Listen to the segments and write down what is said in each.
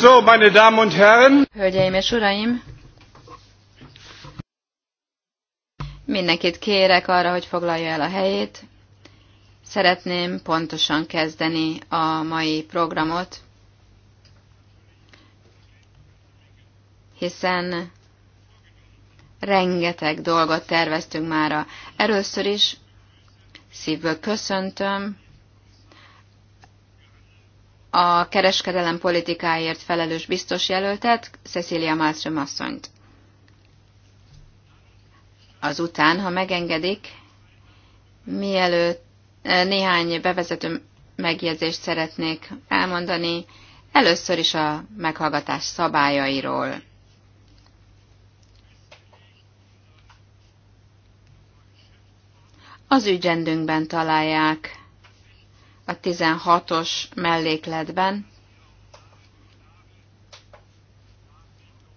So, meine Damen und Herren. Hölgyeim és uraim. Mindenkit kérek arra, hogy foglalja el a helyét. Szeretném pontosan kezdeni a mai programot, hiszen rengeteg dolgot terveztünk már. Először is szívből köszöntöm a kereskedelem politikáért felelős biztos jelöltet, Cecilia Malmström asszonyt. Azután, ha megengedik, mielőtt eh, néhány bevezető megjegyzést szeretnék elmondani, először is a meghallgatás szabályairól. Az ügyendünkben találják a 16-os mellékletben.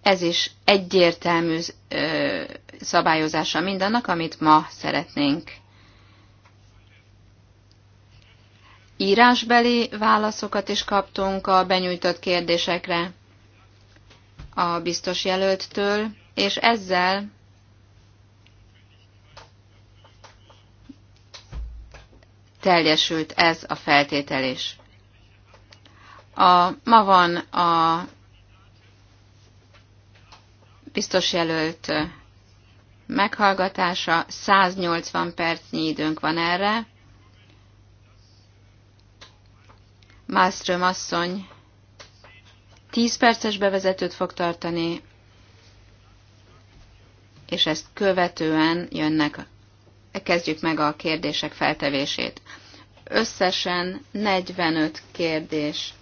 Ez is egyértelmű szabályozása mindannak, amit ma szeretnénk. Írásbeli válaszokat is kaptunk a benyújtott kérdésekre a biztos jelölttől, és ezzel teljesült ez a feltétel is. A, ma van a biztos jelölt meghallgatása, 180 percnyi időnk van erre. Mászröm asszony 10 perces bevezetőt fog tartani, és ezt követően jönnek kezdjük meg a kérdések feltevését. Összesen 45 kérdést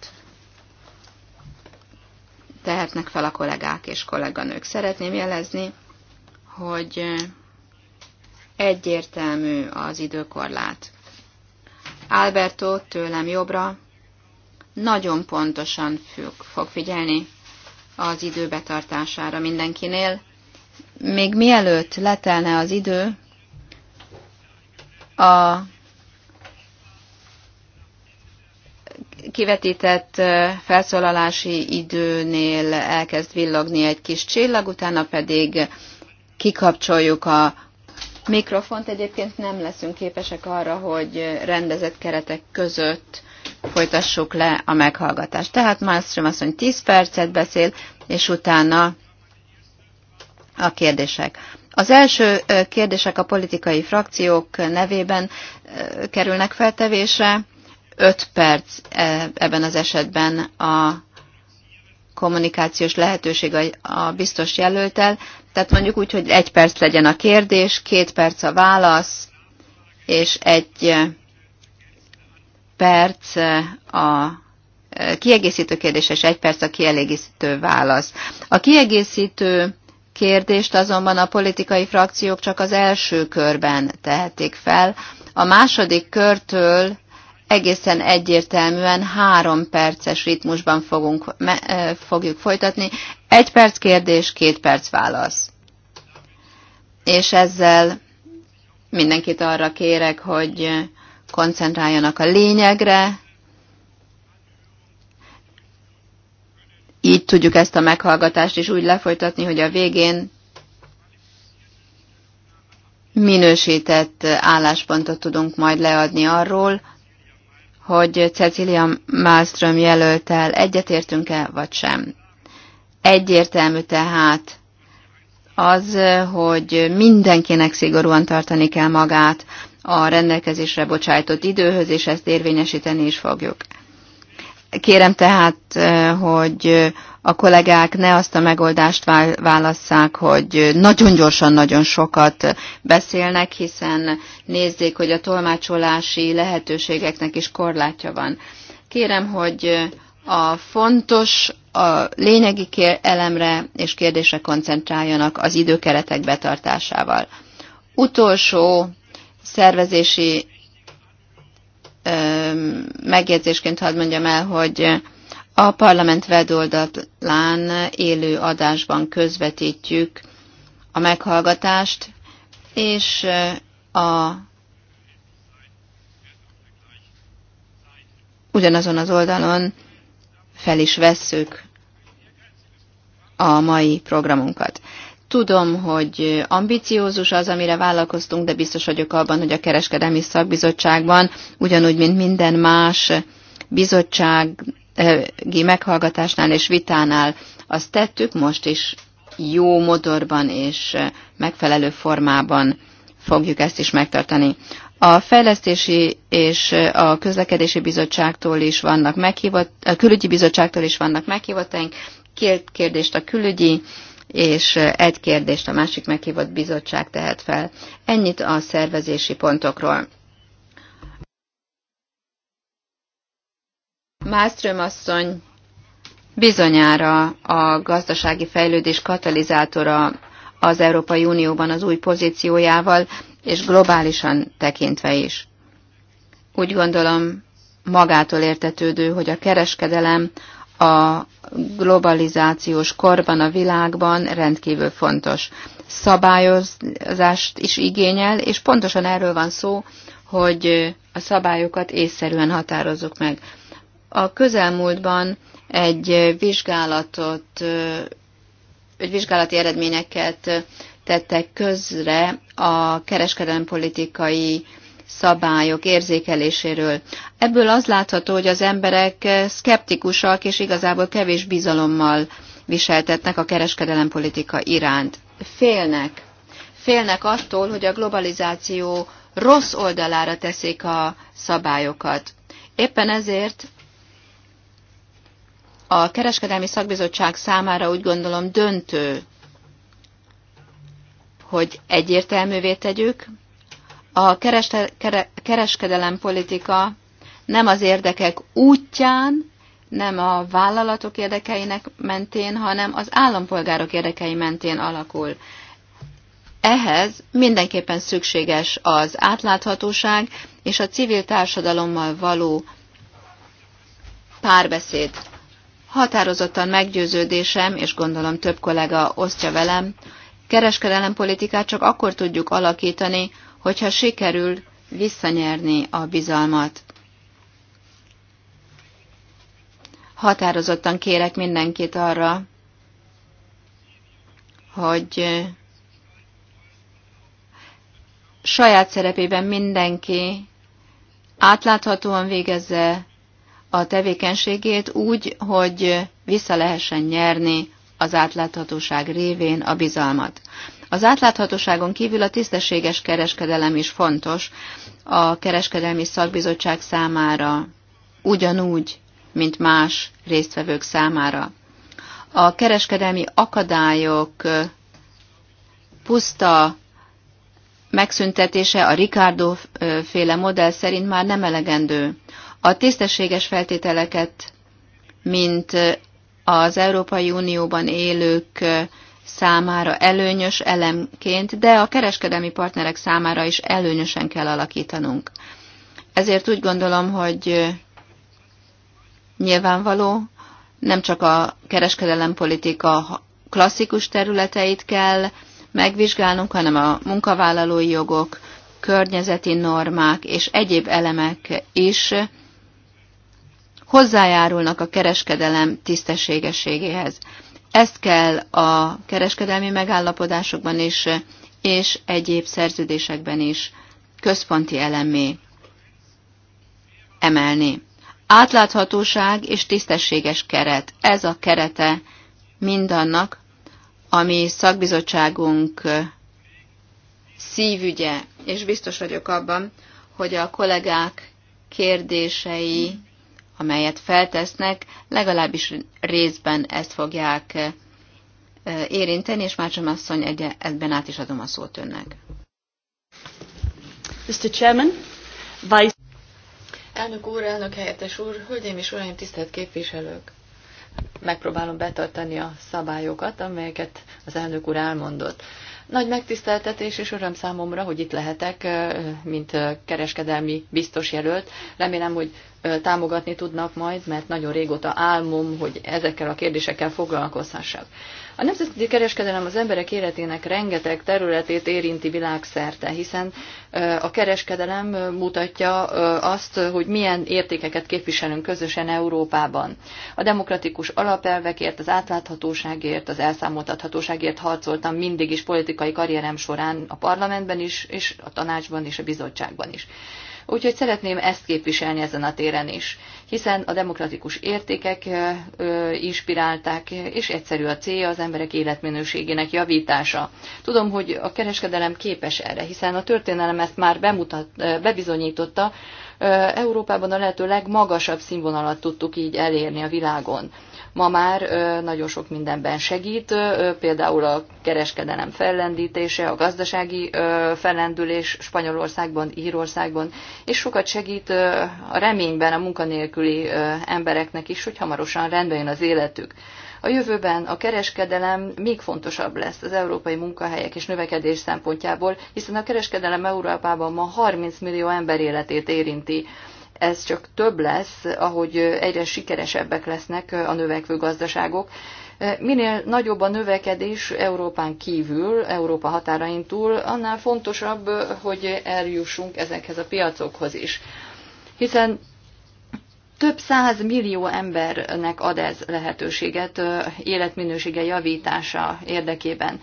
tehetnek fel a kollégák és kolléganők. Szeretném jelezni, hogy egyértelmű az időkorlát. Alberto tőlem jobbra nagyon pontosan függ, fog figyelni az idő betartására mindenkinél. Még mielőtt letelne az idő, a kivetített felszólalási időnél elkezd villogni egy kis csillag, utána pedig kikapcsoljuk a mikrofont. Egyébként nem leszünk képesek arra, hogy rendezett keretek között folytassuk le a meghallgatást. Tehát Malmström asszony 10 percet beszél, és utána a kérdések. Az első kérdések a politikai frakciók nevében kerülnek feltevésre. Öt perc e, ebben az esetben a kommunikációs lehetőség a biztos jelöltel. Tehát mondjuk úgy, hogy egy perc legyen a kérdés, két perc a válasz, és egy perc a kiegészítő kérdés, és egy perc a kielégítő válasz. A kiegészítő kérdést azonban a politikai frakciók csak az első körben tehetik fel. A második körtől egészen egyértelműen három perces ritmusban fogunk, me, fogjuk folytatni. Egy perc kérdés, két perc válasz. És ezzel mindenkit arra kérek, hogy koncentráljanak a lényegre, így tudjuk ezt a meghallgatást is úgy lefolytatni, hogy a végén minősített álláspontot tudunk majd leadni arról, hogy Cecilia Malmström jelöltel egyetértünk-e, vagy sem. Egyértelmű tehát az, hogy mindenkinek szigorúan tartani kell magát a rendelkezésre bocsájtott időhöz, és ezt érvényesíteni is fogjuk. Kérem tehát, eh, hogy eh, a kollégák ne azt a megoldást válasszák, hogy eh, nagyon gyorsan, nagyon sokat beszélnek, hiszen nézzék, hogy a tolmácsolási lehetőségeknek is korlátja van. Kérem, hogy a fontos, a lényegi elemre és kérdésre koncentráljanak az időkeretek betartásával. Utolsó szervezési megjegyzésként hadd mondjam el, hogy a parlament weboldalán élő adásban közvetítjük a meghallgatást, és a ugyanazon az oldalon fel is vesszük a mai programunkat. Tudom, hogy ambiciózus az, amire vállalkoztunk, de biztos vagyok abban, hogy a kereskedelmi szakbizottságban, ugyanúgy, mint minden más bizottsági meghallgatásnál és vitánál, azt tettük, most is jó modorban és megfelelő formában fogjuk ezt is megtartani. A fejlesztési és a közlekedési bizottságtól is vannak meghívott, a külügyi bizottságtól is vannak meghívottaink. Két kérdést a külügyi és egy kérdést a másik meghívott bizottság tehet fel. Ennyit a szervezési pontokról. Máström asszony bizonyára a gazdasági fejlődés katalizátora az Európai Unióban az új pozíciójával, és globálisan tekintve is. Úgy gondolom, magától értetődő, hogy a kereskedelem a globalizációs korban, a világban rendkívül fontos. Szabályozást is igényel, és pontosan erről van szó, hogy a szabályokat észszerűen határozzuk meg. A közelmúltban egy vizsgálatot, egy vizsgálati eredményeket tettek közre a kereskedelmi politikai szabályok érzékeléséről. Ebből az látható, hogy az emberek szkeptikusak és igazából kevés bizalommal viseltetnek a kereskedelempolitika iránt. Félnek. Félnek attól, hogy a globalizáció rossz oldalára teszik a szabályokat. Éppen ezért a kereskedelmi szakbizottság számára úgy gondolom döntő, hogy egyértelművé tegyük, a kereste, kere, kereskedelem politika nem az érdekek útján, nem a vállalatok érdekeinek mentén, hanem az állampolgárok érdekei mentén alakul. Ehhez mindenképpen szükséges az átláthatóság és a civil társadalommal való párbeszéd. Határozottan meggyőződésem, és gondolom több kollega osztja velem, kereskedelempolitikát csak akkor tudjuk alakítani, hogyha sikerül visszanyerni a bizalmat. Határozottan kérek mindenkit arra, hogy eh, saját szerepében mindenki átláthatóan végezze a tevékenységét úgy, hogy vissza lehessen nyerni az átláthatóság révén a bizalmat. Az átláthatóságon kívül a tisztességes kereskedelem is fontos a kereskedelmi szakbizottság számára, ugyanúgy, mint más résztvevők számára. A kereskedelmi akadályok puszta megszüntetése a Ricardo féle modell szerint már nem elegendő. A tisztességes feltételeket, mint az Európai Unióban élők számára előnyös elemként, de a kereskedelmi partnerek számára is előnyösen kell alakítanunk. Ezért úgy gondolom, hogy nyilvánvaló, nem csak a kereskedelempolitika klasszikus területeit kell megvizsgálnunk, hanem a munkavállalói jogok, környezeti normák és egyéb elemek is hozzájárulnak a kereskedelem tisztességességéhez. Ezt kell a kereskedelmi megállapodásokban is, és egyéb szerződésekben is központi elemé emelni. Átláthatóság és tisztességes keret. Ez a kerete mindannak, ami szakbizottságunk szívügye, és biztos vagyok abban, hogy a kollégák kérdései amelyet feltesznek, legalábbis részben ezt fogják érinteni, és Mácsom asszony egy, ebben át is adom a szót önnek. Mr. Chairman, Vice... Elnök úr, elnök helyettes úr, hölgyeim és uraim, tisztelt képviselők! Megpróbálom betartani a szabályokat, amelyeket az elnök úr elmondott. Nagy megtiszteltetés és öröm számomra, hogy itt lehetek, mint kereskedelmi biztos jelölt. Remélem, hogy támogatni tudnak majd, mert nagyon régóta álmom, hogy ezekkel a kérdésekkel foglalkozhassak. A nemzetközi kereskedelem az emberek életének rengeteg területét érinti világszerte, hiszen a kereskedelem mutatja azt, hogy milyen értékeket képviselünk közösen Európában. A demokratikus alapelvekért, az átláthatóságért, az elszámoltathatóságért harcoltam mindig is politikai karrierem során a parlamentben is, és a tanácsban és a bizottságban is. Úgyhogy szeretném ezt képviselni ezen a téren is, hiszen a demokratikus értékek inspirálták, és egyszerű a célja az emberek életminőségének javítása. Tudom, hogy a kereskedelem képes erre, hiszen a történelem ezt már bemutat, bebizonyította, Európában a lehető legmagasabb színvonalat tudtuk így elérni a világon ma már nagyon sok mindenben segít, például a kereskedelem fellendítése, a gazdasági fellendülés Spanyolországban, Írországban, és sokat segít a reményben a munkanélküli embereknek is, hogy hamarosan rendbe jön az életük. A jövőben a kereskedelem még fontosabb lesz az európai munkahelyek és növekedés szempontjából, hiszen a kereskedelem Európában ma 30 millió ember életét érinti ez csak több lesz, ahogy egyre sikeresebbek lesznek a növekvő gazdaságok. Minél nagyobb a növekedés Európán kívül, Európa határain túl, annál fontosabb, hogy eljussunk ezekhez a piacokhoz is. Hiszen több száz millió embernek ad ez lehetőséget életminősége javítása érdekében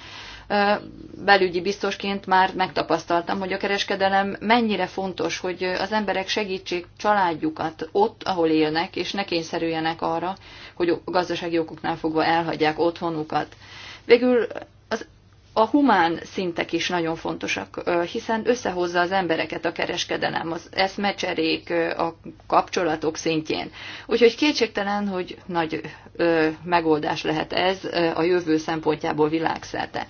belügyi biztosként már megtapasztaltam, hogy a kereskedelem mennyire fontos, hogy az emberek segítsék családjukat ott, ahol élnek, és ne kényszerüljenek arra, hogy gazdasági okoknál fogva elhagyják otthonukat. Végül az, a humán szintek is nagyon fontosak, hiszen összehozza az embereket a kereskedelem, az eszmecserék, a kapcsolatok szintjén. Úgyhogy kétségtelen, hogy nagy megoldás lehet ez a jövő szempontjából világszerte.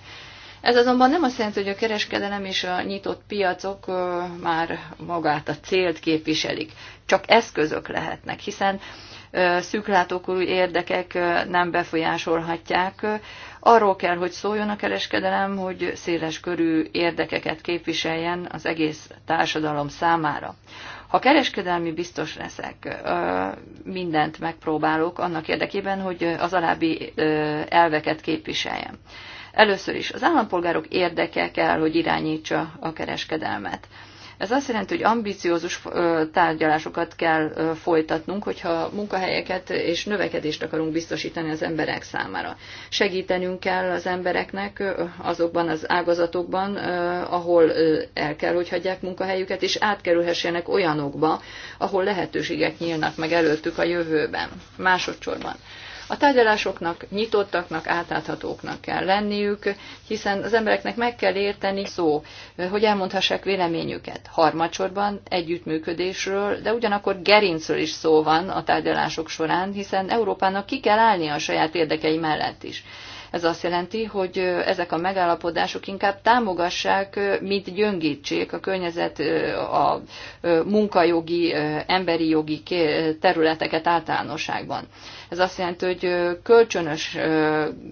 Ez azonban nem azt jelenti, hogy a kereskedelem és a nyitott piacok már magát a célt képviselik. Csak eszközök lehetnek, hiszen szűklátókorú érdekek nem befolyásolhatják. Arról kell, hogy szóljon a kereskedelem, hogy széles körű érdekeket képviseljen az egész társadalom számára. Ha kereskedelmi biztos leszek, mindent megpróbálok annak érdekében, hogy az alábbi elveket képviseljem. Először is az állampolgárok érdeke kell, hogy irányítsa a kereskedelmet. Ez azt jelenti, hogy ambiciózus tárgyalásokat kell folytatnunk, hogyha munkahelyeket és növekedést akarunk biztosítani az emberek számára. Segítenünk kell az embereknek azokban az ágazatokban, ahol el kell, hogy hagyják munkahelyüket, és átkerülhessenek olyanokba, ahol lehetőségek nyílnak meg előttük a jövőben. Másodszorban a tárgyalásoknak nyitottaknak, átláthatóknak kell lenniük, hiszen az embereknek meg kell érteni szó, hogy elmondhassák véleményüket. Harmadsorban együttműködésről, de ugyanakkor gerincről is szó van a tárgyalások során, hiszen Európának ki kell állnia a saját érdekei mellett is. Ez azt jelenti, hogy ezek a megállapodások inkább támogassák, mint gyöngítsék a környezet, a munkajogi, emberi jogi területeket általánosságban. Ez azt jelenti, hogy kölcsönös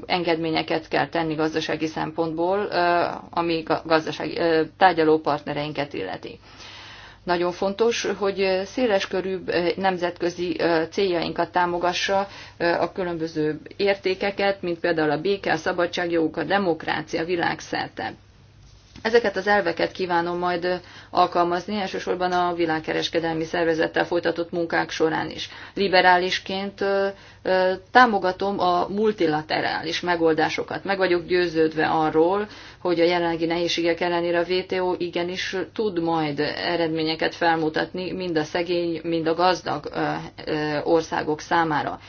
engedményeket kell tenni gazdasági szempontból, ami gazdasági tárgyalópartnereinket illeti. Nagyon fontos, hogy széleskörű eh, nemzetközi eh, céljainkat támogassa eh, a különböző értékeket, mint például a béke, a szabadságjogok, a demokrácia világszerte. Ezeket az elveket kívánom majd alkalmazni, elsősorban a világkereskedelmi szervezettel folytatott munkák során is. Liberálisként támogatom a multilaterális megoldásokat. Meg vagyok győződve arról, hogy a jelenlegi nehézségek ellenére a VTO igenis tud majd eredményeket felmutatni mind a szegény, mind a gazdag országok számára.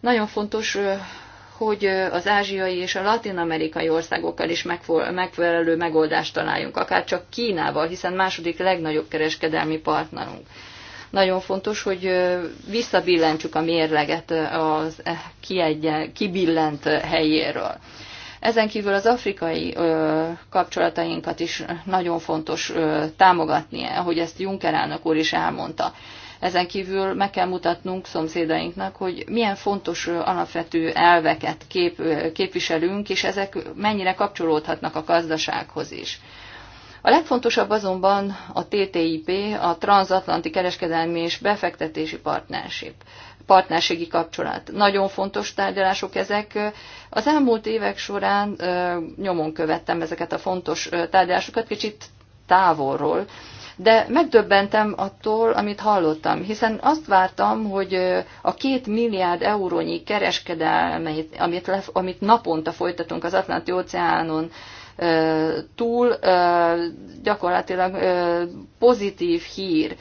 Nagyon fontos hogy az ázsiai és a latin-amerikai országokkal is megfelelő megoldást találjunk, akár csak Kínával, hiszen második legnagyobb kereskedelmi partnerünk. Nagyon fontos, hogy visszabillentsük a mérleget az kibillent helyéről. Ezen kívül az afrikai ö, kapcsolatainkat is nagyon fontos ö, támogatni, ahogy ezt Juncker elnök úr is elmondta. Ezen kívül meg kell mutatnunk szomszédainknak, hogy milyen fontos alapvető elveket kép, képviselünk, és ezek mennyire kapcsolódhatnak a gazdasághoz is. A legfontosabb azonban a TTIP, a Transatlanti Kereskedelmi és Befektetési Partnership partnerségi kapcsolat. Nagyon fontos tárgyalások ezek. Az elmúlt évek során nyomon követtem ezeket a fontos tárgyalásokat, kicsit távolról, de megdöbbentem attól, amit hallottam, hiszen azt vártam, hogy a két milliárd eurónyi kereskedelmeit, amit, amit naponta folytatunk az Atlanti óceánon, túl gyakorlatilag pozitív hír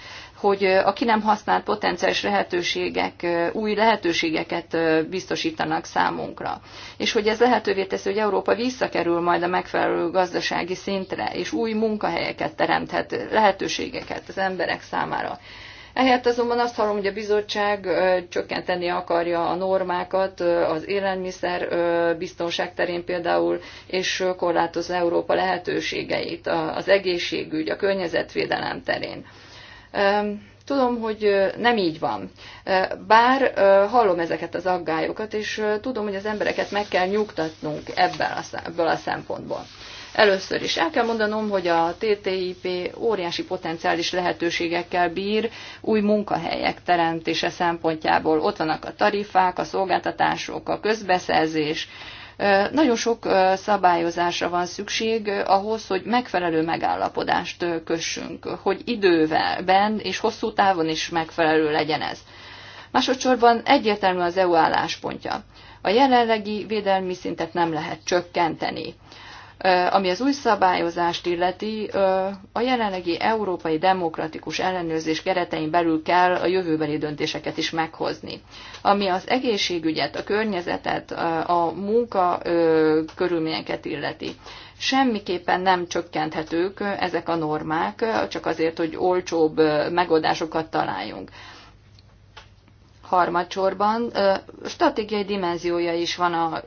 hogy a ki nem használt potenciális lehetőségek új lehetőségeket biztosítanak számunkra. És hogy ez lehetővé teszi, hogy Európa visszakerül majd a megfelelő gazdasági szintre, és új munkahelyeket teremthet, lehetőségeket az emberek számára. Ehelyett azonban azt hallom, hogy a bizottság csökkenteni akarja a normákat az élelmiszer biztonság terén például, és korlátozza Európa lehetőségeit az egészségügy, a környezetvédelem terén. Tudom, hogy nem így van. Bár hallom ezeket az aggályokat, és tudom, hogy az embereket meg kell nyugtatnunk ebből a szempontból. Először is el kell mondanom, hogy a TTIP óriási potenciális lehetőségekkel bír új munkahelyek teremtése szempontjából. Ott vannak a tarifák, a szolgáltatások, a közbeszerzés, nagyon sok szabályozásra van szükség ahhoz, hogy megfelelő megállapodást kössünk, hogy idővelben és hosszú távon is megfelelő legyen ez. Másodszorban egyértelmű az EU álláspontja. A jelenlegi védelmi szintet nem lehet csökkenteni. Ami az új szabályozást illeti, a jelenlegi európai demokratikus ellenőrzés keretein belül kell a jövőbeli döntéseket is meghozni. Ami az egészségügyet, a környezetet, a munka körülményeket illeti. Semmiképpen nem csökkenthetők ezek a normák, csak azért, hogy olcsóbb megoldásokat találjunk. Harmadsorban stratégiai dimenziója is van a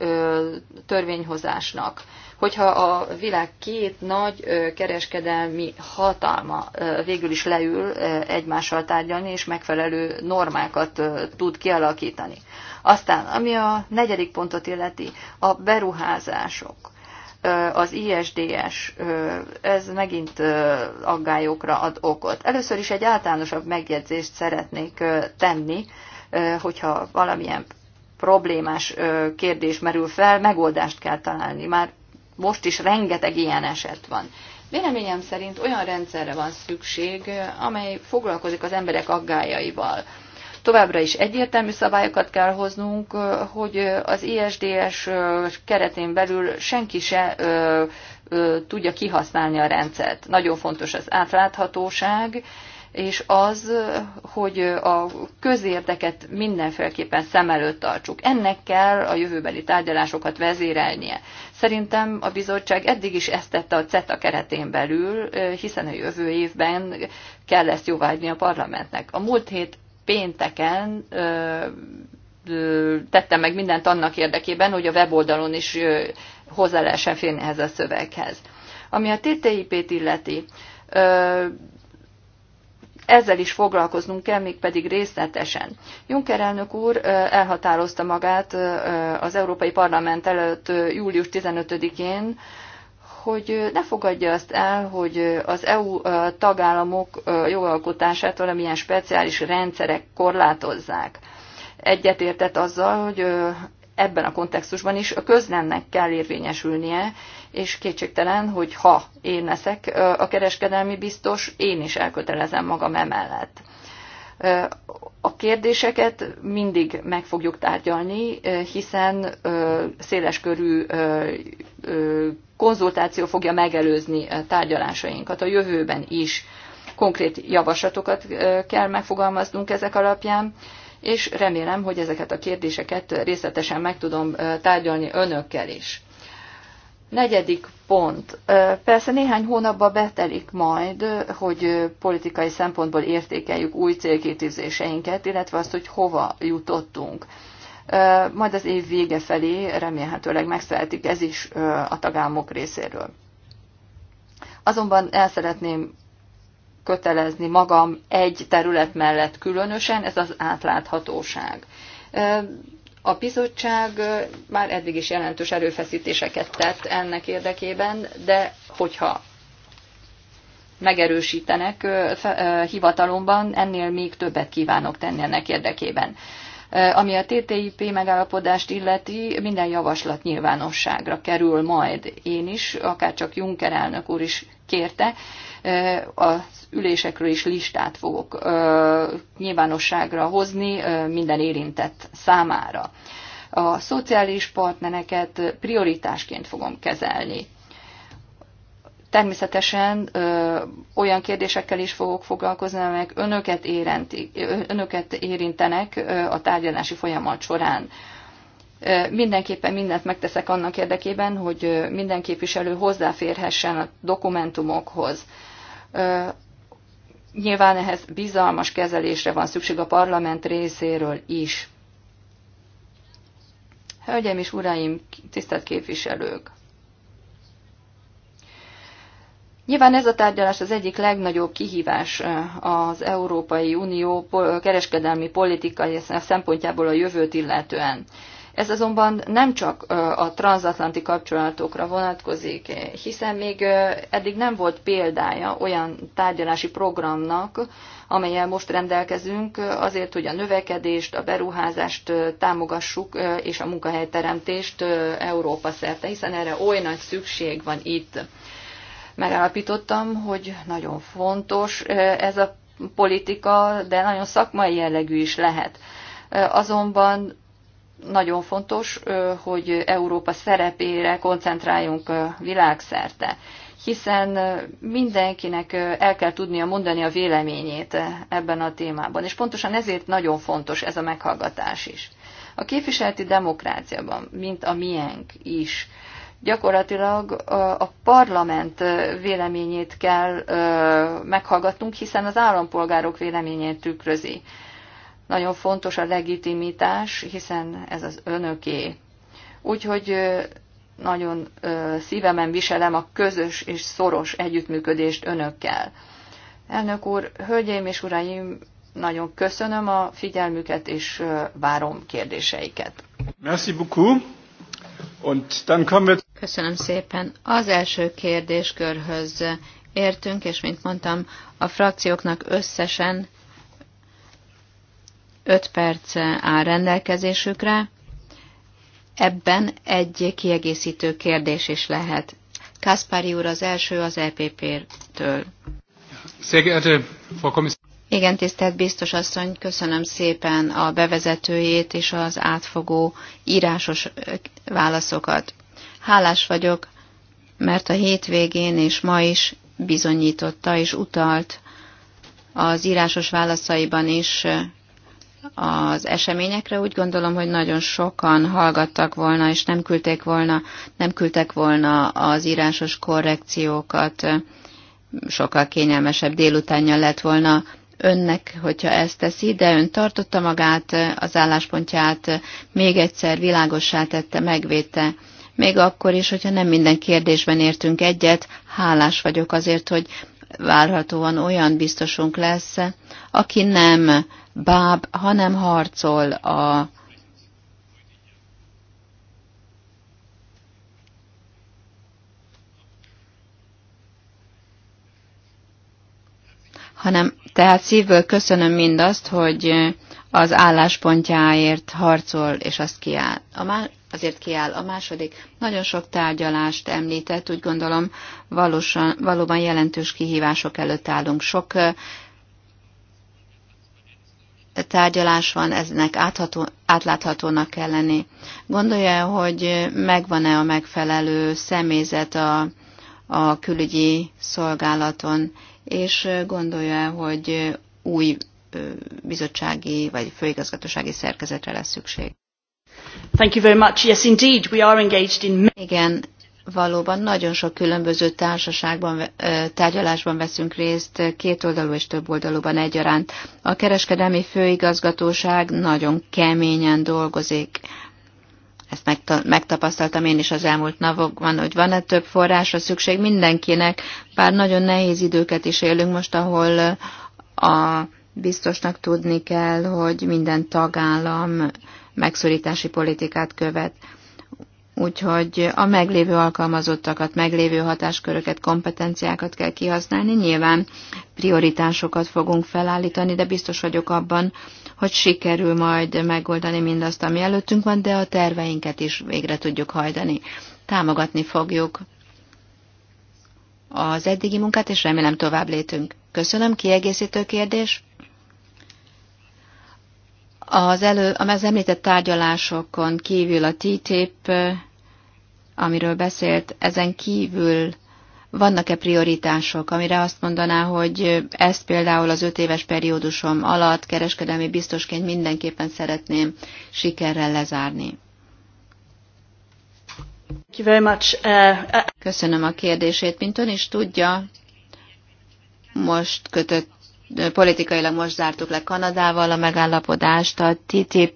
törvényhozásnak hogyha a világ két nagy kereskedelmi hatalma végül is leül egymással tárgyalni, és megfelelő normákat tud kialakítani. Aztán, ami a negyedik pontot illeti, a beruházások az ISDS, ez megint aggályokra ad okot. Először is egy általánosabb megjegyzést szeretnék tenni, hogyha valamilyen problémás kérdés merül fel, megoldást kell találni. Már most is rengeteg ilyen eset van. Véleményem szerint olyan rendszerre van szükség, amely foglalkozik az emberek aggájaival. Továbbra is egyértelmű szabályokat kell hoznunk, hogy az ISDS keretén belül senki se tudja kihasználni a rendszert. Nagyon fontos az átláthatóság, és az, hogy a közérdeket mindenféleképpen szem előtt tartsuk. Ennek kell a jövőbeli tárgyalásokat vezérelnie. Szerintem a bizottság eddig is ezt tette a CETA keretén belül, hiszen a jövő évben kell ezt jóvágyni a parlamentnek. A múlt hét pénteken tettem meg mindent annak érdekében, hogy a weboldalon is hozzá lehessen férni ehhez a szöveghez. Ami a TTIP-t illeti, ezzel is foglalkoznunk kell, mégpedig részletesen. Juncker elnök úr elhatározta magát az Európai Parlament előtt július 15-én, hogy ne fogadja azt el, hogy az EU tagállamok jogalkotását valamilyen speciális rendszerek korlátozzák. Egyetértett azzal, hogy ebben a kontextusban is a közlemnek kell érvényesülnie, és kétségtelen, hogy ha én leszek a kereskedelmi biztos, én is elkötelezem magam emellett. A kérdéseket mindig meg fogjuk tárgyalni, hiszen széleskörű konzultáció fogja megelőzni tárgyalásainkat a jövőben is. Konkrét javaslatokat kell megfogalmaznunk ezek alapján, és remélem, hogy ezeket a kérdéseket részletesen meg tudom tárgyalni önökkel is. Negyedik pont. Persze néhány hónapba betelik majd, hogy politikai szempontból értékeljük új célkitűzéseinket, illetve azt, hogy hova jutottunk. Majd az év vége felé remélhetőleg megszületik ez is a tagállamok részéről. Azonban el szeretném kötelezni magam egy terület mellett különösen, ez az átláthatóság a bizottság már eddig is jelentős erőfeszítéseket tett ennek érdekében, de hogyha megerősítenek hivatalomban, ennél még többet kívánok tenni ennek érdekében. Ami a TTIP megállapodást illeti, minden javaslat nyilvánosságra kerül majd én is, akár csak Juncker elnök úr is kérte, az ülésekről is listát fogok nyilvánosságra hozni minden érintett számára. A szociális partnereket prioritásként fogom kezelni. Természetesen ö, olyan kérdésekkel is fogok foglalkozni, amelyek önöket, érinti, önöket érintenek ö, a tárgyalási folyamat során. Ö, mindenképpen mindent megteszek annak érdekében, hogy ö, minden képviselő hozzáférhessen a dokumentumokhoz. Ö, Nyilván ehhez bizalmas kezelésre van szükség a parlament részéről is. Hölgyeim és uraim, tisztelt képviselők! Nyilván ez a tárgyalás az egyik legnagyobb kihívás eh, az Európai Unió kereskedelmi politikai szempontjából a jövőt illetően. Ez azonban nem csak a transatlanti kapcsolatokra vonatkozik, hiszen még eddig nem volt példája olyan tárgyalási programnak, amelyel most rendelkezünk azért, hogy a növekedést, a beruházást támogassuk, és a munkahelyteremtést Európa szerte, hiszen erre oly nagy szükség van itt. Megállapítottam, hogy nagyon fontos ez a politika, de nagyon szakmai jellegű is lehet. Azonban nagyon fontos, hogy Európa szerepére koncentráljunk világszerte, hiszen mindenkinek el kell tudnia mondani a véleményét ebben a témában, és pontosan ezért nagyon fontos ez a meghallgatás is. A képviseleti demokráciában, mint a miénk is, gyakorlatilag a parlament véleményét kell meghallgatnunk, hiszen az állampolgárok véleményét tükrözi. Nagyon fontos a legitimitás, hiszen ez az önöké. Úgyhogy nagyon szívemen viselem a közös és szoros együttműködést önökkel. Elnök úr, hölgyeim és uraim, nagyon köszönöm a figyelmüket, és várom kérdéseiket. Merci beaucoup. Köszönöm szépen. Az első kérdéskörhöz értünk, és mint mondtam, a frakcióknak összesen 5 perc áll rendelkezésükre. Ebben egy kiegészítő kérdés is lehet. Kaspari úr az első az EPP-től. Igen, tisztelt biztos asszony, köszönöm szépen a bevezetőjét és az átfogó írásos válaszokat. Hálás vagyok, mert a hétvégén és ma is bizonyította és utalt az írásos válaszaiban is az eseményekre. Úgy gondolom, hogy nagyon sokan hallgattak volna, és nem küldték volna, nem küldtek volna az írásos korrekciókat. Sokkal kényelmesebb délutánja lett volna önnek, hogyha ezt teszi, de ön tartotta magát, az álláspontját még egyszer világossá tette, megvédte. Még akkor is, hogyha nem minden kérdésben értünk egyet, hálás vagyok azért, hogy várhatóan olyan biztosunk lesz, aki nem báb, hanem harcol a hanem tehát szívből köszönöm mindazt, hogy az álláspontjáért harcol, és azt kiáll. A má- azért kiáll. A második, nagyon sok tárgyalást említett, úgy gondolom valósan, valóban jelentős kihívások előtt állunk. Sok tárgyalás van, eznek átható, átláthatónak kell lenni. Gondolja, hogy megvan-e a megfelelő személyzet a, a külügyi szolgálaton, és gondolja, hogy új bizottsági vagy főigazgatósági szerkezetre lesz szükség. Thank you very much. Yes, indeed, we are engaged in... Igen, valóban nagyon sok különböző társaságban, tárgyalásban veszünk részt, kétoldalú és többoldalúban egyaránt. A kereskedelmi főigazgatóság nagyon keményen dolgozik. Ezt megtapasztaltam én is az elmúlt napokban, hogy van-e több forrásra szükség mindenkinek, bár nagyon nehéz időket is élünk most, ahol a biztosnak tudni kell, hogy minden tagállam megszorítási politikát követ. Úgyhogy a meglévő alkalmazottakat, meglévő hatásköröket, kompetenciákat kell kihasználni. Nyilván prioritásokat fogunk felállítani, de biztos vagyok abban, hogy sikerül majd megoldani mindazt, ami előttünk van, de a terveinket is végre tudjuk hajtani. Támogatni fogjuk az eddigi munkát, és remélem tovább létünk. Köszönöm, kiegészítő kérdés. Az, elő, az említett tárgyalásokon kívül a TTIP amiről beszélt, ezen kívül vannak-e prioritások, amire azt mondaná, hogy ezt például az öt éves periódusom alatt kereskedelmi biztosként mindenképpen szeretném sikerrel lezárni? Uh, uh, Köszönöm a kérdését. Mint ön is tudja, most kötött politikailag most zártuk le Kanadával a megállapodást, a ttip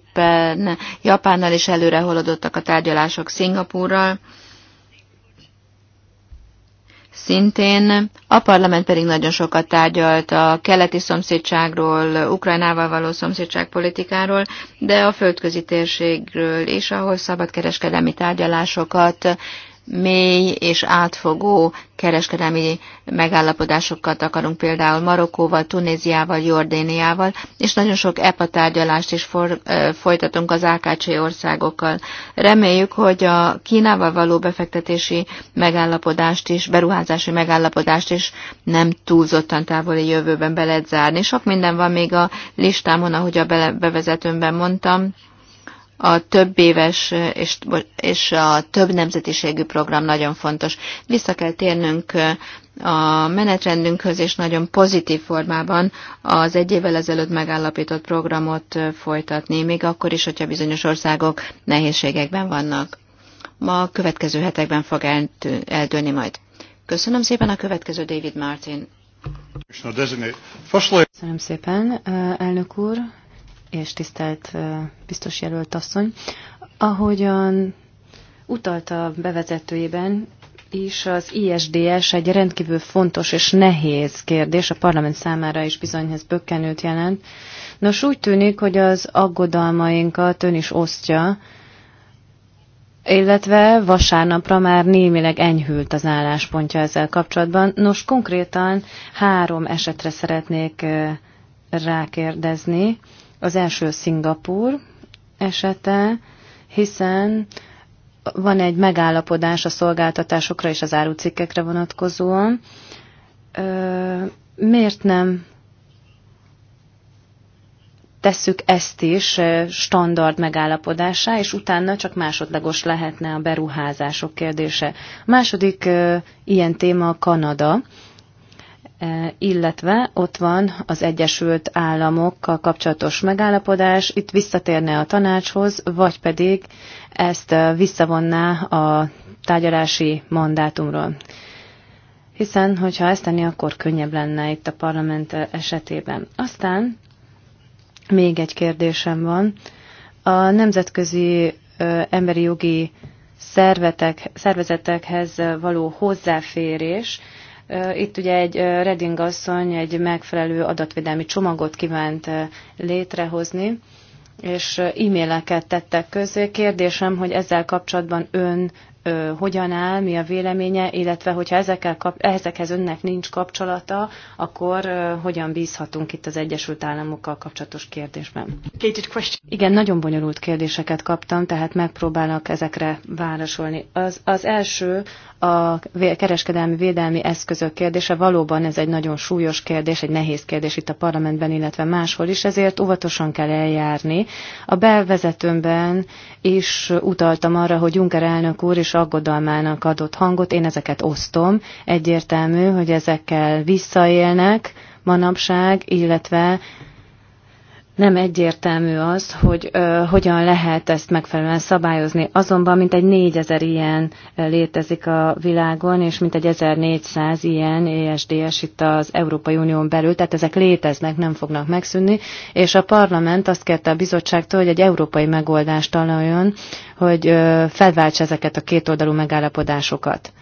Japánnal is előre haladottak a tárgyalások Szingapúrral. Szintén a parlament pedig nagyon sokat tárgyalt a keleti szomszédságról, Ukrajnával való szomszédságpolitikáról, de a földközi térségről is, ahol szabadkereskedelmi tárgyalásokat mély és átfogó kereskedelmi megállapodásokat akarunk például Marokkóval, Tunéziával, Jordéniával, és nagyon sok EPA tárgyalást is for, ö, folytatunk az AKC országokkal. Reméljük, hogy a Kínával való befektetési megállapodást is, beruházási megállapodást is nem túlzottan távoli jövőben be lehet zárni. Sok minden van még a listámon, ahogy a bevezetőmben mondtam a több éves és, és a több nemzetiségű program nagyon fontos. Vissza kell térnünk a menetrendünkhöz, és nagyon pozitív formában az egy évvel ezelőtt megállapított programot folytatni, még akkor is, hogyha bizonyos országok nehézségekben vannak. Ma a következő hetekben fog eldőlni majd. Köszönöm szépen a következő David Martin. Köszönöm szépen, elnök úr, és tisztelt biztos jelölt asszony. Ahogyan utalta bevezetőjében, is az ISDS egy rendkívül fontos és nehéz kérdés, a parlament számára is bizonyhez bökkenőt jelent. Nos, úgy tűnik, hogy az aggodalmainkat ön is osztja, illetve vasárnapra már némileg enyhült az álláspontja ezzel kapcsolatban. Nos, konkrétan három esetre szeretnék rákérdezni. Az első Szingapur esete, hiszen van egy megállapodás a szolgáltatásokra és az árucikkekre vonatkozóan. Miért nem tesszük ezt is standard megállapodásá, és utána csak másodlagos lehetne a beruházások kérdése. A második ilyen téma a Kanada. E, illetve ott van az Egyesült Államokkal kapcsolatos megállapodás, itt visszatérne a tanácshoz, vagy pedig ezt e, visszavonná a tárgyalási mandátumról. Hiszen, hogyha ezt tenni, akkor könnyebb lenne itt a parlament esetében. Aztán még egy kérdésem van. A nemzetközi e, emberi jogi szervetek, szervezetekhez való hozzáférés, itt ugye egy Reding asszony egy megfelelő adatvédelmi csomagot kívánt létrehozni, és e-maileket tettek közé. Kérdésem, hogy ezzel kapcsolatban ön ö, hogyan áll, mi a véleménye, illetve hogyha ezekkel kap, ezekhez önnek nincs kapcsolata, akkor ö, hogyan bízhatunk itt az Egyesült Államokkal kapcsolatos kérdésben? Igen, nagyon bonyolult kérdéseket kaptam, tehát megpróbálok ezekre válaszolni. Az, az első a kereskedelmi védelmi eszközök kérdése. Valóban ez egy nagyon súlyos kérdés, egy nehéz kérdés itt a parlamentben, illetve máshol is, ezért óvatosan kell eljárni. A bevezetőmben is utaltam arra, hogy Juncker elnök úr és aggodalmának adott hangot, én ezeket osztom. Egyértelmű, hogy ezekkel visszaélnek manapság, illetve nem egyértelmű az, hogy ö, hogyan lehet ezt megfelelően szabályozni. Azonban mint egy 4000 ilyen létezik a világon, és mint egy 1400 ilyen e ESDS itt az Európai Unión belül, tehát ezek léteznek, nem fognak megszűnni, és a parlament azt kérte a bizottságtól, hogy egy európai megoldást találjon, hogy ö, felváltsa ezeket a kétoldalú megállapodásokat.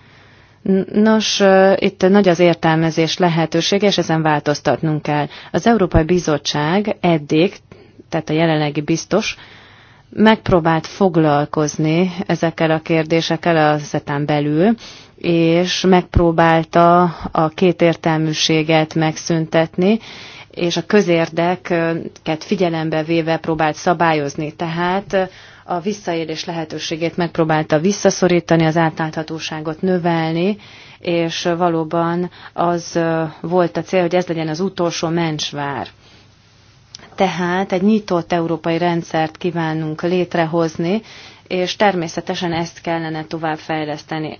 Nos, itt nagy az értelmezés lehetősége, és ezen változtatnunk kell. Az Európai Bizottság eddig, tehát a jelenlegi biztos, megpróbált foglalkozni ezekkel a kérdésekkel az etán belül, és megpróbálta a kétértelműséget megszüntetni, és a közérdeket figyelembe véve próbált szabályozni. Tehát a visszaélés lehetőségét megpróbálta visszaszorítani, az átláthatóságot növelni, és valóban az volt a cél, hogy ez legyen az utolsó mencsvár. Tehát egy nyitott európai rendszert kívánunk létrehozni, és természetesen ezt kellene továbbfejleszteni.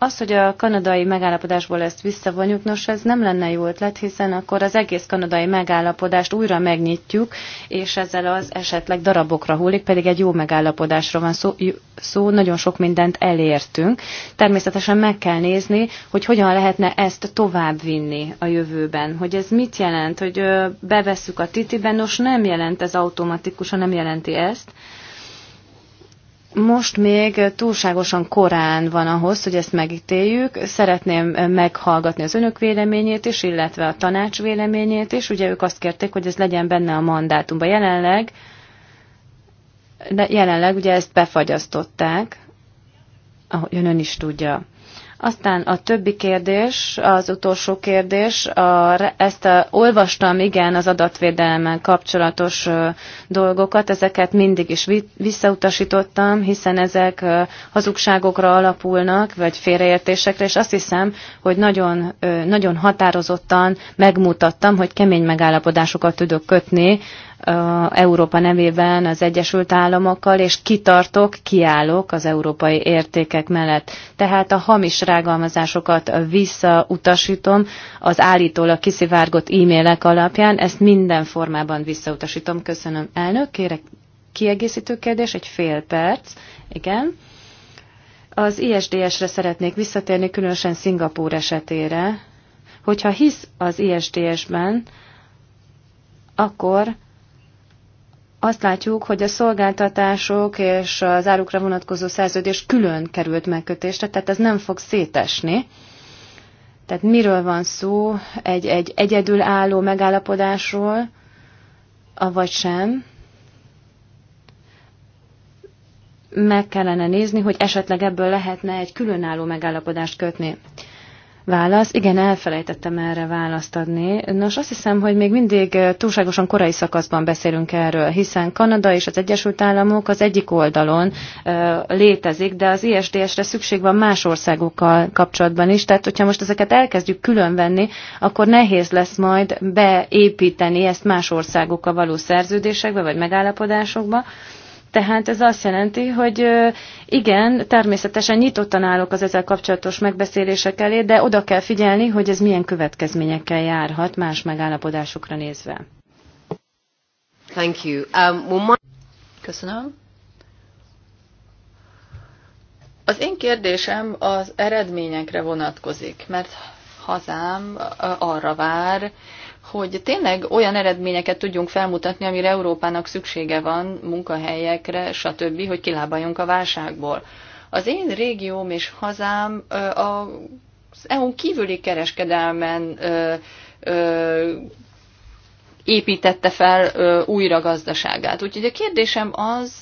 Az, hogy a kanadai megállapodásból ezt visszavonjuk, nos ez nem lenne jó ötlet, hiszen akkor az egész kanadai megállapodást újra megnyitjuk, és ezzel az esetleg darabokra hullik, pedig egy jó megállapodásról van szó, szó nagyon sok mindent elértünk. Természetesen meg kell nézni, hogy hogyan lehetne ezt továbbvinni a jövőben, hogy ez mit jelent, hogy bevesszük a titiben, nos nem jelent ez automatikusan, nem jelenti ezt, most még túlságosan korán van ahhoz, hogy ezt megítéljük. Szeretném meghallgatni az önök véleményét is, illetve a tanács véleményét is. Ugye ők azt kérték, hogy ez legyen benne a mandátumban. Jelenleg, jelenleg ugye ezt befagyasztották, ahogy ön is tudja. Aztán a többi kérdés, az utolsó kérdés, a, ezt a, olvastam, igen, az adatvédelmen kapcsolatos ö, dolgokat, ezeket mindig is visszautasítottam, hiszen ezek ö, hazugságokra alapulnak, vagy félreértésekre, és azt hiszem, hogy nagyon, ö, nagyon határozottan megmutattam, hogy kemény megállapodásokat tudok kötni Európa nevében az Egyesült Államokkal, és kitartok, kiállok az európai értékek mellett. Tehát a hamis rágalmazásokat visszautasítom az állítólag kiszivárgott e-mailek alapján, ezt minden formában visszautasítom. Köszönöm, elnök. Kérek kiegészítő kérdés, egy fél perc. Igen. Az ISDS-re szeretnék visszatérni, különösen Szingapúr esetére. Hogyha hisz az ISDS-ben, akkor azt látjuk, hogy a szolgáltatások és az árukra vonatkozó szerződés külön került megkötésre, tehát ez nem fog szétesni. Tehát miről van szó? Egy, egy egyedülálló megállapodásról, avagy sem? Meg kellene nézni, hogy esetleg ebből lehetne egy különálló megállapodást kötni. Válasz. Igen, elfelejtettem erre választ adni. Nos, azt hiszem, hogy még mindig eh, túlságosan korai szakaszban beszélünk erről, hiszen Kanada és az Egyesült Államok az egyik oldalon eh, létezik, de az ISDS-re szükség van más országokkal kapcsolatban is. Tehát, hogyha most ezeket elkezdjük különvenni, akkor nehéz lesz majd beépíteni ezt más országokkal való szerződésekbe vagy megállapodásokba. Tehát ez azt jelenti, hogy igen, természetesen nyitottan állok az ezzel kapcsolatos megbeszélések elé, de oda kell figyelni, hogy ez milyen következményekkel járhat más megállapodásokra nézve. Thank you. Um, well, my... Köszönöm. Az én kérdésem az eredményekre vonatkozik, mert hazám arra vár, hogy tényleg olyan eredményeket tudjunk felmutatni, amire Európának szüksége van, munkahelyekre, stb., hogy kilábaljunk a válságból. Az én régióm és hazám az EU-n kívüli kereskedelmen építette fel újra gazdaságát. Úgyhogy a kérdésem az,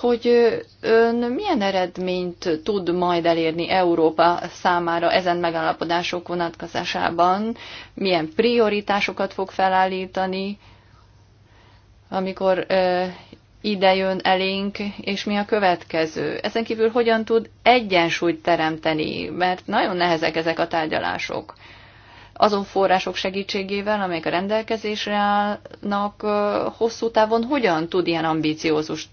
hogy ön milyen eredményt tud majd elérni Európa számára ezen megállapodások vonatkozásában, milyen prioritásokat fog felállítani, amikor ide jön elénk, és mi a következő. Ezen kívül hogyan tud egyensúlyt teremteni, mert nagyon nehezek ezek a tárgyalások. Azon források segítségével, amelyek a rendelkezésre állnak, hosszú távon hogyan tud ilyen ambíciózus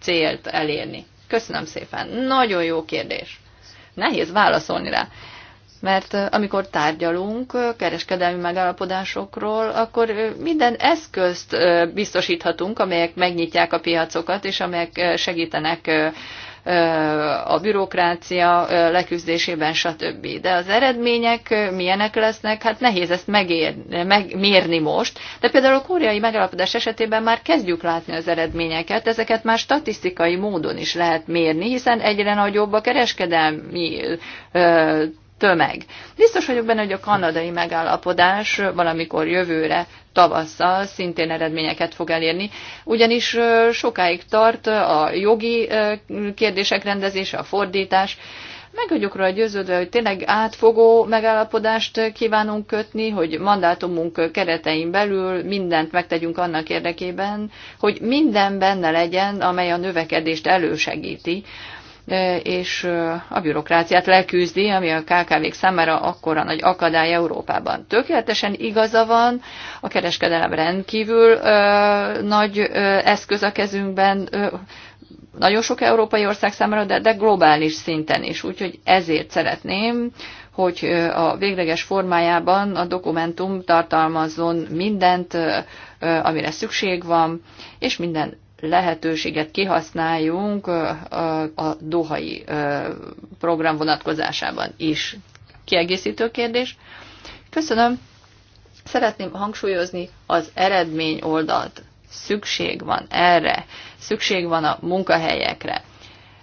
célt elérni? Köszönöm szépen. Nagyon jó kérdés. Nehéz válaszolni rá. Mert amikor tárgyalunk kereskedelmi megállapodásokról, akkor minden eszközt biztosíthatunk, amelyek megnyitják a piacokat, és amelyek segítenek a bürokrácia leküzdésében, stb. De az eredmények milyenek lesznek, hát nehéz ezt megmérni most. De például a koreai megállapodás esetében már kezdjük látni az eredményeket, ezeket már statisztikai módon is lehet mérni, hiszen egyre nagyobb a kereskedelmi tömeg. Biztos vagyok benne, hogy a kanadai megállapodás valamikor jövőre tavasszal szintén eredményeket fog elérni, ugyanis sokáig tart a jogi kérdések rendezése, a fordítás, meg vagyok róla győződve, hogy tényleg átfogó megállapodást kívánunk kötni, hogy mandátumunk keretein belül mindent megtegyünk annak érdekében, hogy minden benne legyen, amely a növekedést elősegíti és a bürokráciát leküzdi, ami a KKV-k számára akkora nagy akadály Európában. Tökéletesen igaza van, a kereskedelem rendkívül nagy eszköz a kezünkben, nagyon sok európai ország számára, de, de globális szinten is. Úgyhogy ezért szeretném, hogy a végleges formájában a dokumentum tartalmazzon mindent, amire szükség van, és minden lehetőséget kihasználjunk a Dohai program vonatkozásában is. Kiegészítő kérdés. Köszönöm. Szeretném hangsúlyozni az eredmény oldalt. Szükség van erre, szükség van a munkahelyekre.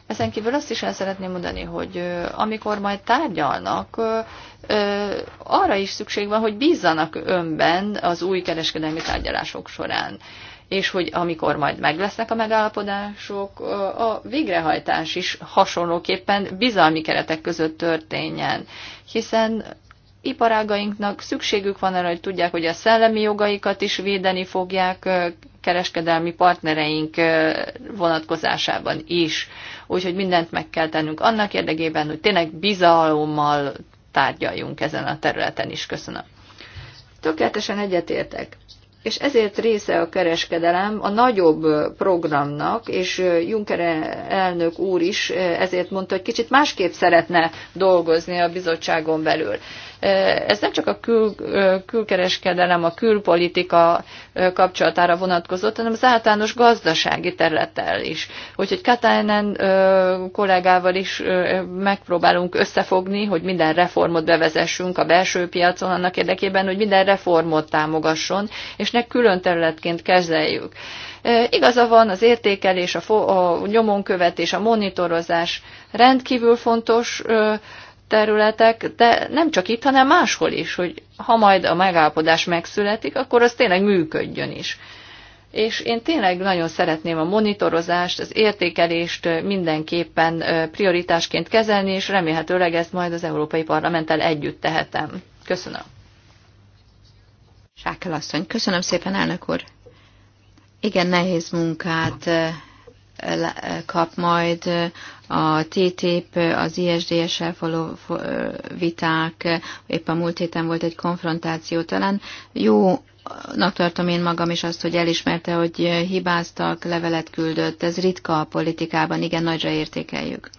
Ezen kívül azt is el szeretném mondani, hogy amikor majd tárgyalnak, arra is szükség van, hogy bízzanak önben az új kereskedelmi tárgyalások során és hogy amikor majd meglesznek a megállapodások, a végrehajtás is hasonlóképpen bizalmi keretek között történjen, hiszen iparágainknak szükségük van arra, hogy tudják, hogy a szellemi jogaikat is védeni fogják kereskedelmi partnereink vonatkozásában is. Úgyhogy mindent meg kell tennünk annak érdekében, hogy tényleg bizalommal tárgyaljunk ezen a területen is. Köszönöm. Tökéletesen egyetértek és ezért része a kereskedelem a nagyobb programnak, és Juncker e, elnök úr is ezért mondta, hogy kicsit másképp szeretne dolgozni a bizottságon belül. Ez nem csak a kül, külkereskedelem, a külpolitika kapcsolatára vonatkozott, hanem az általános gazdasági területtel is. Úgyhogy Katainen kollégával is megpróbálunk összefogni, hogy minden reformot bevezessünk a belső piacon annak érdekében, hogy minden reformot támogasson, és ne külön területként kezeljük. Igaza van, az értékelés, a, fo- a nyomonkövetés, a monitorozás rendkívül fontos területek, de nem csak itt, hanem máshol is, hogy ha majd a megállapodás megszületik, akkor az tényleg működjön is. És én tényleg nagyon szeretném a monitorozást, az értékelést mindenképpen prioritásként kezelni, és remélhetőleg ezt majd az Európai Parlamenttel együtt tehetem. Köszönöm. Sákel asszony, köszönöm szépen, elnök úr. Igen, nehéz munkát kap majd a TTIP, az ISDS-el való viták, épp a múlt héten volt egy konfrontáció, talán jó Nak tartom én magam is azt, hogy elismerte, hogy hibáztak, levelet küldött. Ez ritka a politikában, igen, nagyra értékeljük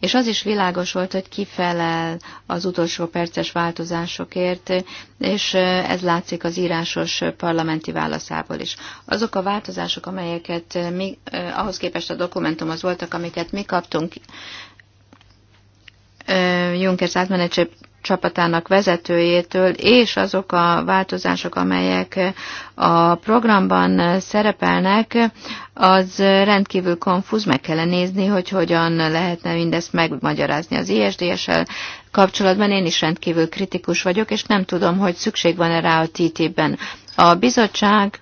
és az is világos volt, hogy kifelel az utolsó perces változásokért, és ez látszik az írásos parlamenti válaszából is. Azok a változások, amelyeket mi, ahhoz képest a dokumentumhoz voltak, amiket mi kaptunk, Junkers átmenetse csapatának vezetőjétől, és azok a változások, amelyek a programban szerepelnek, az rendkívül konfúz, meg kellene nézni, hogy hogyan lehetne mindezt megmagyarázni az ISDS-el kapcsolatban. Én is rendkívül kritikus vagyok, és nem tudom, hogy szükség van-e rá a TTIP-ben. A bizottság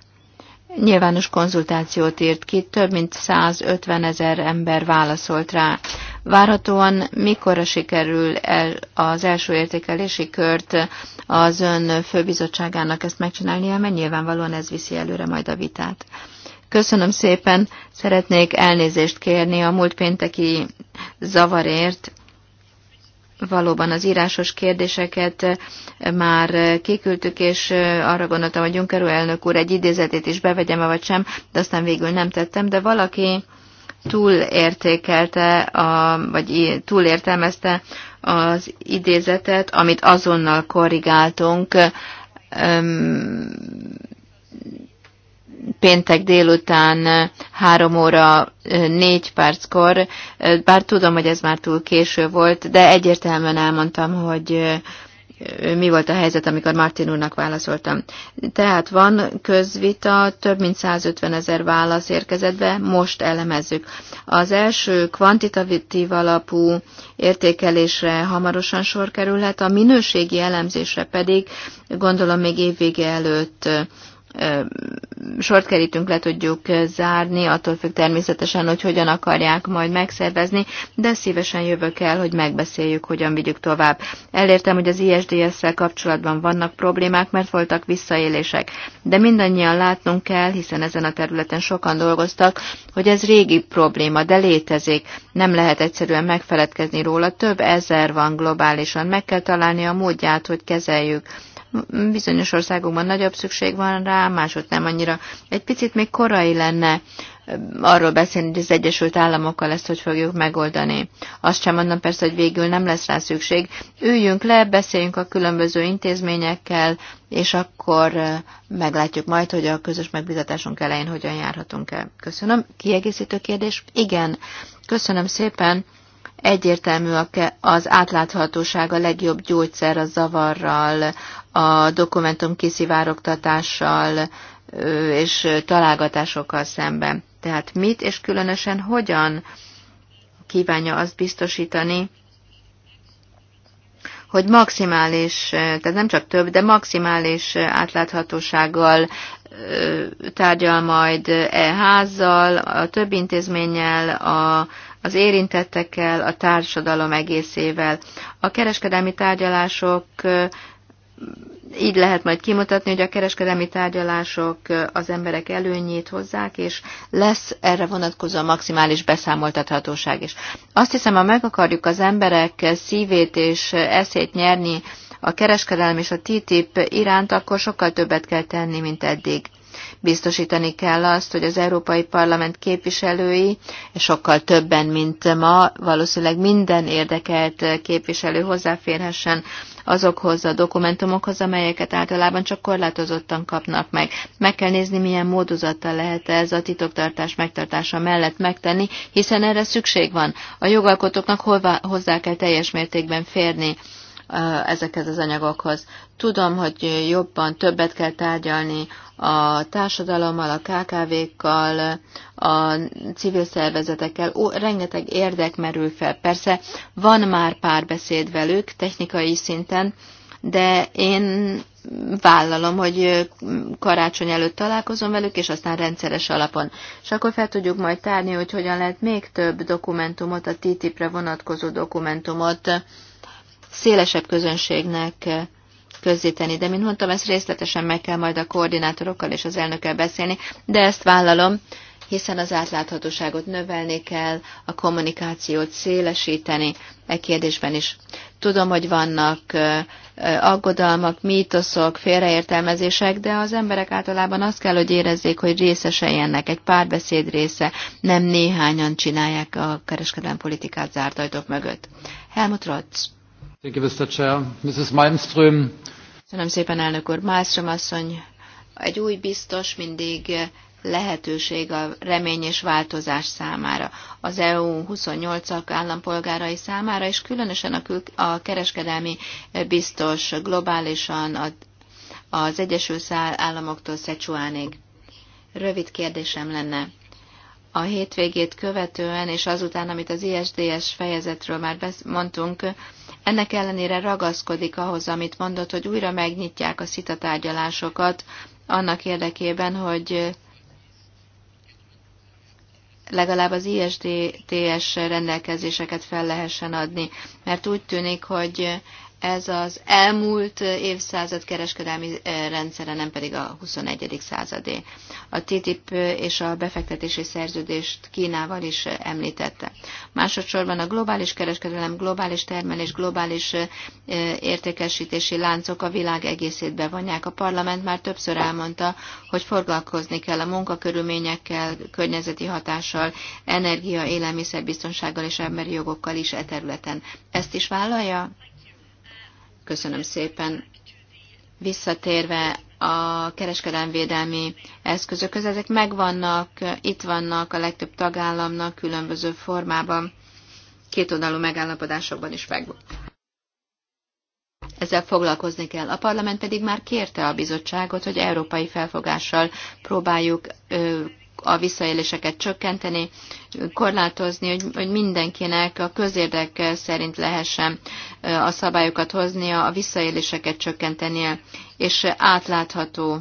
nyilvános konzultációt írt ki, több mint 150 ezer ember válaszolt rá. Várhatóan mikorra sikerül el az első értékelési kört az ön főbizottságának ezt megcsinálnia, mert nyilvánvalóan ez viszi előre majd a vitát. Köszönöm szépen, szeretnék elnézést kérni a múlt pénteki zavarért. Valóban az írásos kérdéseket már kiküldtük, és arra gondoltam, hogy Juncker elnök úr egy idézetét is bevegyem, vagy sem, de aztán végül nem tettem, de valaki túlértékelte, a, vagy túlértelmezte az idézetet, amit azonnal korrigáltunk öm, péntek délután három óra négy perckor, bár tudom, hogy ez már túl késő volt, de egyértelműen elmondtam, hogy mi volt a helyzet, amikor Martin úrnak válaszoltam. Tehát van közvita, több mint 150 ezer válasz érkezett be, most elemezzük. Az első kvantitatív alapú értékelésre hamarosan sor kerülhet, a minőségi elemzésre pedig gondolom még évvége előtt sort kerítünk, le tudjuk zárni, attól függ természetesen, hogy hogyan akarják majd megszervezni, de szívesen jövök el, hogy megbeszéljük, hogyan vigyük tovább. Elértem, hogy az ISDS-szel kapcsolatban vannak problémák, mert voltak visszaélések, de mindannyian látnunk kell, hiszen ezen a területen sokan dolgoztak, hogy ez régi probléma, de létezik. Nem lehet egyszerűen megfeledkezni róla, több ezer van globálisan, meg kell találni a módját, hogy kezeljük Bizonyos országokban nagyobb szükség van rá, másod nem annyira. Egy picit még korai lenne arról beszélni, hogy az Egyesült Államokkal ezt hogy fogjuk megoldani. Azt sem mondom persze, hogy végül nem lesz rá szükség. Üljünk le, beszéljünk a különböző intézményekkel, és akkor meglátjuk majd, hogy a közös megbizatásunk elején hogyan járhatunk el. Köszönöm. Kiegészítő kérdés? Igen. Köszönöm szépen. Egyértelmű az átláthatóság a legjobb gyógyszer a zavarral, a dokumentum kiszivárogtatással és találgatásokkal szemben. Tehát mit és különösen hogyan kívánja azt biztosítani, hogy maximális, tehát nem csak több, de maximális átláthatósággal tárgyal majd e házzal, a több intézménnyel, a, az érintettekkel, a társadalom egészével. A kereskedelmi tárgyalások így lehet majd kimutatni, hogy a kereskedelmi tárgyalások az emberek előnyét hozzák, és lesz erre vonatkozó a maximális beszámoltathatóság is. Azt hiszem, ha meg akarjuk az emberek szívét és eszét nyerni a kereskedelem és a TTIP iránt, akkor sokkal többet kell tenni, mint eddig. Biztosítani kell azt, hogy az Európai Parlament képviselői sokkal többen, mint ma, valószínűleg minden érdekelt képviselő hozzáférhessen azokhoz a dokumentumokhoz, amelyeket általában csak korlátozottan kapnak meg. Meg kell nézni, milyen módozattal lehet ez a titoktartás megtartása mellett megtenni, hiszen erre szükség van. A jogalkotóknak hová, hozzá kell teljes mértékben férni ezekhez az anyagokhoz. Tudom, hogy jobban, többet kell tárgyalni a társadalommal, a KKV-kkal, a civil szervezetekkel, ó, rengeteg érdek merül fel. Persze van már párbeszéd velük technikai szinten, de én vállalom, hogy karácsony előtt találkozom velük, és aztán rendszeres alapon. És akkor fel tudjuk majd tárni, hogy hogyan lehet még több dokumentumot, a TTIP-re vonatkozó dokumentumot szélesebb közönségnek közzétenni. De, mint mondtam, ezt részletesen meg kell majd a koordinátorokkal és az elnökkel beszélni, de ezt vállalom, hiszen az átláthatóságot növelni kell, a kommunikációt szélesíteni e kérdésben is. Tudom, hogy vannak aggodalmak, mítoszok, félreértelmezések, de az emberek általában azt kell, hogy érezzék, hogy részesei ennek, egy párbeszéd része, nem néhányan csinálják a kereskedelmi politikát zárt ajtók mögött. Helmut Rotz. Thank you, Mr. Chair. Mrs. Malmström. Köszönöm szépen, elnök úr. Malmström asszony, egy új biztos mindig lehetőség a remény és változás számára, az EU 28-ak állampolgárai számára, és különösen a, kül- a kereskedelmi biztos globálisan a, az Egyesült Államoktól Szecsuánig. Rövid kérdésem lenne a hétvégét követően, és azután, amit az ISDS fejezetről már mondtunk, ennek ellenére ragaszkodik ahhoz, amit mondott, hogy újra megnyitják a szita tárgyalásokat annak érdekében, hogy legalább az ISDTS rendelkezéseket fel lehessen adni. Mert úgy tűnik, hogy ez az elmúlt évszázad kereskedelmi eh, rendszere, nem pedig a 21. századé. A TTIP és a befektetési szerződést Kínával is eh, említette. Másodszorban a globális kereskedelem, globális termelés, globális eh, értékesítési láncok a világ egészét bevonják. A parlament már többször elmondta, hogy foglalkozni kell a munkakörülményekkel, környezeti hatással, energia, élelmiszerbiztonsággal és emberi jogokkal is e területen. Ezt is vállalja? Köszönöm szépen. Visszatérve a kereskedelmvédelmi eszközökhöz, ezek megvannak, itt vannak a legtöbb tagállamnak különböző formában, kétoldalú megállapodásokban is meg. Ezzel foglalkozni kell. A parlament pedig már kérte a bizottságot, hogy európai felfogással próbáljuk a visszaéléseket csökkenteni, korlátozni, hogy, hogy mindenkinek a közérdek szerint lehessen a szabályokat hozni, a visszaéléseket csökkenteni, és átlátható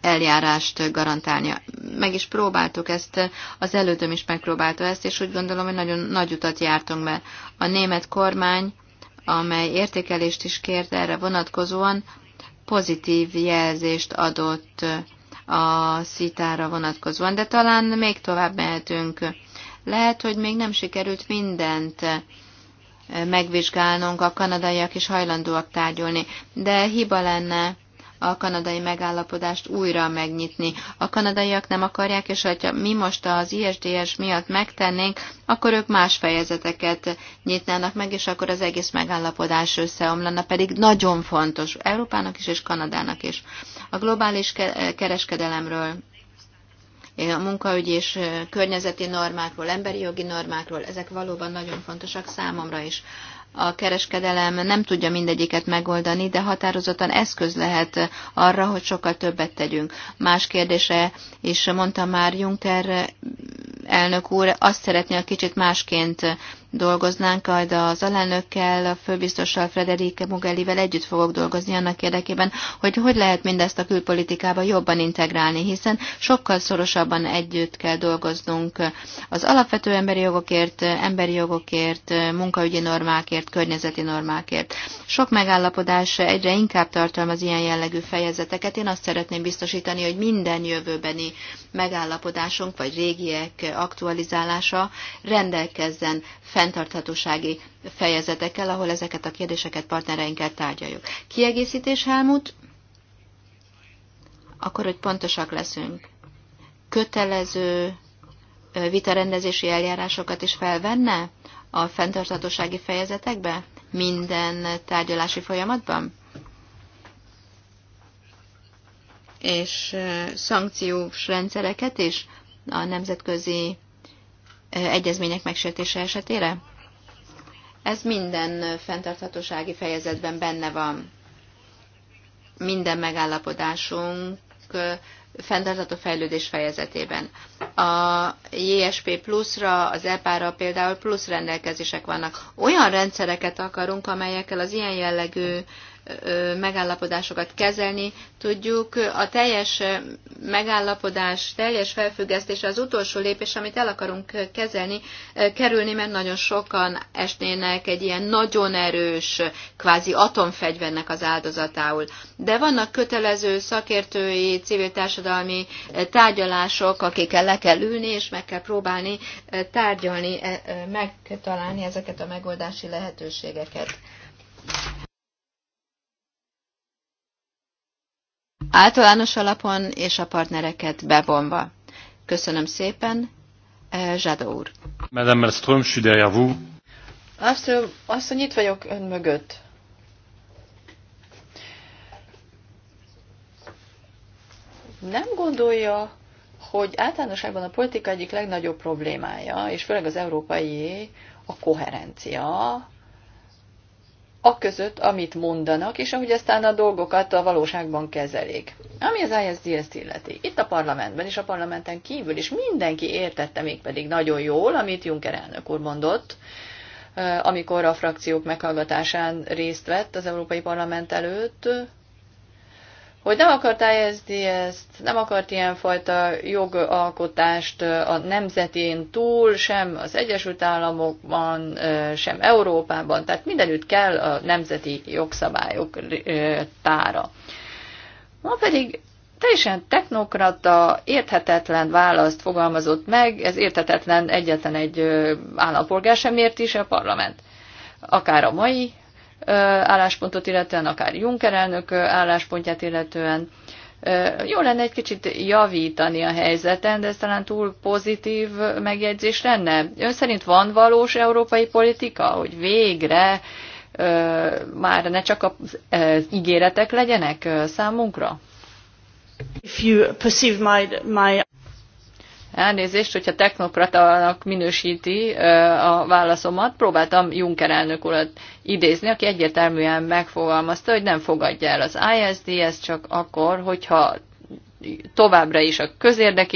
eljárást garantálnia. Meg is próbáltuk ezt, az elődöm is megpróbálta ezt, és úgy gondolom, hogy nagyon nagy utat jártunk be. A német kormány, amely értékelést is kérte erre vonatkozóan, pozitív jelzést adott a szitára vonatkozóan, de talán még tovább mehetünk. Lehet, hogy még nem sikerült mindent eh, megvizsgálnunk, a kanadaiak is hajlandóak tárgyulni, de hiba lenne a kanadai megállapodást újra megnyitni. A kanadaiak nem akarják, és ha mi most az ISDS miatt megtennénk, akkor ők más fejezeteket nyitnának meg, és akkor az egész megállapodás összeomlana, pedig nagyon fontos Európának is és Kanadának is. A globális kereskedelemről, a munkaügyi és környezeti normákról, emberi jogi normákról, ezek valóban nagyon fontosak számomra is. A kereskedelem nem tudja mindegyiket megoldani, de határozottan eszköz lehet arra, hogy sokkal többet tegyünk. Más kérdése, és mondta már Juncker elnök úr, azt szeretné, a kicsit másként dolgoznánk, majd az alelnökkel, a főbiztossal, Frederike Mugellivel együtt fogok dolgozni annak érdekében, hogy hogy lehet mindezt a külpolitikába jobban integrálni, hiszen sokkal szorosabban együtt kell dolgoznunk az alapvető emberi jogokért, emberi jogokért, munkaügyi normákért, környezeti normákért. Sok megállapodás egyre inkább tartalmaz ilyen jellegű fejezeteket. Én azt szeretném biztosítani, hogy minden jövőbeni megállapodásunk vagy régiek aktualizálása rendelkezzen fenntarthatósági fejezetekkel, ahol ezeket a kérdéseket partnereinkkel tárgyaljuk. Kiegészítés, Helmut? Akkor, hogy pontosak leszünk. Kötelező vitarendezési eljárásokat is felvenne a fenntarthatósági fejezetekbe? Minden tárgyalási folyamatban? És szankciós rendszereket is a nemzetközi egyezmények megsértése esetére? Ez minden fenntarthatósági fejezetben benne van. Minden megállapodásunk fenntartható fejlődés fejezetében. A JSP pluszra, az EPA-ra például plusz rendelkezések vannak. Olyan rendszereket akarunk, amelyekkel az ilyen jellegű megállapodásokat kezelni tudjuk. A teljes megállapodás, teljes felfüggesztés az utolsó lépés, amit el akarunk kezelni, kerülni, mert nagyon sokan esnének egy ilyen nagyon erős, kvázi atomfegyvernek az áldozatául. De vannak kötelező szakértői, civil társadalmi tárgyalások, akikkel le kell ülni, és meg kell próbálni tárgyalni, e, megtalálni ezeket a megoldási lehetőségeket. általános alapon és a partnereket bevonva. Köszönöm szépen, eh, Zsadó úr. Madame Malmström, je suis derrière vous. asszony, itt vagyok ön mögött. Nem gondolja, hogy általánosságban a politika egyik legnagyobb problémája, és főleg az európaié, a koherencia, a között, amit mondanak, és ahogy aztán a dolgokat a valóságban kezelik. Ami az ISDS-t illeti. Itt a parlamentben és a parlamenten kívül is mindenki értette még pedig nagyon jól, amit Juncker elnök úr mondott, eh, amikor a frakciók meghallgatásán részt vett az Európai Parlament előtt, hogy nem akart ezt, ezt, nem akart ilyenfajta jogalkotást a nemzetén túl, sem az Egyesült Államokban, sem Európában, tehát mindenütt kell a nemzeti jogszabályok tára. Ma pedig teljesen technokrata, érthetetlen választ fogalmazott meg, ez érthetetlen egyetlen egy állampolgár sem érti is a parlament. Akár a mai álláspontot illetően, akár Juncker elnök álláspontját illetően. Jó lenne egy kicsit javítani a helyzeten, de ez talán túl pozitív megjegyzés lenne. Ön szerint van valós európai politika, hogy végre már ne csak az ígéretek legyenek számunkra? If you perceive my, my... Elnézést, hogyha technokratának minősíti a válaszomat, próbáltam Juncker elnök urat idézni, aki egyértelműen megfogalmazta, hogy nem fogadja el az Ez csak akkor, hogyha továbbra is a közérdek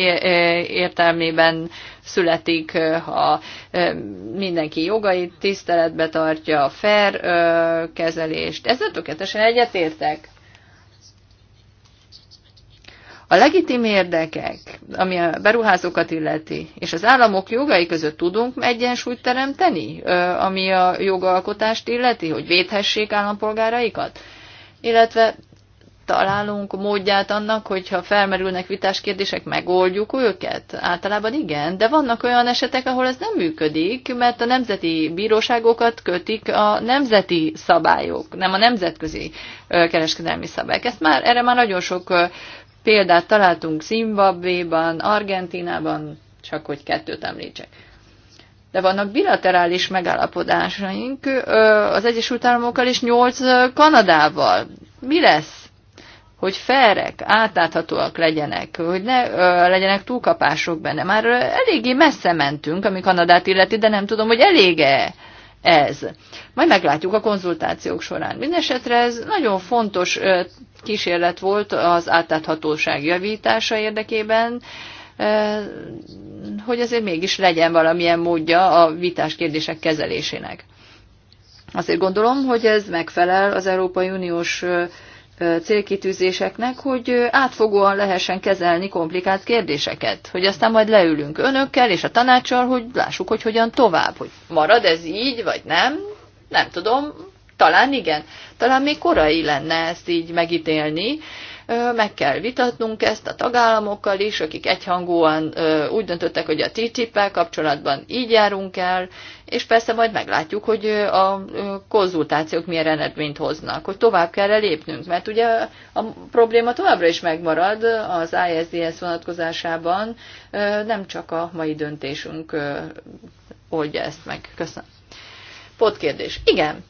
értelmében születik, ha mindenki jogait tiszteletbe tartja, fair kezelést. Ezzel tökéletesen egyetértek. A legitim érdekek, ami a beruházókat illeti, és az államok jogai között tudunk egyensúlyt teremteni, ami a jogalkotást illeti, hogy védhessék állampolgáraikat? Illetve találunk módját annak, hogyha felmerülnek vitás kérdések, megoldjuk őket? Általában igen, de vannak olyan esetek, ahol ez nem működik, mert a nemzeti bíróságokat kötik a nemzeti szabályok, nem a nemzetközi kereskedelmi szabályok. Ezt már, erre már nagyon sok Példát találtunk Zimbabvéban, Argentinában, csak hogy kettőt említsek. De vannak bilaterális megállapodásaink az Egyesült Államokkal és nyolc Kanadával. Mi lesz? Hogy felrek, átláthatóak legyenek, hogy ne ö, legyenek túlkapások benne. Már eléggé messze mentünk, ami Kanadát illeti, de nem tudom, hogy elége ez. Majd meglátjuk a konzultációk során. Mindenesetre ez nagyon fontos kísérlet volt az átláthatóság javítása érdekében, hogy azért mégis legyen valamilyen módja a vitás kérdések kezelésének. Azért gondolom, hogy ez megfelel az Európai Uniós célkitűzéseknek, hogy átfogóan lehessen kezelni komplikált kérdéseket, hogy aztán majd leülünk önökkel és a tanácssal, hogy lássuk, hogy hogyan tovább, hogy marad ez így, vagy nem, nem tudom, talán igen, talán még korai lenne ezt így megítélni, meg kell vitatnunk ezt a tagállamokkal is, akik egyhangúan úgy döntöttek, hogy a TTIP-el kapcsolatban így járunk el, és persze majd meglátjuk, hogy a konzultációk milyen eredményt hoznak, hogy tovább kell -e lépnünk, mert ugye a probléma továbbra is megmarad az ISDS vonatkozásában, nem csak a mai döntésünk oldja ezt meg. Köszönöm. kérdés. Igen,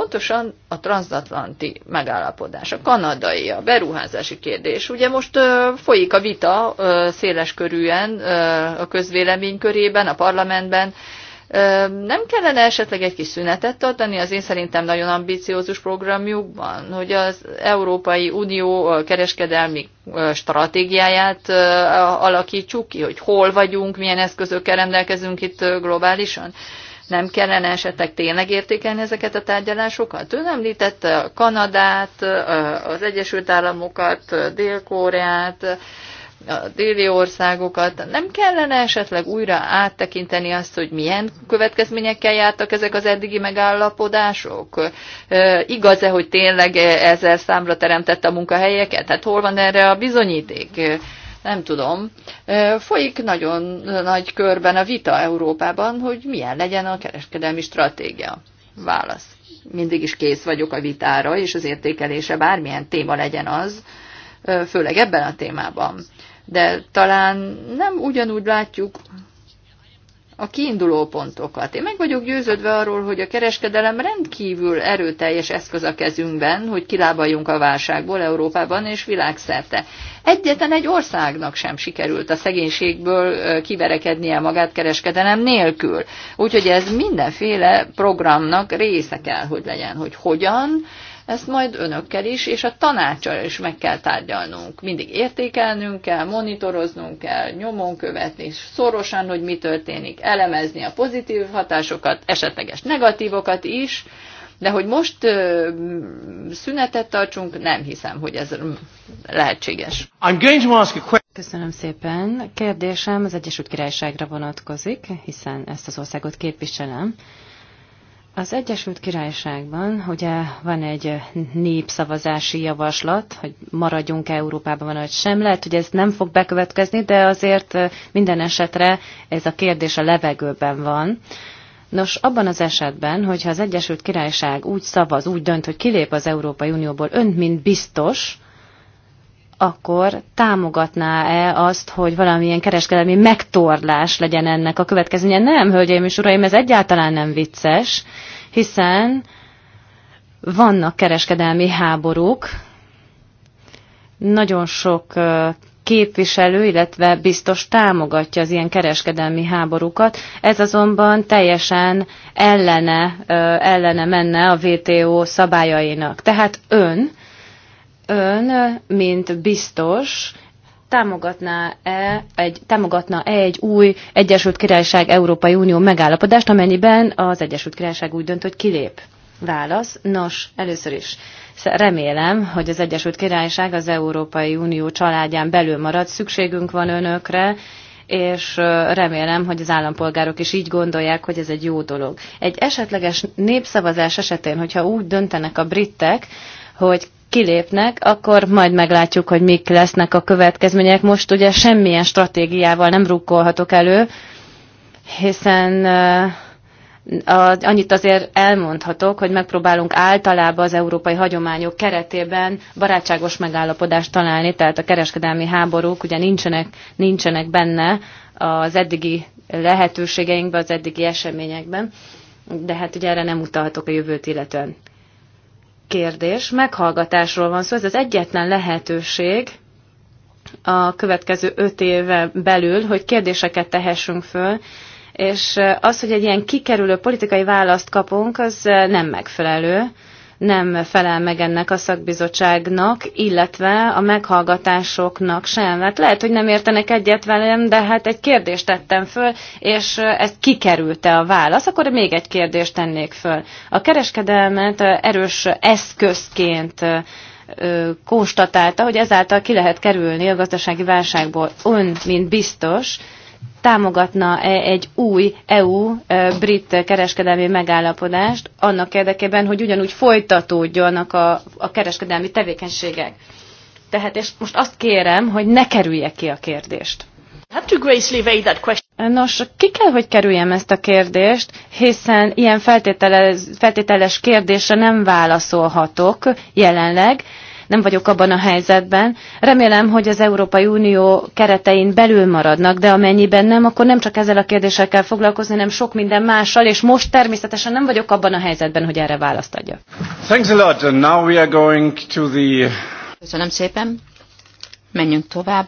Pontosan a transatlanti megállapodás, a kanadai, a beruházási kérdés. Ugye most ö, folyik a vita ö, széleskörűen ö, a közvélemény körében, a parlamentben. Ö, nem kellene esetleg egy kis szünetet tartani az én szerintem nagyon ambiciózus programjukban, hogy az Európai Unió kereskedelmi stratégiáját ö, alakítsuk ki, hogy hol vagyunk, milyen eszközökkel rendelkezünk itt globálisan. Ö, nem kellene esetleg tényleg értékelni ezeket a tárgyalásokat? Ön említette a Kanadát, az Egyesült Államokat, Dél-Koreát, a déli országokat. Nem kellene esetleg újra áttekinteni azt, hogy milyen következményekkel jártak ezek az eddigi megállapodások? E, Igaz-e, hogy tényleg ezzel számra teremtett a munkahelyeket? Tehát hol van erre a bizonyíték? nem tudom, folyik nagyon nagy körben a vita Európában, hogy milyen legyen a kereskedelmi stratégia. Válasz. Mindig is kész vagyok a vitára, és az értékelése bármilyen téma legyen az, főleg ebben a témában. De talán nem ugyanúgy látjuk a kiinduló pontokat. Én meg vagyok győződve arról, hogy a kereskedelem rendkívül erőteljes eszköz a kezünkben, hogy kilábaljunk a válságból Európában és világszerte. Egyetlen egy országnak sem sikerült a szegénységből kiverekednie magát kereskedelem nélkül. Úgyhogy ez mindenféle programnak része kell, hogy legyen, hogy hogyan, ezt majd önökkel is, és a tanácsal is meg kell tárgyalnunk. Mindig értékelnünk kell, monitoroznunk kell, nyomon követni, szorosan, hogy mi történik, elemezni a pozitív hatásokat, esetleges negatívokat is, de hogy most ö, szünetet tartsunk, nem hiszem, hogy ez lehetséges. I'm going to ask a Köszönöm szépen. Kérdésem az Egyesült Királyságra vonatkozik, hiszen ezt az országot képviselem. Az Egyesült Királyságban ugye van egy népszavazási javaslat, hogy maradjunk -e Európában vagy sem. Lehet, hogy ez nem fog bekövetkezni, de azért minden esetre ez a kérdés a levegőben van. Nos, abban az esetben, hogyha az Egyesült Királyság úgy szavaz, úgy dönt, hogy kilép az Európai Unióból, ön, mint biztos, akkor támogatná-e azt, hogy valamilyen kereskedelmi megtorlás legyen ennek a következménye? Nem, hölgyeim és uraim, ez egyáltalán nem vicces, hiszen vannak kereskedelmi háborúk, nagyon sok képviselő, illetve biztos támogatja az ilyen kereskedelmi háborúkat. Ez azonban teljesen ellene, ellene menne a WTO szabályainak. Tehát ön ön, mint biztos, támogatná-e egy, támogatna -e egy új Egyesült Királyság Európai Unió megállapodást, amennyiben az Egyesült Királyság úgy dönt, hogy kilép? Válasz. Nos, először is remélem, hogy az Egyesült Királyság az Európai Unió családján belül marad. Szükségünk van önökre, és remélem, hogy az állampolgárok is így gondolják, hogy ez egy jó dolog. Egy esetleges népszavazás esetén, hogyha úgy döntenek a britek, hogy kilépnek, akkor majd meglátjuk, hogy mik lesznek a következmények. Most ugye semmilyen stratégiával nem rukkolhatok elő, hiszen a, annyit azért elmondhatok, hogy megpróbálunk általában az európai hagyományok keretében barátságos megállapodást találni, tehát a kereskedelmi háborúk ugye nincsenek, nincsenek benne az eddigi lehetőségeinkben, az eddigi eseményekben, de hát ugye erre nem utalhatok a jövőt illetően kérdés, meghallgatásról van szó, ez az egyetlen lehetőség a következő öt éve belül, hogy kérdéseket tehessünk föl, és az, hogy egy ilyen kikerülő politikai választ kapunk, az nem megfelelő nem felel meg ennek a szakbizottságnak, illetve a meghallgatásoknak sem. Hát lehet, hogy nem értenek egyet velem, de hát egy kérdést tettem föl, és ezt kikerülte a válasz, akkor még egy kérdést tennék föl. A kereskedelmet erős eszközként konstatálta, hogy ezáltal ki lehet kerülni a gazdasági válságból. Ön, mint biztos, támogatna -e egy új EU-brit e, kereskedelmi megállapodást annak érdekében, hogy ugyanúgy folytatódjanak a, a kereskedelmi tevékenységek. Tehát és most azt kérem, hogy ne kerülje ki a kérdést. Nos, ki kell, hogy kerüljem ezt a kérdést, hiszen ilyen feltételes, feltételes kérdésre nem válaszolhatok jelenleg nem vagyok abban a helyzetben. Remélem, hogy az Európai Unió keretein belül maradnak, de amennyiben nem, akkor nem csak ezzel a kérdéssel kell foglalkozni, hanem sok minden mással, és most természetesen nem vagyok abban a helyzetben, hogy erre választ adjak. Thanks a lot, and now we are going to the... Köszönöm szépen. Menjünk tovább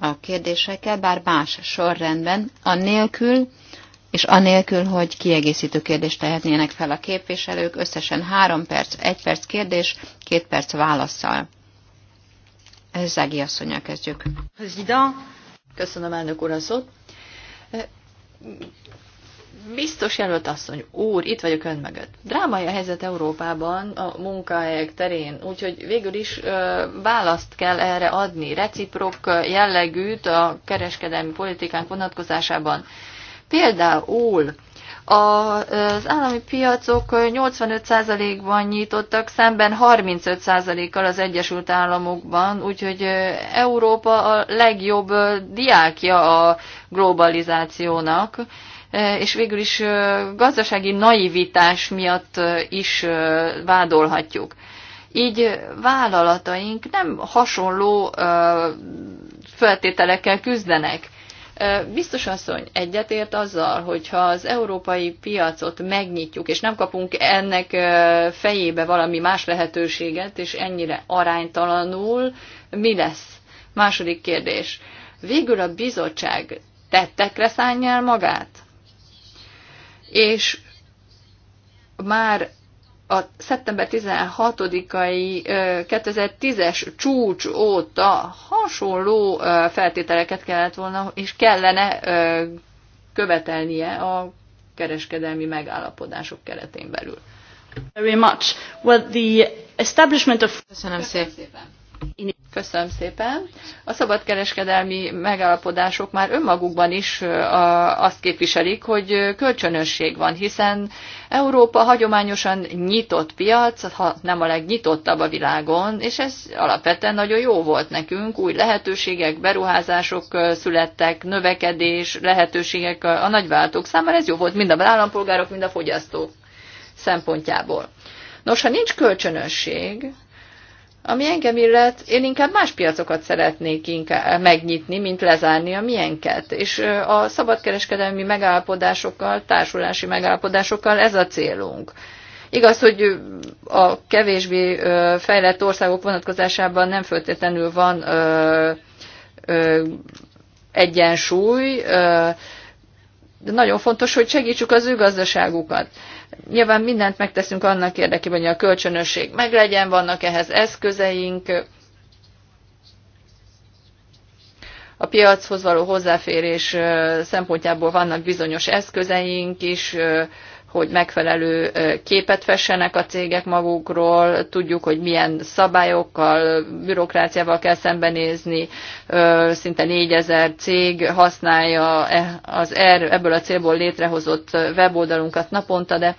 a kérdésekkel, bár más sorrendben, a nélkül, és anélkül, hogy kiegészítő kérdést tehetnének fel a képviselők, összesen három perc, egy perc kérdés, két perc válaszsal. Zági asszonya kezdjük. Köszönöm, elnök úr, a szót. Biztos jelölt asszony, úr, itt vagyok ön mögött. Drámai a helyzet Európában a munkahelyek terén, úgyhogy végül is ö, választ kell erre adni, reciprok jellegűt a kereskedelmi politikánk vonatkozásában. Például az állami piacok 85%-ban nyitottak, szemben 35%-kal az Egyesült Államokban, úgyhogy Európa a legjobb diákja a globalizációnak, és végül is gazdasági naivitás miatt is vádolhatjuk. Így vállalataink nem hasonló feltételekkel küzdenek Biztos asszony egyetért azzal, hogyha az európai piacot megnyitjuk, és nem kapunk ennek fejébe valami más lehetőséget, és ennyire aránytalanul, mi lesz? Második kérdés. Végül a bizottság tettekre szállja el magát? És már a szeptember 16-ai 2010-es csúcs óta hasonló feltételeket kellett volna, és kellene követelnie a kereskedelmi megállapodások keretén belül. Very much. Well, the establishment of... Köszönöm szépen. Köszönöm szépen. A szabadkereskedelmi megállapodások már önmagukban is azt képviselik, hogy kölcsönösség van, hiszen Európa hagyományosan nyitott piac, ha nem a legnyitottabb a világon, és ez alapvetően nagyon jó volt nekünk. Új lehetőségek, beruházások születtek, növekedés, lehetőségek a nagyváltók számára, ez jó volt mind a állampolgárok, mind a fogyasztók szempontjából. Nos, ha nincs kölcsönösség, ami engem illet, én inkább más piacokat szeretnék inkább megnyitni, mint lezárni a mienket. És a szabadkereskedelmi megállapodásokkal, társulási megállapodásokkal ez a célunk. Igaz, hogy a kevésbé fejlett országok vonatkozásában nem feltétlenül van egyensúly, de nagyon fontos, hogy segítsük az ő gazdaságukat. Nyilván mindent megteszünk annak érdekében, hogy a kölcsönösség meglegyen, vannak ehhez eszközeink, a piachoz való hozzáférés szempontjából vannak bizonyos eszközeink is, hogy megfelelő képet fessenek a cégek magukról, tudjuk, hogy milyen szabályokkal, bürokráciával kell szembenézni, szinte 4000 cég használja e, az er, ebből a célból létrehozott weboldalunkat naponta, de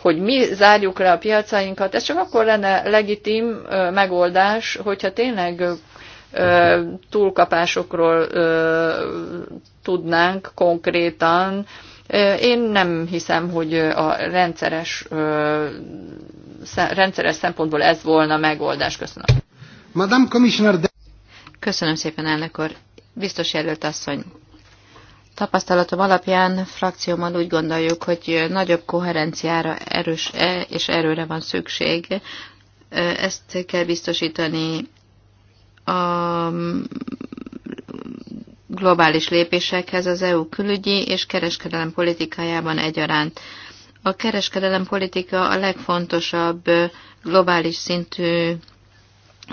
hogy mi zárjuk le a piacainkat, ez csak akkor lenne legitim megoldás, hogyha tényleg túlkapásokról tudnánk konkrétan, én nem hiszem, hogy a rendszeres, rendszeres szempontból ez volna megoldás. Köszönöm. Madame Commissioner de... Köszönöm szépen, elnök úr. Biztos jelölt asszony. Tapasztalatom alapján frakciómmal úgy gondoljuk, hogy nagyobb koherenciára erős -e és erőre van szükség. Ezt kell biztosítani a globális lépésekhez az EU külügyi és kereskedelem politikájában egyaránt. A kereskedelem politika a legfontosabb globális szintű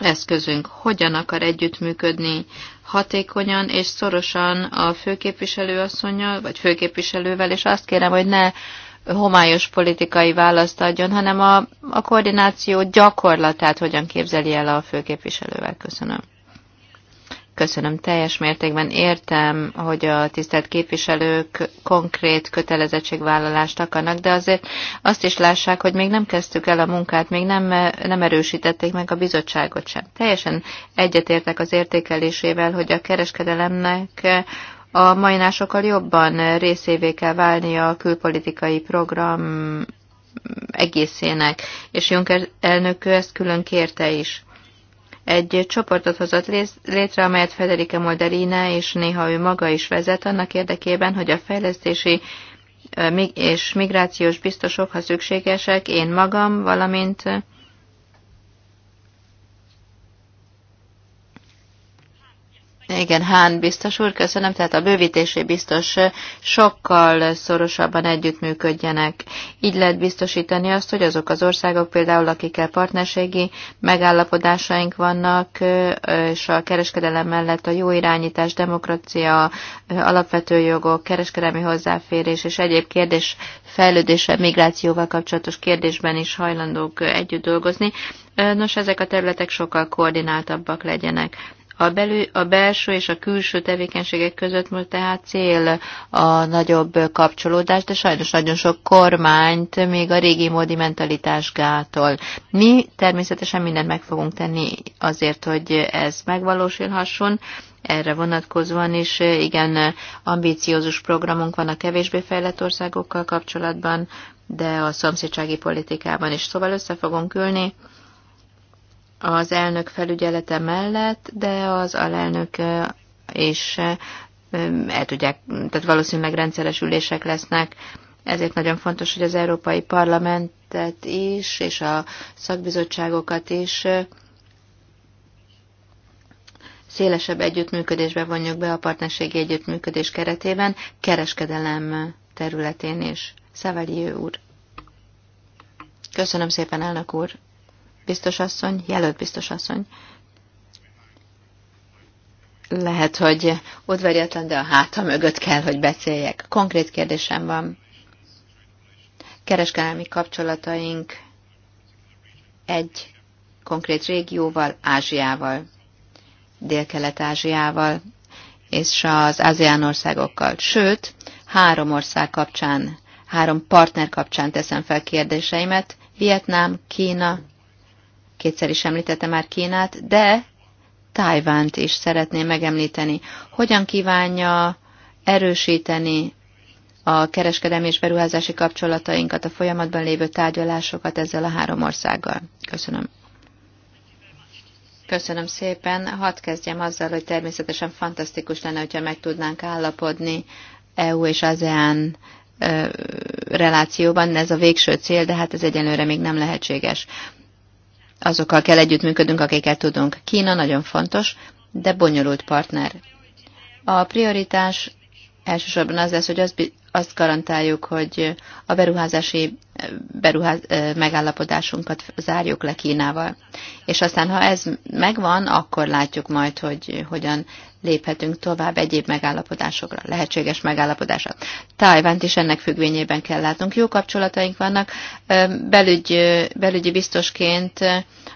eszközünk. Hogyan akar együttműködni hatékonyan és szorosan a főképviselőasszonynal, vagy főképviselővel, és azt kérem, hogy ne homályos politikai választ adjon, hanem a, a koordináció gyakorlatát hogyan képzeli el a főképviselővel. Köszönöm. Köszönöm, teljes mértékben értem, hogy a tisztelt képviselők konkrét kötelezettségvállalást akarnak, de azért azt is lássák, hogy még nem kezdtük el a munkát, még nem, nem erősítették meg a bizottságot sem. Teljesen egyetértek az értékelésével, hogy a kereskedelemnek a majnásokkal jobban részévé kell válnia a külpolitikai program egészének, és Juncker elnök ezt külön kérte is egy csoportot hozott létre, amelyet Federica Molderina és néha ő maga is vezet annak érdekében, hogy a fejlesztési és migrációs biztosok, ha szükségesek, én magam, valamint Igen, Hán biztos úr, köszönöm. Tehát a bővítési biztos eh, sokkal szorosabban együttműködjenek. Így lehet biztosítani azt, hogy azok az országok, például akikkel partnerségi megállapodásaink vannak, eh, és a kereskedelem mellett a jó irányítás, demokrácia, eh, alapvető jogok, kereskedelmi hozzáférés és egyéb kérdés fejlődése, migrációval kapcsolatos kérdésben is hajlandók együtt dolgozni. Nos, ezek a területek sokkal koordináltabbak legyenek. A, belül, a belső és a külső tevékenységek között most tehát cél a nagyobb kapcsolódás, de sajnos nagyon sok kormányt még a régi módi mentalitás gátol. Mi természetesen mindent meg fogunk tenni azért, hogy ez megvalósulhasson, erre vonatkozóan is igen ambíciózus programunk van a kevésbé fejlett országokkal kapcsolatban, de a szomszédsági politikában is. Szóval össze fogunk ülni, az elnök felügyelete mellett, de az alelnök és el tudják, tehát valószínűleg rendszeres ülések lesznek, ezért nagyon fontos, hogy az Európai Parlamentet is, és a szakbizottságokat is szélesebb együttműködésbe vonjuk be a partnerségi együttműködés keretében, kereskedelem területén is. Szavalyi úr. Köszönöm szépen, elnök úr biztos asszony, jelölt biztos asszony. Lehet, hogy udvariatlan, de a háta mögött kell, hogy beszéljek. Konkrét kérdésem van. Kereskedelmi kapcsolataink egy konkrét régióval, Ázsiával, Dél-Kelet-Ázsiával és az ASEAN országokkal. Sőt, három ország kapcsán, három partner kapcsán teszem fel kérdéseimet, Vietnám, Kína kétszer is említette már Kínát, de Tájvánt is szeretném megemlíteni. Hogyan kívánja erősíteni a kereskedelmi és beruházási kapcsolatainkat, a folyamatban lévő tárgyalásokat ezzel a három országgal? Köszönöm. Köszönöm szépen. Hadd kezdjem azzal, hogy természetesen fantasztikus lenne, hogyha meg tudnánk állapodni EU és ASEAN relációban, ez a végső cél, de hát ez egyelőre még nem lehetséges azokkal kell együttműködünk, akiket tudunk. Kína nagyon fontos, de bonyolult partner. A prioritás elsősorban az lesz, hogy azt, azt garantáljuk, hogy a beruházási beruház, megállapodásunkat zárjuk le Kínával. És aztán, ha ez megvan, akkor látjuk majd, hogy hogyan léphetünk tovább egyéb megállapodásokra, lehetséges megállapodásra. Tájvánt is ennek függvényében kell látnunk. Jó kapcsolataink vannak. Belügy, belügyi biztosként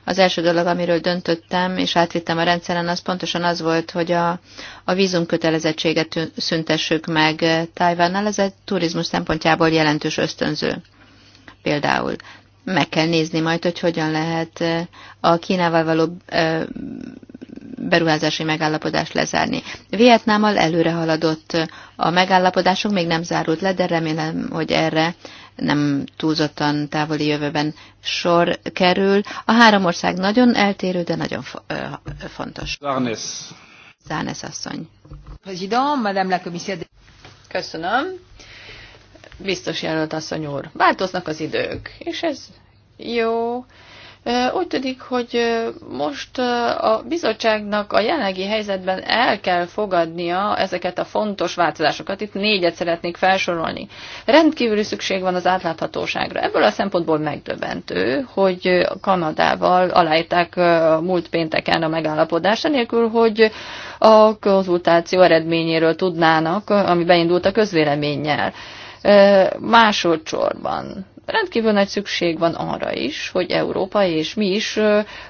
az első dolog, amiről döntöttem és átvittem a rendszeren, az pontosan az volt, hogy a, a vízumkötelezettséget szüntessük meg Tájvánnal. Ez egy turizmus szempontjából jelentős ösztönző. Például meg kell nézni majd, hogy hogyan lehet a Kínával való beruházási megállapodást lezárni. Vietnámmal előre haladott a megállapodásunk, még nem zárult le, de remélem, hogy erre nem túlzottan távoli jövőben sor kerül. A három ország nagyon eltérő, de nagyon fontos. Zárnes. Zárnes asszony. Madame Köszönöm. Biztos jelölt asszony úr. Változnak az idők, és ez jó. Úgy tűnik, hogy most a bizottságnak a jelenlegi helyzetben el kell fogadnia ezeket a fontos változásokat. Itt négyet szeretnék felsorolni. Rendkívüli szükség van az átláthatóságra. Ebből a szempontból megdöbentő, hogy Kanadával aláírták múlt pénteken a megállapodást, anélkül, hogy a konzultáció eredményéről tudnának, ami beindult a közvéleménnyel. Másodszorban rendkívül nagy szükség van arra is, hogy Európa és mi is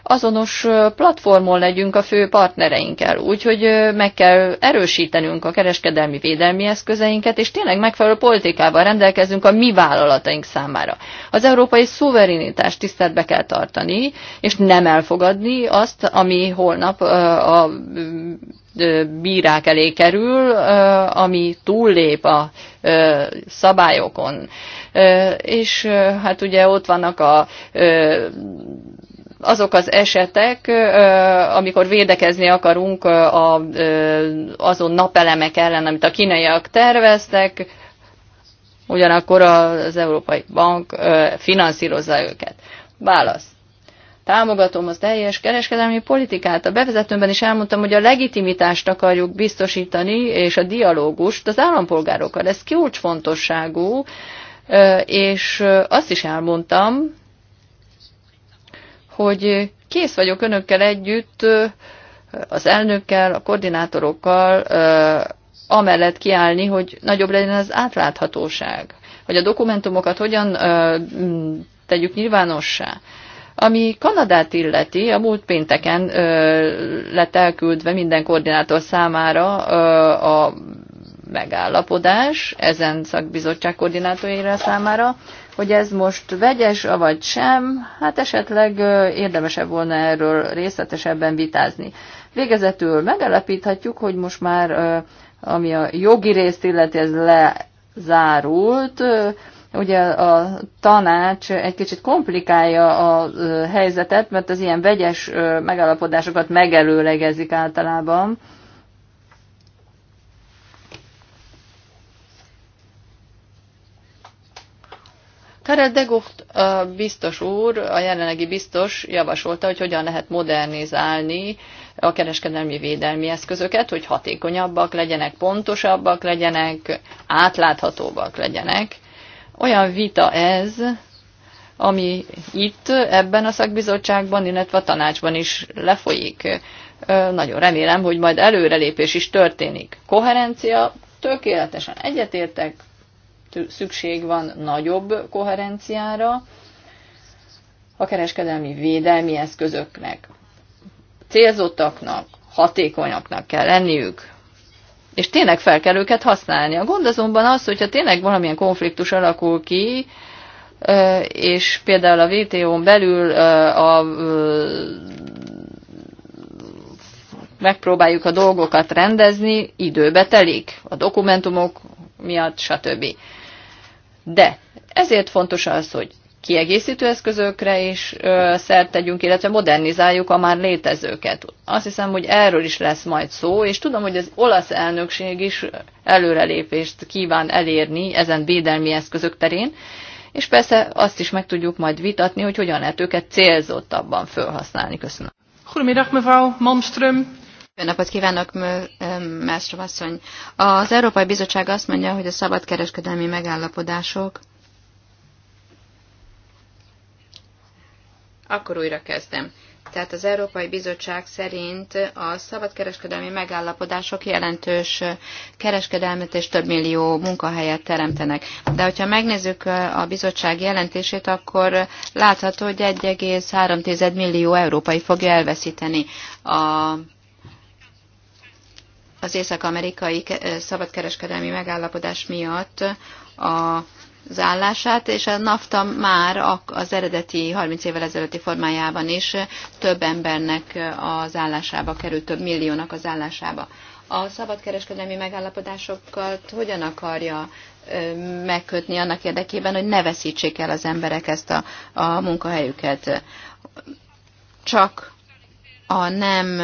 azonos platformon legyünk a fő partnereinkkel, úgyhogy meg kell erősítenünk a kereskedelmi védelmi eszközeinket, és tényleg megfelelő politikával rendelkezünk a mi vállalataink számára. Az európai szuverenitást tiszteletbe kell tartani, és nem elfogadni azt, ami holnap a bírák elé kerül, ami túllép a szabályokon. És hát ugye ott vannak a azok az esetek, amikor védekezni akarunk azon napelemek ellen, amit a kínaiak terveztek, ugyanakkor az Európai Bank finanszírozza őket. Válasz támogatom az teljes kereskedelmi politikát. A bevezetőmben is elmondtam, hogy a legitimitást akarjuk biztosítani, és a dialógust az állampolgárokkal. Ez kulcsfontosságú, és azt is elmondtam, hogy kész vagyok önökkel együtt, az elnökkel, a koordinátorokkal, amellett kiállni, hogy nagyobb legyen az átláthatóság, hogy a dokumentumokat hogyan tegyük nyilvánossá ami Kanadát illeti, a múlt pénteken ö, lett elküldve minden koordinátor számára ö, a megállapodás ezen szakbizottság koordinátorjára számára, hogy ez most vegyes, vagy sem, hát esetleg érdemesebb volna erről részletesebben vitázni. Végezetül megállapíthatjuk, hogy most már, ami a jogi részt illeti, ez lezárult, Ugye a tanács egy kicsit komplikálja a helyzetet, mert az ilyen vegyes megállapodásokat megelőlegezik általában. Karel de Gucht biztos úr, a jelenlegi biztos javasolta, hogy hogyan lehet modernizálni a kereskedelmi védelmi eszközöket, hogy hatékonyabbak legyenek, pontosabbak legyenek, átláthatóbbak legyenek olyan vita ez, ami itt, ebben a szakbizottságban, illetve a tanácsban is lefolyik. Nagyon remélem, hogy majd előrelépés is történik. Koherencia, tökéletesen egyetértek, szükség van nagyobb koherenciára a kereskedelmi védelmi eszközöknek. Célzottaknak, hatékonyaknak kell lenniük, és tényleg fel kell őket használni. A gond azonban az, hogyha tényleg valamilyen konfliktus alakul ki, és például a WTO-n belül a, megpróbáljuk a dolgokat rendezni, időbe telik a dokumentumok miatt, stb. De ezért fontos az, hogy kiegészítő eszközökre is szert tegyünk, illetve modernizáljuk a már létezőket. Azt hiszem, hogy erről is lesz majd szó, és tudom, hogy az olasz elnökség is előrelépést kíván elérni ezen védelmi eszközök terén, és persze azt is meg tudjuk majd vitatni, hogy hogyan lehet őket célzottabban felhasználni. Köszönöm. Goedemiddag, mevrouw Malmström. Jó napot kívánok, Mástrom asszony. Az Európai Bizottság azt mondja, hogy a szabadkereskedelmi megállapodások Akkor újra kezdem. Tehát az Európai Bizottság szerint a szabadkereskedelmi megállapodások jelentős kereskedelmet és több millió munkahelyet teremtenek. De hogyha megnézzük a bizottság jelentését, akkor látható, hogy 1,3 millió európai fogja elveszíteni a az észak-amerikai szabadkereskedelmi megállapodás miatt a az állását, és a NAFTA már az eredeti 30 évvel ezelőtti formájában is több embernek az állásába került, több milliónak az állásába. A szabadkereskedelmi megállapodásokat hogyan akarja megkötni annak érdekében, hogy ne veszítsék el az emberek ezt a, a munkahelyüket? Csak a nem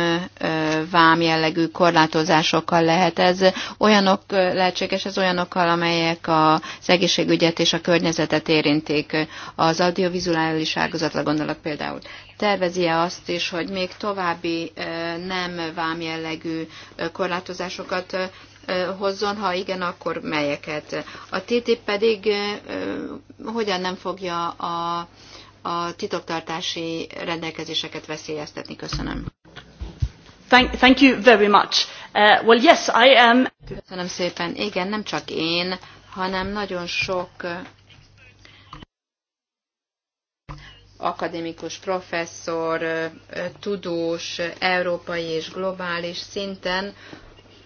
vám jellegű korlátozásokkal lehet ez olyanok lehetséges, ez olyanokkal, amelyek az egészségügyet és a környezetet érintik. Az audiovizuális ágazatra gondolok például. Tervezi-e azt is, hogy még további nem vám jellegű korlátozásokat hozzon, ha igen, akkor melyeket. A TTIP pedig hogyan nem fogja a a titoktartási rendelkezéseket veszélyeztetni. Köszönöm. Thank, thank you very much. Uh, well, yes, I am. Köszönöm szépen. Igen, nem csak én, hanem nagyon sok uh, akadémikus professzor, uh, tudós, uh, európai és globális szinten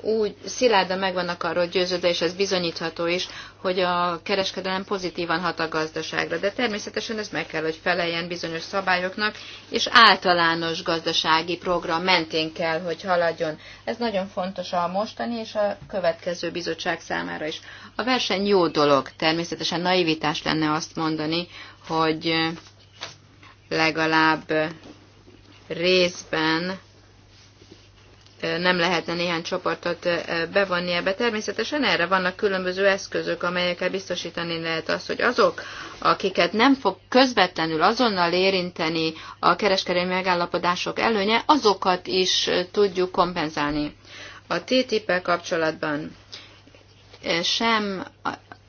úgy szilárdan megvannak arról győződve, és ez bizonyítható is, hogy a kereskedelem pozitívan hat a gazdaságra. De természetesen ez meg kell, hogy feleljen bizonyos szabályoknak, és általános gazdasági program mentén kell, hogy haladjon. Ez nagyon fontos a mostani és a következő bizottság számára is. A verseny jó dolog, természetesen naivitás lenne azt mondani, hogy legalább részben nem lehetne néhány csoportot bevonni ebbe. Természetesen erre vannak különböző eszközök, amelyekkel biztosítani lehet azt, hogy azok, akiket nem fog közvetlenül azonnal érinteni a kereskedelmi megállapodások előnye, azokat is tudjuk kompenzálni. A TTIP-el kapcsolatban sem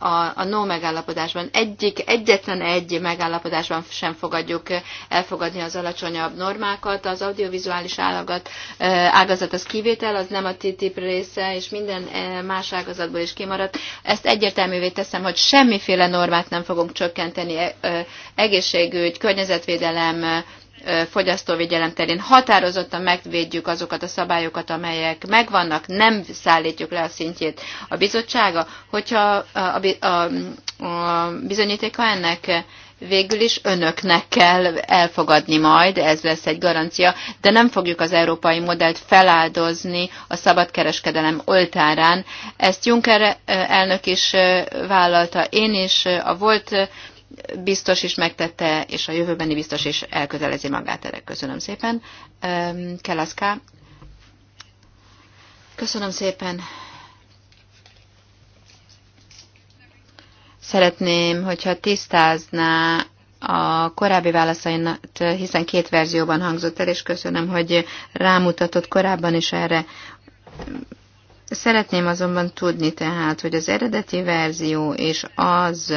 a, a no megállapodásban. Egyik, egyetlen egy megállapodásban sem fogadjuk elfogadni az alacsonyabb normákat. Az audiovizuális állagat, ágazat az kivétel, az nem a TTIP része, és minden más ágazatból is kimaradt. Ezt egyértelművé teszem, hogy semmiféle normát nem fogunk csökkenteni e, egészségügy, környezetvédelem, fogyasztóvédelem terén határozottan megvédjük azokat a szabályokat, amelyek megvannak, nem szállítjuk le a szintjét a bizottsága, hogyha a, a, a bizonyítéka ennek végül is önöknek kell elfogadni majd, ez lesz egy garancia, de nem fogjuk az európai modellt feláldozni a szabadkereskedelem oltárán. Ezt Juncker elnök is vállalta, én is, a volt biztos is megtette, és a jövőbeni biztos is elkötelezi magát erre. Köszönöm szépen. Kelaszká. Köszönöm szépen. Szeretném, hogyha tisztázná a korábbi válaszainat, hiszen két verzióban hangzott el, és köszönöm, hogy rámutatott korábban is erre. Szeretném azonban tudni tehát, hogy az eredeti verzió és az,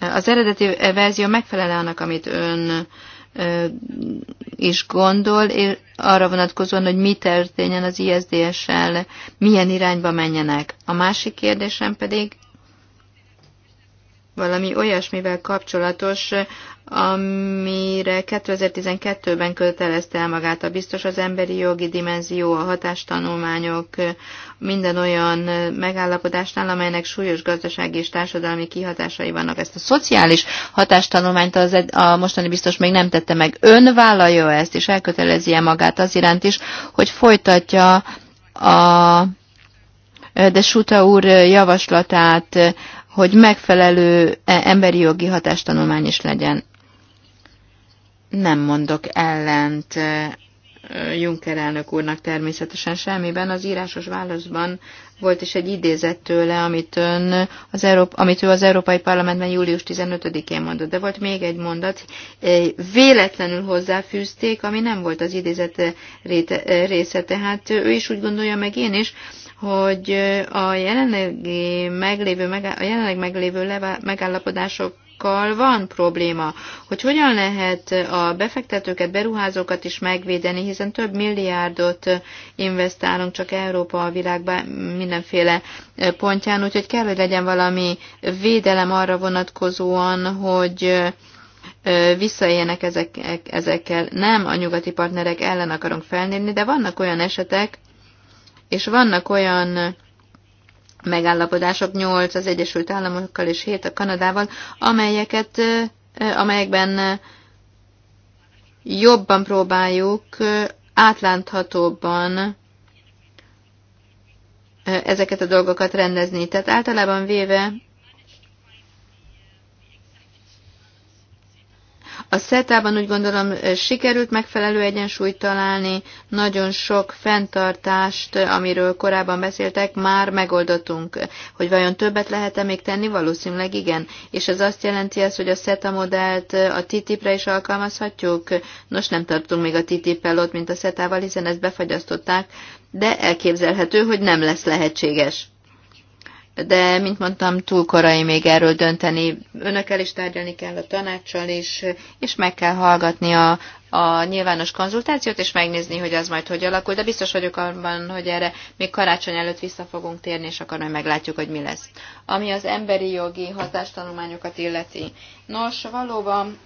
az eredeti verzió megfelele annak, amit ön is gondol, arra vonatkozóan, hogy mi történjen az ISDS-sel, milyen irányba menjenek. A másik kérdésem pedig, valami olyasmivel kapcsolatos, amire 2012-ben kötelezte el magát a biztos az emberi jogi dimenzió, a hatástanulmányok, minden olyan megállapodásnál, amelynek súlyos gazdasági és társadalmi kihatásai vannak. Ezt a szociális hatástanulmányt az, a mostani biztos még nem tette meg. Ön vállalja ezt, és elkötelezi -e magát az iránt is, hogy folytatja a de Suta úr javaslatát hogy megfelelő e, emberi jogi hatástanulmány is legyen. Nem mondok ellent e, Juncker elnök úrnak természetesen semmiben. Az írásos válaszban volt is egy idézet tőle, amit, ön, az Európa, amit ő az Európai Parlamentben július 15-én mondott. De volt még egy mondat, e, véletlenül hozzáfűzték, ami nem volt az idézet része. Tehát ő is úgy gondolja, meg én is, hogy a jelenlegi meglévő, a jelenleg meglévő megállapodások van probléma, hogy hogyan lehet a befektetőket, beruházókat is megvédeni, hiszen több milliárdot investálunk csak Európa a világban mindenféle pontján, úgyhogy kell, hogy legyen valami védelem arra vonatkozóan, hogy visszaéljenek ezek, ezekkel. Nem a nyugati partnerek ellen akarunk felnézni, de vannak olyan esetek, és vannak olyan megállapodások, 8 az Egyesült Államokkal és 7 a Kanadával, amelyeket, amelyekben jobban próbáljuk átláthatóbban ezeket a dolgokat rendezni. Tehát általában véve A szetában úgy gondolom sikerült megfelelő egyensúlyt találni, nagyon sok fenntartást, amiről korábban beszéltek, már megoldottunk. Hogy vajon többet lehet-e még tenni? Valószínűleg igen. És ez azt jelenti ez, hogy a SETA modellt a TTIP-re is alkalmazhatjuk? Nos, nem tartunk még a TTIP-el ott, mint a SETA-val, hiszen ezt befagyasztották, de elképzelhető, hogy nem lesz lehetséges de, mint mondtam, túl korai még erről dönteni. Önökkel is tárgyalni kell a tanácssal, és, és meg kell hallgatni a, a nyilvános konzultációt, és megnézni, hogy az majd hogy alakul, de biztos vagyok abban, hogy erre még karácsony előtt vissza fogunk térni, és akkor majd meglátjuk, hogy mi lesz. Ami az emberi jogi hatástanulmányokat illeti. Nos, valóban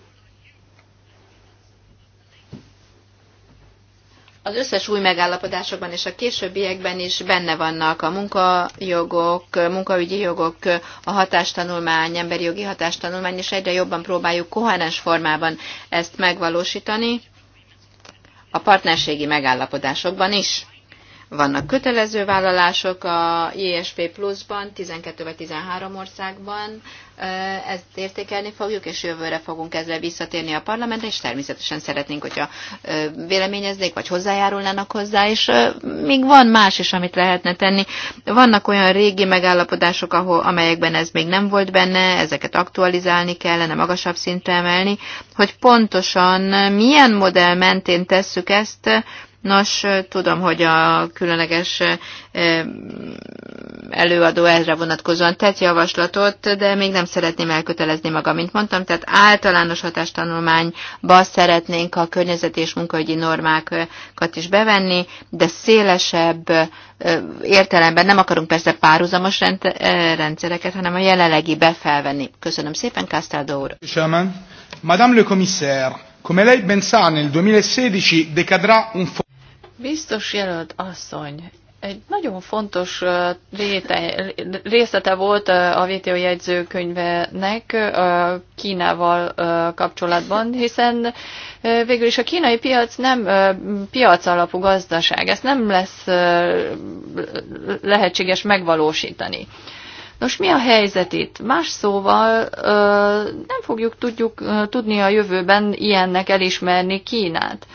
az összes új megállapodásokban és a későbbiekben is benne vannak a munkajogok, munkaügyi jogok, a hatástanulmány, emberi jogi hatástanulmány, és egyre jobban próbáljuk koherens formában ezt megvalósítani a partnerségi megállapodásokban is. Vannak kötelező vállalások a JSP Plus-ban, 12 vagy 13 országban, ezt értékelni fogjuk, és jövőre fogunk ezzel visszatérni a parlamentre, és természetesen szeretnénk, hogyha véleményeznék, vagy hozzájárulnának hozzá, és még van más is, amit lehetne tenni. Vannak olyan régi megállapodások, ahol, amelyekben ez még nem volt benne, ezeket aktualizálni kellene, magasabb szintre emelni, hogy pontosan milyen modell mentén tesszük ezt, Nos, tudom, hogy a különleges előadó erre vonatkozóan tett javaslatot, de még nem szeretném elkötelezni magam, mint mondtam, tehát általános hatástanulmányba szeretnénk a környezeti és munkaügyi normákat is bevenni, de szélesebb értelemben nem akarunk persze párhuzamos rendszereket, hanem a jelenlegi befelvenni. Köszönöm szépen, Castaldo úr. Madame le commissaire, come lei ben sa nel 2016 decadrà un Biztos jelölt asszony, egy nagyon fontos réte, részlete volt a VTO jegyzőkönyvenek Kínával kapcsolatban, hiszen végül is a kínai piac nem piac alapú gazdaság, ezt nem lesz lehetséges megvalósítani. Nos, mi a helyzet itt? Más szóval nem fogjuk tudjuk, tudni a jövőben ilyennek elismerni Kínát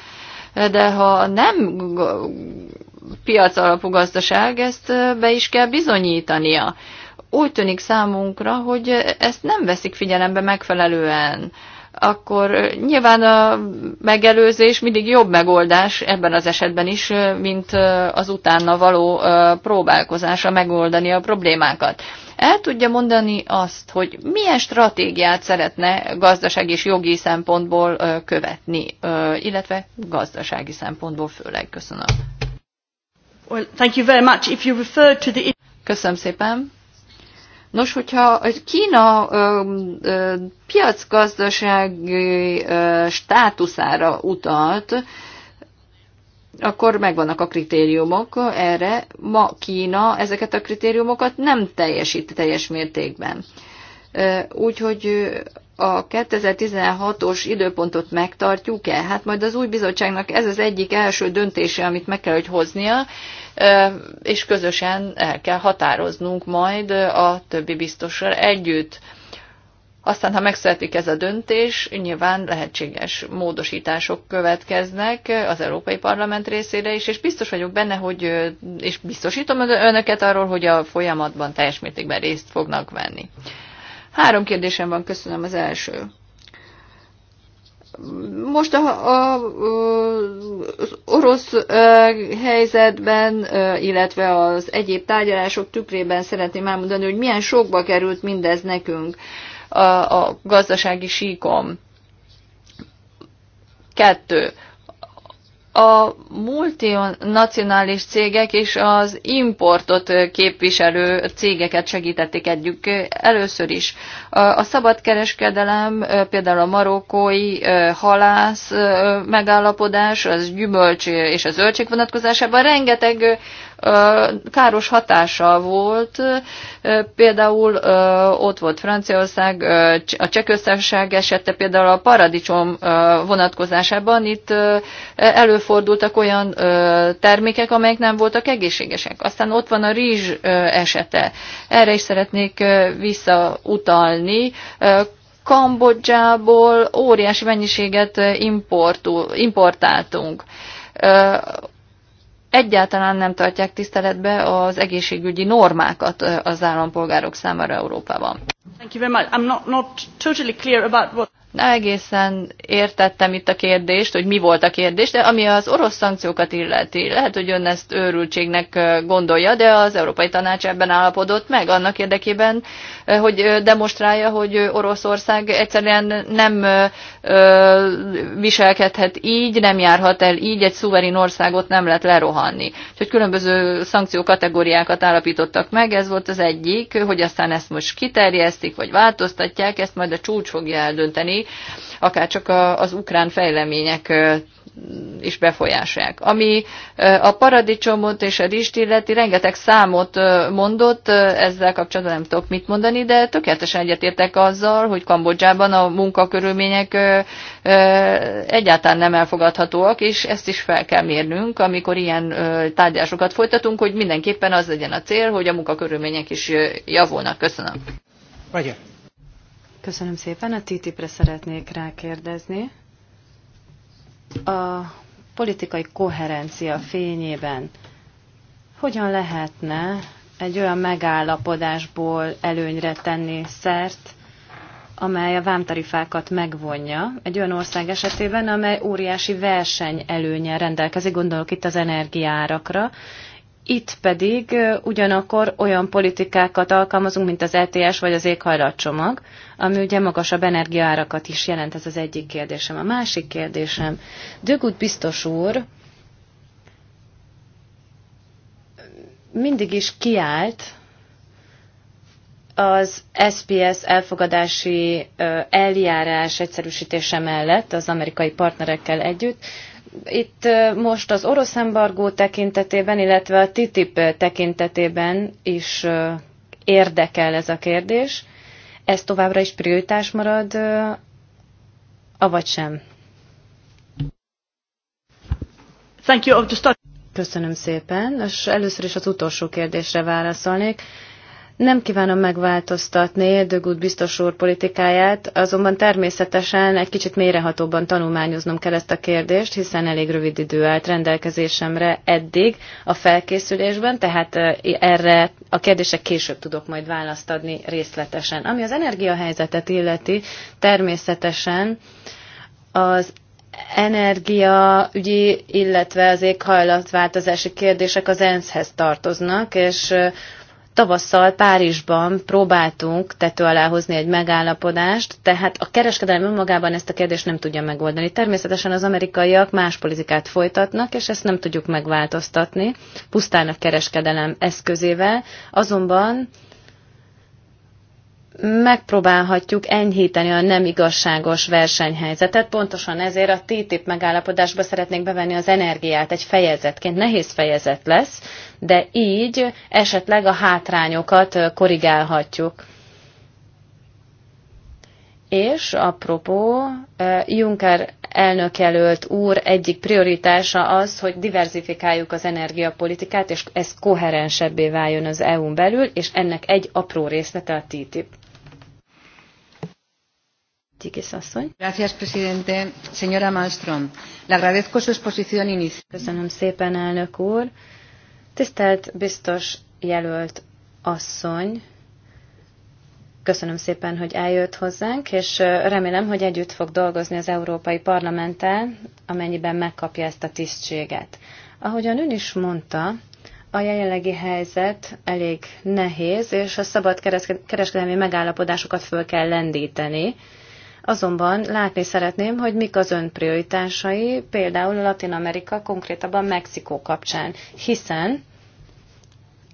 de ha nem piac alapú gazdaság, ezt be is kell bizonyítania. Úgy tűnik számunkra, hogy ezt nem veszik figyelembe megfelelően akkor nyilván a megelőzés mindig jobb megoldás ebben az esetben is, mint az utána való próbálkozása megoldani a problémákat el tudja mondani azt, hogy milyen stratégiát szeretne gazdasági és jogi szempontból követni, illetve gazdasági szempontból főleg. Köszönöm. Well, thank you very much. If you refer to the... Köszönöm szépen. Nos, hogyha a Kína ö, ö, piacgazdasági ö, státuszára utalt, akkor megvannak a kritériumok erre. Ma Kína ezeket a kritériumokat nem teljesíti teljes mértékben. Úgyhogy a 2016-os időpontot megtartjuk-e? Hát majd az új bizottságnak ez az egyik első döntése, amit meg kell, hogy hoznia, és közösen el kell határoznunk majd a többi biztosra együtt. Aztán, ha megszületik ez a döntés, nyilván lehetséges módosítások következnek az Európai Parlament részére is, és biztos vagyok benne, hogy, és biztosítom önöket arról, hogy a folyamatban teljes mértékben részt fognak venni. Három kérdésem van, köszönöm az első. Most a, a, az orosz helyzetben, illetve az egyéb tárgyalások tükrében szeretném elmondani, hogy milyen sokba került mindez nekünk a, a gazdasági síkom. Kettő. A multinacionális cégek és az importot képviselő cégeket segítették együtt először is. A szabadkereskedelem, például a marokkói halász megállapodás, az gyümölcs és a zöldség vonatkozásában rengeteg káros hatása volt. Például ott volt Franciaország, a Csehköztársaság esette például a paradicsom vonatkozásában itt előfordultak olyan termékek, amelyek nem voltak egészségesek. Aztán ott van a rizs esete. Erre is szeretnék visszautalni. Kambodzsából óriási mennyiséget importáltunk egyáltalán nem tartják tiszteletbe az egészségügyi normákat az állampolgárok számára Európában. Nem egészen értettem itt a kérdést, hogy mi volt a kérdés, de ami az orosz szankciókat illeti, lehet, hogy ön ezt őrültségnek gondolja, de az Európai Tanács ebben állapodott meg annak érdekében, hogy demonstrálja, hogy Oroszország egyszerűen nem viselkedhet így, nem járhat el így, egy szuverén országot nem lehet lerohanni. Úgyhogy különböző szankció kategóriákat állapítottak meg, ez volt az egyik, hogy aztán ezt most kiterjeszt, terjesztik vagy változtatják, ezt majd a csúcs fogja eldönteni, akár csak az ukrán fejlemények is befolyásolják. Ami a paradicsomot és a rizst illeti, rengeteg számot mondott, ezzel kapcsolatban nem tudok mit mondani, de tökéletesen egyetértek azzal, hogy Kambodzsában a munkakörülmények egyáltalán nem elfogadhatóak, és ezt is fel kell mérnünk, amikor ilyen tárgyásokat folytatunk, hogy mindenképpen az legyen a cél, hogy a munkakörülmények is javulnak. Köszönöm. Vagy Köszönöm szépen. A TTIP-re szeretnék rákérdezni. A politikai koherencia fényében hogyan lehetne egy olyan megállapodásból előnyre tenni szert, amely a vámtarifákat megvonja egy olyan ország esetében, amely óriási verseny előnye rendelkezik, gondolok itt az energiárakra, itt pedig ugyanakkor olyan politikákat alkalmazunk, mint az ETS vagy az éghajlatcsomag, ami ugye magasabb energiaárakat is jelent, ez az egyik kérdésem. A másik kérdésem, Dögut biztos úr mindig is kiállt az SPS elfogadási eljárás egyszerűsítése mellett az amerikai partnerekkel együtt, itt most az orosz embargó tekintetében, illetve a TTIP tekintetében is érdekel ez a kérdés. Ez továbbra is prioritás marad, avagy sem? Thank you. Köszönöm szépen, és először is az utolsó kérdésre válaszolnék. Nem kívánom megváltoztatni Dögút biztos úr politikáját, azonban természetesen egy kicsit mélyrehatóban tanulmányoznom kell ezt a kérdést, hiszen elég rövid idő állt rendelkezésemre eddig a felkészülésben, tehát erre a kérdések később tudok majd választ adni részletesen. Ami az energiahelyzetet illeti, természetesen az energiaügyi, illetve az éghajlatváltozási kérdések az ENSZ-hez tartoznak, és tavasszal Párizsban próbáltunk tető alá hozni egy megállapodást, tehát a kereskedelem önmagában ezt a kérdést nem tudja megoldani. Természetesen az amerikaiak más politikát folytatnak, és ezt nem tudjuk megváltoztatni, pusztán a kereskedelem eszközével, azonban megpróbálhatjuk enyhíteni a nem igazságos versenyhelyzetet. Pontosan ezért a TTIP megállapodásba szeretnék bevenni az energiát egy fejezetként. Nehéz fejezet lesz, de így esetleg a hátrányokat korrigálhatjuk. És apropó, Juncker elnökjelölt úr egyik prioritása az, hogy diversifikáljuk az energiapolitikát, és ez koherensebbé váljon az EU-n belül, és ennek egy apró részlete a TTIP. Köszönöm szépen, elnök úr. Tisztelt biztos jelölt asszony, köszönöm szépen, hogy eljött hozzánk, és remélem, hogy együtt fog dolgozni az Európai Parlamenttel, amennyiben megkapja ezt a tisztséget. Ahogyan ön is mondta, a jelenlegi helyzet elég nehéz, és a szabad kereskedelmi megállapodásokat föl kell lendíteni. Azonban látni szeretném, hogy mik az ön prioritásai, például Latin Amerika, konkrétabban Mexikó kapcsán, hiszen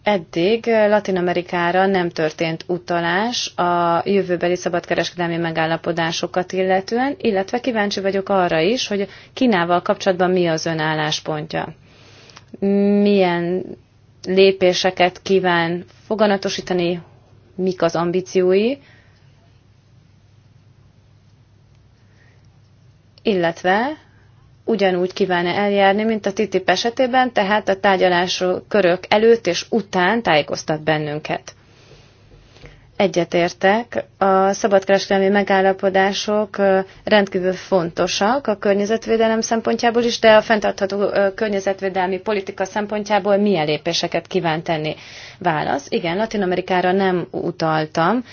Eddig Latin Amerikára nem történt utalás a jövőbeli szabadkereskedelmi megállapodásokat illetően, illetve kíváncsi vagyok arra is, hogy Kínával kapcsolatban mi az ön álláspontja. Milyen lépéseket kíván foganatosítani, mik az ambíciói, illetve ugyanúgy kívánja eljárni, mint a TTIP esetében, tehát a tárgyalások körök előtt és után tájékoztat bennünket. Egyetértek, a szabadkereskedelmi megállapodások rendkívül fontosak a környezetvédelem szempontjából is, de a fenntartható környezetvédelmi politika szempontjából milyen lépéseket kíván tenni? Válasz, igen, Latin Amerikára nem utaltam,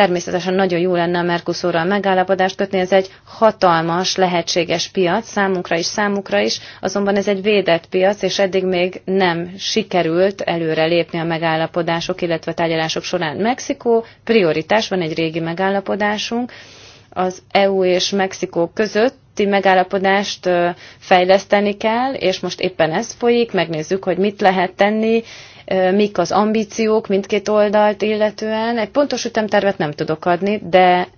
Természetesen nagyon jó lenne a Mercosurral megállapodást kötni, ez egy hatalmas, lehetséges piac számunkra is, számukra is, azonban ez egy védett piac, és eddig még nem sikerült előre lépni a megállapodások, illetve a tárgyalások során. Mexikó prioritás, van egy régi megállapodásunk, az EU és Mexikó között megállapodást fejleszteni kell, és most éppen ez folyik, megnézzük, hogy mit lehet tenni, mik az ambíciók mindkét oldalt illetően. Egy pontos ütemtervet nem tudok adni, de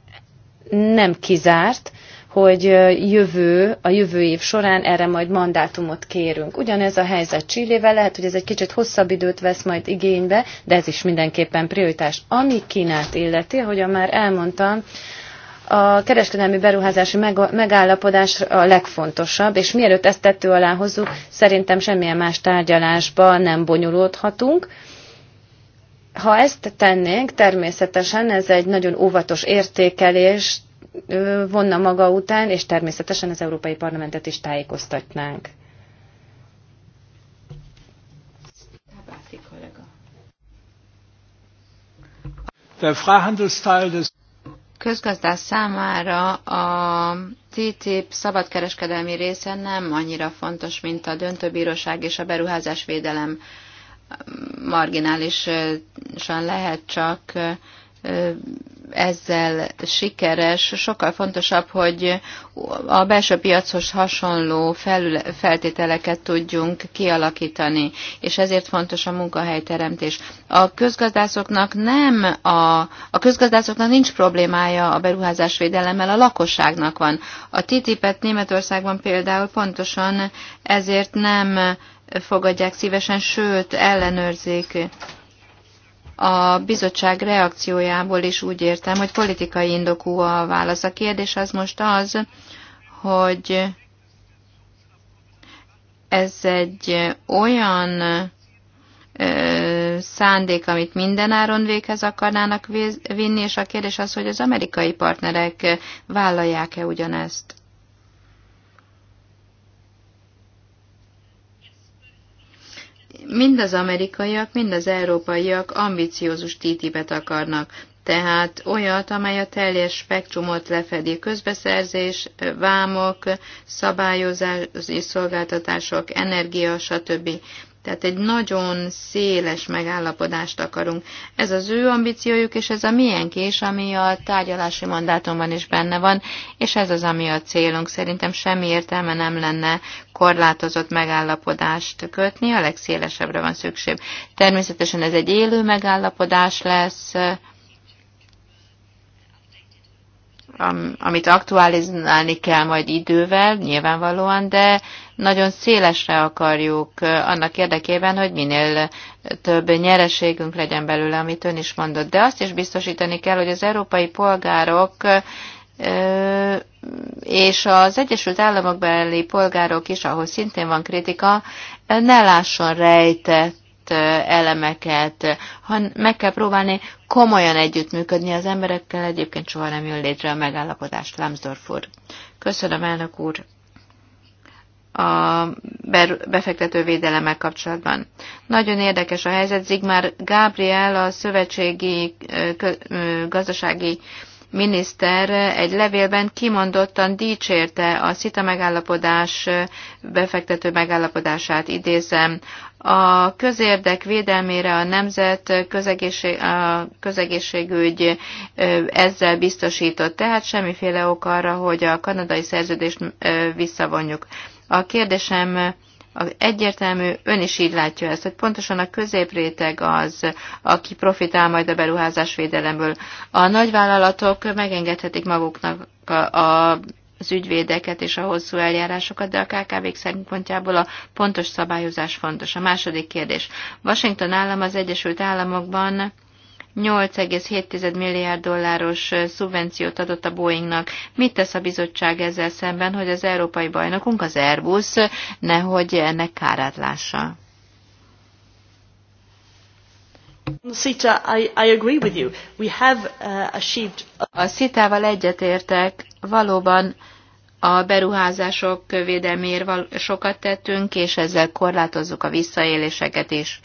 nem kizárt, hogy jövő, a jövő év során erre majd mandátumot kérünk. Ugyanez a helyzet Csillével, lehet, hogy ez egy kicsit hosszabb időt vesz majd igénybe, de ez is mindenképpen prioritás. Ami Kínát illeti, ahogyan már elmondtam, a kereskedelmi beruházási megállapodás a legfontosabb, és mielőtt ezt tető alá hozzuk, szerintem semmilyen más tárgyalásba nem bonyolódhatunk. Ha ezt tennénk, természetesen ez egy nagyon óvatos értékelés vonna maga után, és természetesen az Európai Parlamentet is tájékoztatnánk. Der Freihandelsteil des közgazdás számára a TTIP szabadkereskedelmi része nem annyira fontos, mint a döntőbíróság és a beruházás védelem marginálisan lehet csak ezzel sikeres, sokkal fontosabb, hogy a belső piachoz hasonló felüle, feltételeket tudjunk kialakítani, és ezért fontos a munkahelyteremtés. A közgazdászoknak nem a, a közgazdászoknak nincs problémája a beruházás védelemmel, a lakosságnak van. A TTIP-et Németországban például pontosan ezért nem fogadják szívesen, sőt ellenőrzik a bizottság reakciójából is úgy értem, hogy politikai indokú a válasz. A kérdés az most az, hogy ez egy olyan ö, szándék, amit mindenáron véghez akarnának vinni, és a kérdés az, hogy az amerikai partnerek vállalják-e ugyanezt. mind az amerikaiak, mind az európaiak ambiciózus TTIP-et akarnak. Tehát olyat, amely a teljes spektrumot lefedi közbeszerzés, vámok, szabályozási szolgáltatások, energia, stb. Tehát egy nagyon széles megállapodást akarunk. Ez az ő ambíciójuk, és ez a miénk is, ami a tárgyalási mandátumban is benne van, és ez az, ami a célunk. Szerintem semmi értelme nem lenne korlátozott megállapodást kötni, a legszélesebbre van szükség. Természetesen ez egy élő megállapodás lesz, am, amit aktualizálni kell majd idővel, nyilvánvalóan, de nagyon szélesre akarjuk annak érdekében, hogy minél több nyereségünk legyen belőle, amit ön is mondott. De azt is biztosítani kell, hogy az európai polgárok és az Egyesült Államok belé polgárok is, ahol szintén van kritika, ne lásson rejtett elemeket, hanem meg kell próbálni komolyan együttműködni az emberekkel, egyébként soha nem jön létre a megállapodás, Lambsdorff úr. Köszönöm, elnök úr a befektetővédelemmel kapcsolatban. Nagyon érdekes a helyzet. Zigmár Gabriel, a szövetségi gazdasági miniszter egy levélben kimondottan dicsérte a szita megállapodás befektető megállapodását idézem a közérdek védelmére a nemzet közegészség, a közegészségügy ezzel biztosított, tehát semmiféle ok arra, hogy a kanadai szerződést visszavonjuk. A kérdésem egyértelmű, ön is így látja ezt, hogy pontosan a középréteg az, aki profitál majd a beruházás védelemből. A nagyvállalatok megengedhetik maguknak a, a az ügyvédeket és a hosszú eljárásokat, de a kkv szempontjából a pontos szabályozás fontos. A második kérdés. Washington állam az Egyesült Államokban 8,7 milliárd dolláros eh, szubvenciót adott a Boeingnak. Mit tesz a bizottság ezzel szemben, hogy az európai bajnokunk, az Airbus, nehogy ennek kárát lássa? Sita, I, I agree with you. We have uh, achieved... A szitával egyetértek, valóban a beruházások védelmér sokat tettünk, és ezzel korlátozzuk a visszaéléseket is.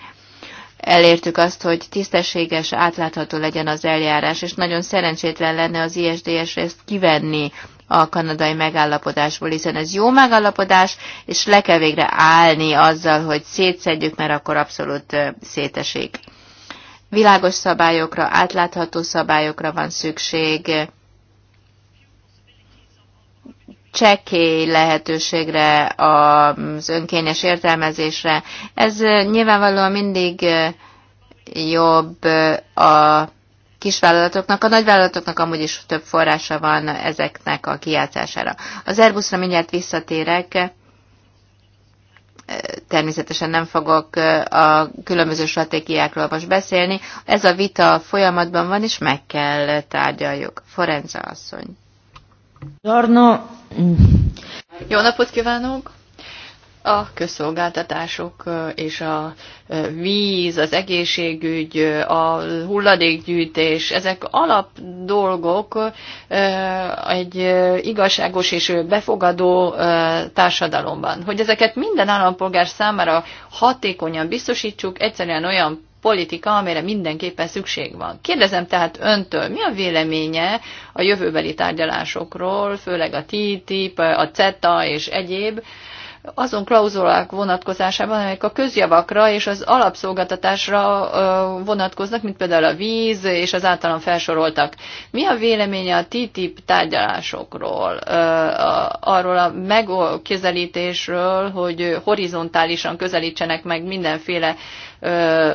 Elértük azt, hogy tisztességes, átlátható legyen az eljárás, és nagyon szerencsétlen lenne az ISDS ezt kivenni a kanadai megállapodásból, hiszen ez jó megállapodás, és le kell végre állni azzal, hogy szétszedjük, mert akkor abszolút szétesik. Világos szabályokra, átlátható szabályokra van szükség, csekély lehetőségre, az önkényes értelmezésre. Ez nyilvánvalóan mindig jobb a kisvállalatoknak, a nagyvállalatoknak amúgy is több forrása van ezeknek a kiátszására. Az Airbusra mindjárt visszatérek, természetesen nem fogok a különböző stratégiákról most beszélni. Ez a vita folyamatban van, és meg kell tárgyaljuk. Forenza asszony. Jó napot kívánok! A közszolgáltatások és a víz, az egészségügy, a hulladékgyűjtés, ezek alap dolgok egy igazságos és befogadó társadalomban. Hogy ezeket minden állampolgár számára hatékonyan biztosítsuk, egyszerűen olyan politika, amire mindenképpen szükség van. Kérdezem tehát öntől, mi a véleménye a jövőbeli tárgyalásokról, főleg a TTIP, a CETA és egyéb, azon klauzulák vonatkozásában, amelyek a közjavakra és az alapszolgáltatásra vonatkoznak, mint például a víz és az általam felsoroltak. Mi a véleménye a TTIP tárgyalásokról, arról a megkezelítésről, hogy horizontálisan közelítsenek meg mindenféle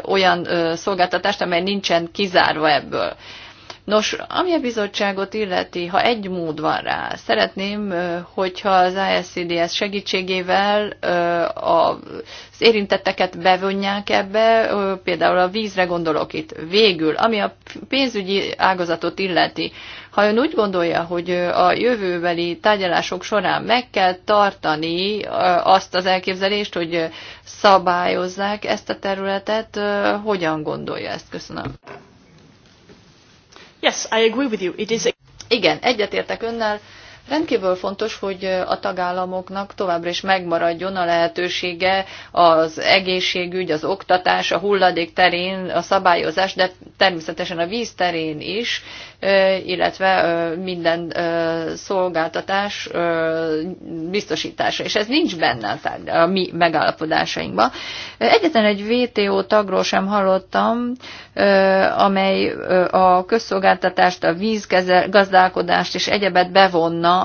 olyan szolgáltatást, amely nincsen kizárva ebből? Nos, ami a bizottságot illeti, ha egy mód van rá, szeretném, hogyha az ASCDS segítségével az érintetteket bevonják ebbe, például a vízre gondolok itt végül, ami a pénzügyi ágazatot illeti. Ha ön úgy gondolja, hogy a jövőbeli tárgyalások során meg kell tartani azt az elképzelést, hogy szabályozzák ezt a területet, hogyan gondolja ezt? Köszönöm. Yes, I agree with you. It is... Igen, egyetértek önnel. Rendkívül fontos, hogy a tagállamoknak továbbra is megmaradjon a lehetősége az egészségügy, az oktatás, a hulladék terén, a szabályozás, de természetesen a víz terén is, illetve minden szolgáltatás biztosítása. És ez nincs benne a mi megállapodásainkban. Egyetlen egy VTO tagról sem hallottam, amely a közszolgáltatást, a vízgazdálkodást és egyebet bevonna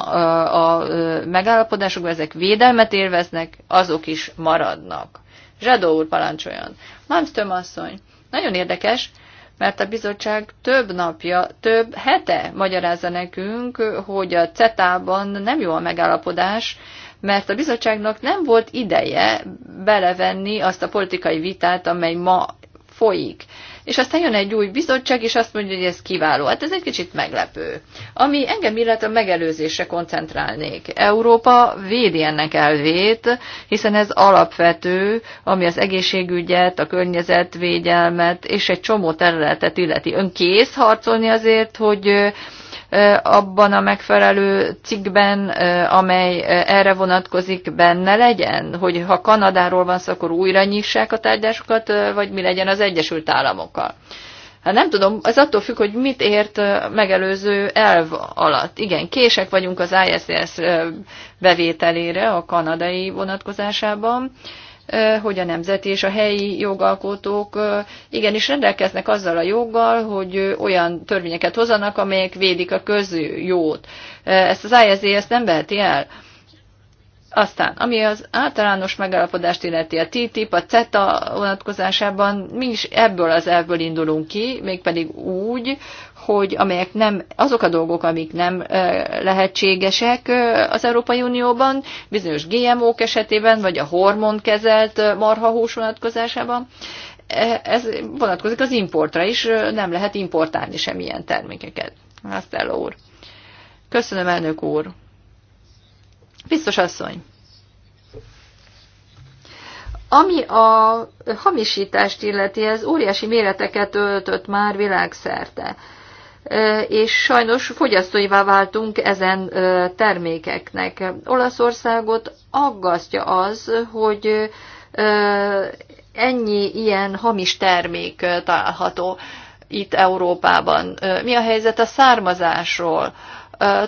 a megállapodásokba, ezek védelmet élveznek, azok is maradnak. Zsadó úr parancsoljon. Malmström asszony, nagyon érdekes, mert a bizottság több napja, több hete magyarázza nekünk, hogy a CETA-ban nem jó a megállapodás, mert a bizottságnak nem volt ideje belevenni azt a politikai vitát, amely ma folyik. És aztán jön egy új bizottság, és azt mondja, hogy ez kiváló. Hát ez egy kicsit meglepő. Ami engem illet a megelőzésre koncentrálnék. Európa védi ennek elvét, hiszen ez alapvető, ami az egészségügyet, a környezetvédelmet és egy csomó területet illeti. Ön kész harcolni azért, hogy abban a megfelelő cikkben, amely erre vonatkozik, benne legyen? Hogy ha Kanadáról van szó, akkor újra nyissák a tárgyásokat, vagy mi legyen az Egyesült Államokkal? Hát nem tudom, ez attól függ, hogy mit ért megelőző elv alatt. Igen, kések vagyunk az ISDS bevételére a kanadai vonatkozásában, hogy a nemzeti és a helyi jogalkotók igenis rendelkeznek azzal a joggal, hogy olyan törvényeket hozanak, amelyek védik a közjót. Ezt az ezt nem veheti el. Aztán, ami az általános megállapodást illeti a TTIP, a CETA vonatkozásában, mi is ebből az elvből indulunk ki, mégpedig úgy, hogy amelyek nem, azok a dolgok, amik nem lehetségesek az Európai Unióban, bizonyos GMO-k esetében, vagy a hormonkezelt marhahús vonatkozásában, e, ez vonatkozik az importra is, nem lehet importálni semmilyen termékeket. Hasztella úr. Köszönöm, elnök úr. Biztos asszony. Ami a hamisítást illeti, ez óriási méreteket öltött már világszerte és sajnos fogyasztóivá váltunk ezen termékeknek. Olaszországot aggasztja az, hogy ennyi ilyen hamis termék található itt Európában. Mi a helyzet a származásról?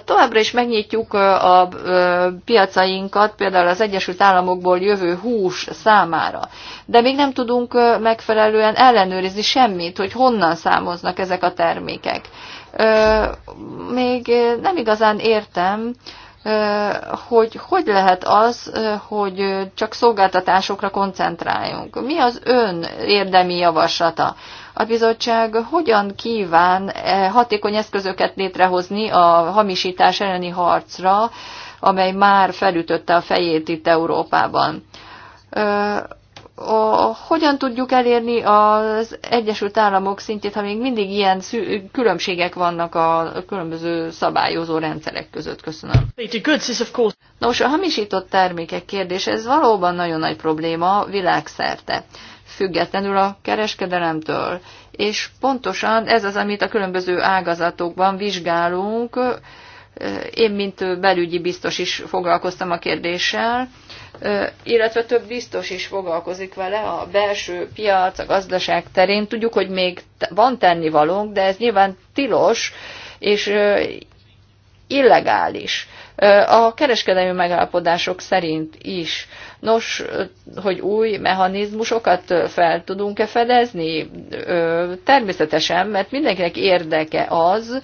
Továbbra is megnyitjuk a piacainkat, például az Egyesült Államokból jövő hús számára, de még nem tudunk megfelelően ellenőrizni semmit, hogy honnan számoznak ezek a termékek. Még nem igazán értem, hogy hogy lehet az, hogy csak szolgáltatásokra koncentráljunk. Mi az ön érdemi javaslata? A bizottság hogyan kíván e, hatékony eszközöket létrehozni a hamisítás elleni harcra, amely már felütötte a fejét itt Európában? a, hogyan tudjuk elérni az Egyesült Államok szintjét, ha még mindig ilyen szü- különbségek vannak a különböző szabályozó rendszerek között? Köszönöm. Nos, a hamisított termékek kérdése, ez valóban nagyon nagy probléma világszerte, függetlenül a kereskedelemtől. És pontosan ez az, amit a különböző ágazatokban vizsgálunk. Én, mint belügyi biztos is foglalkoztam a kérdéssel illetve több biztos is foglalkozik vele a belső piac, a gazdaság terén. Tudjuk, hogy még van tennivalónk, de ez nyilván tilos és illegális. A kereskedelmi megállapodások szerint is. Nos, hogy új mechanizmusokat fel tudunk-e fedezni? Természetesen, mert mindenkinek érdeke az,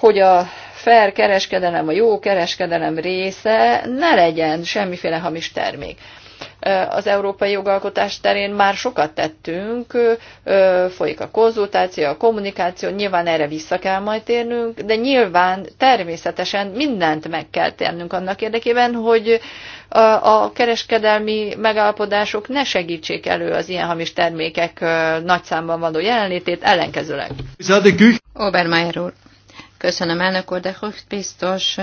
hogy a fair kereskedelem, a jó kereskedelem része ne legyen semmiféle hamis termék. Az európai jogalkotás terén már sokat tettünk, folyik a konzultáció, a kommunikáció, nyilván erre vissza kell majd térnünk, de nyilván természetesen mindent meg kell tennünk annak érdekében, hogy a kereskedelmi megállapodások ne segítsék elő az ilyen hamis termékek nagyszámban való jelenlétét, ellenkezőleg. Obermeier úr. Köszönöm, elnök úr, de hogy biztos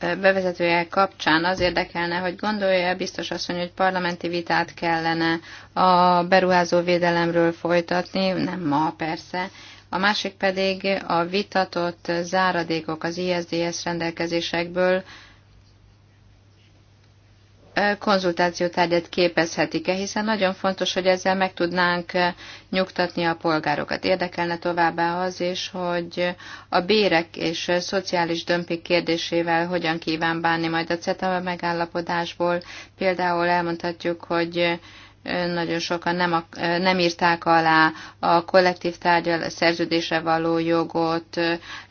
bevezetője kapcsán az érdekelne, hogy gondolja biztos asszony, hogy parlamenti vitát kellene a beruházó védelemről folytatni, nem ma persze, a másik pedig a vitatott záradékok az ISDS rendelkezésekből, konzultációtárgyat képezhetik-e, hiszen nagyon fontos, hogy ezzel meg tudnánk eh, nyugtatni a polgárokat. Érdekelne továbbá az is, hogy a bérek és eh, szociális dömpik kérdésével hogyan kíván bánni majd a CETA megállapodásból. Például elmondhatjuk, hogy eh, nagyon sokan nem, a, nem írták alá a kollektív tárgyal szerződése való jogot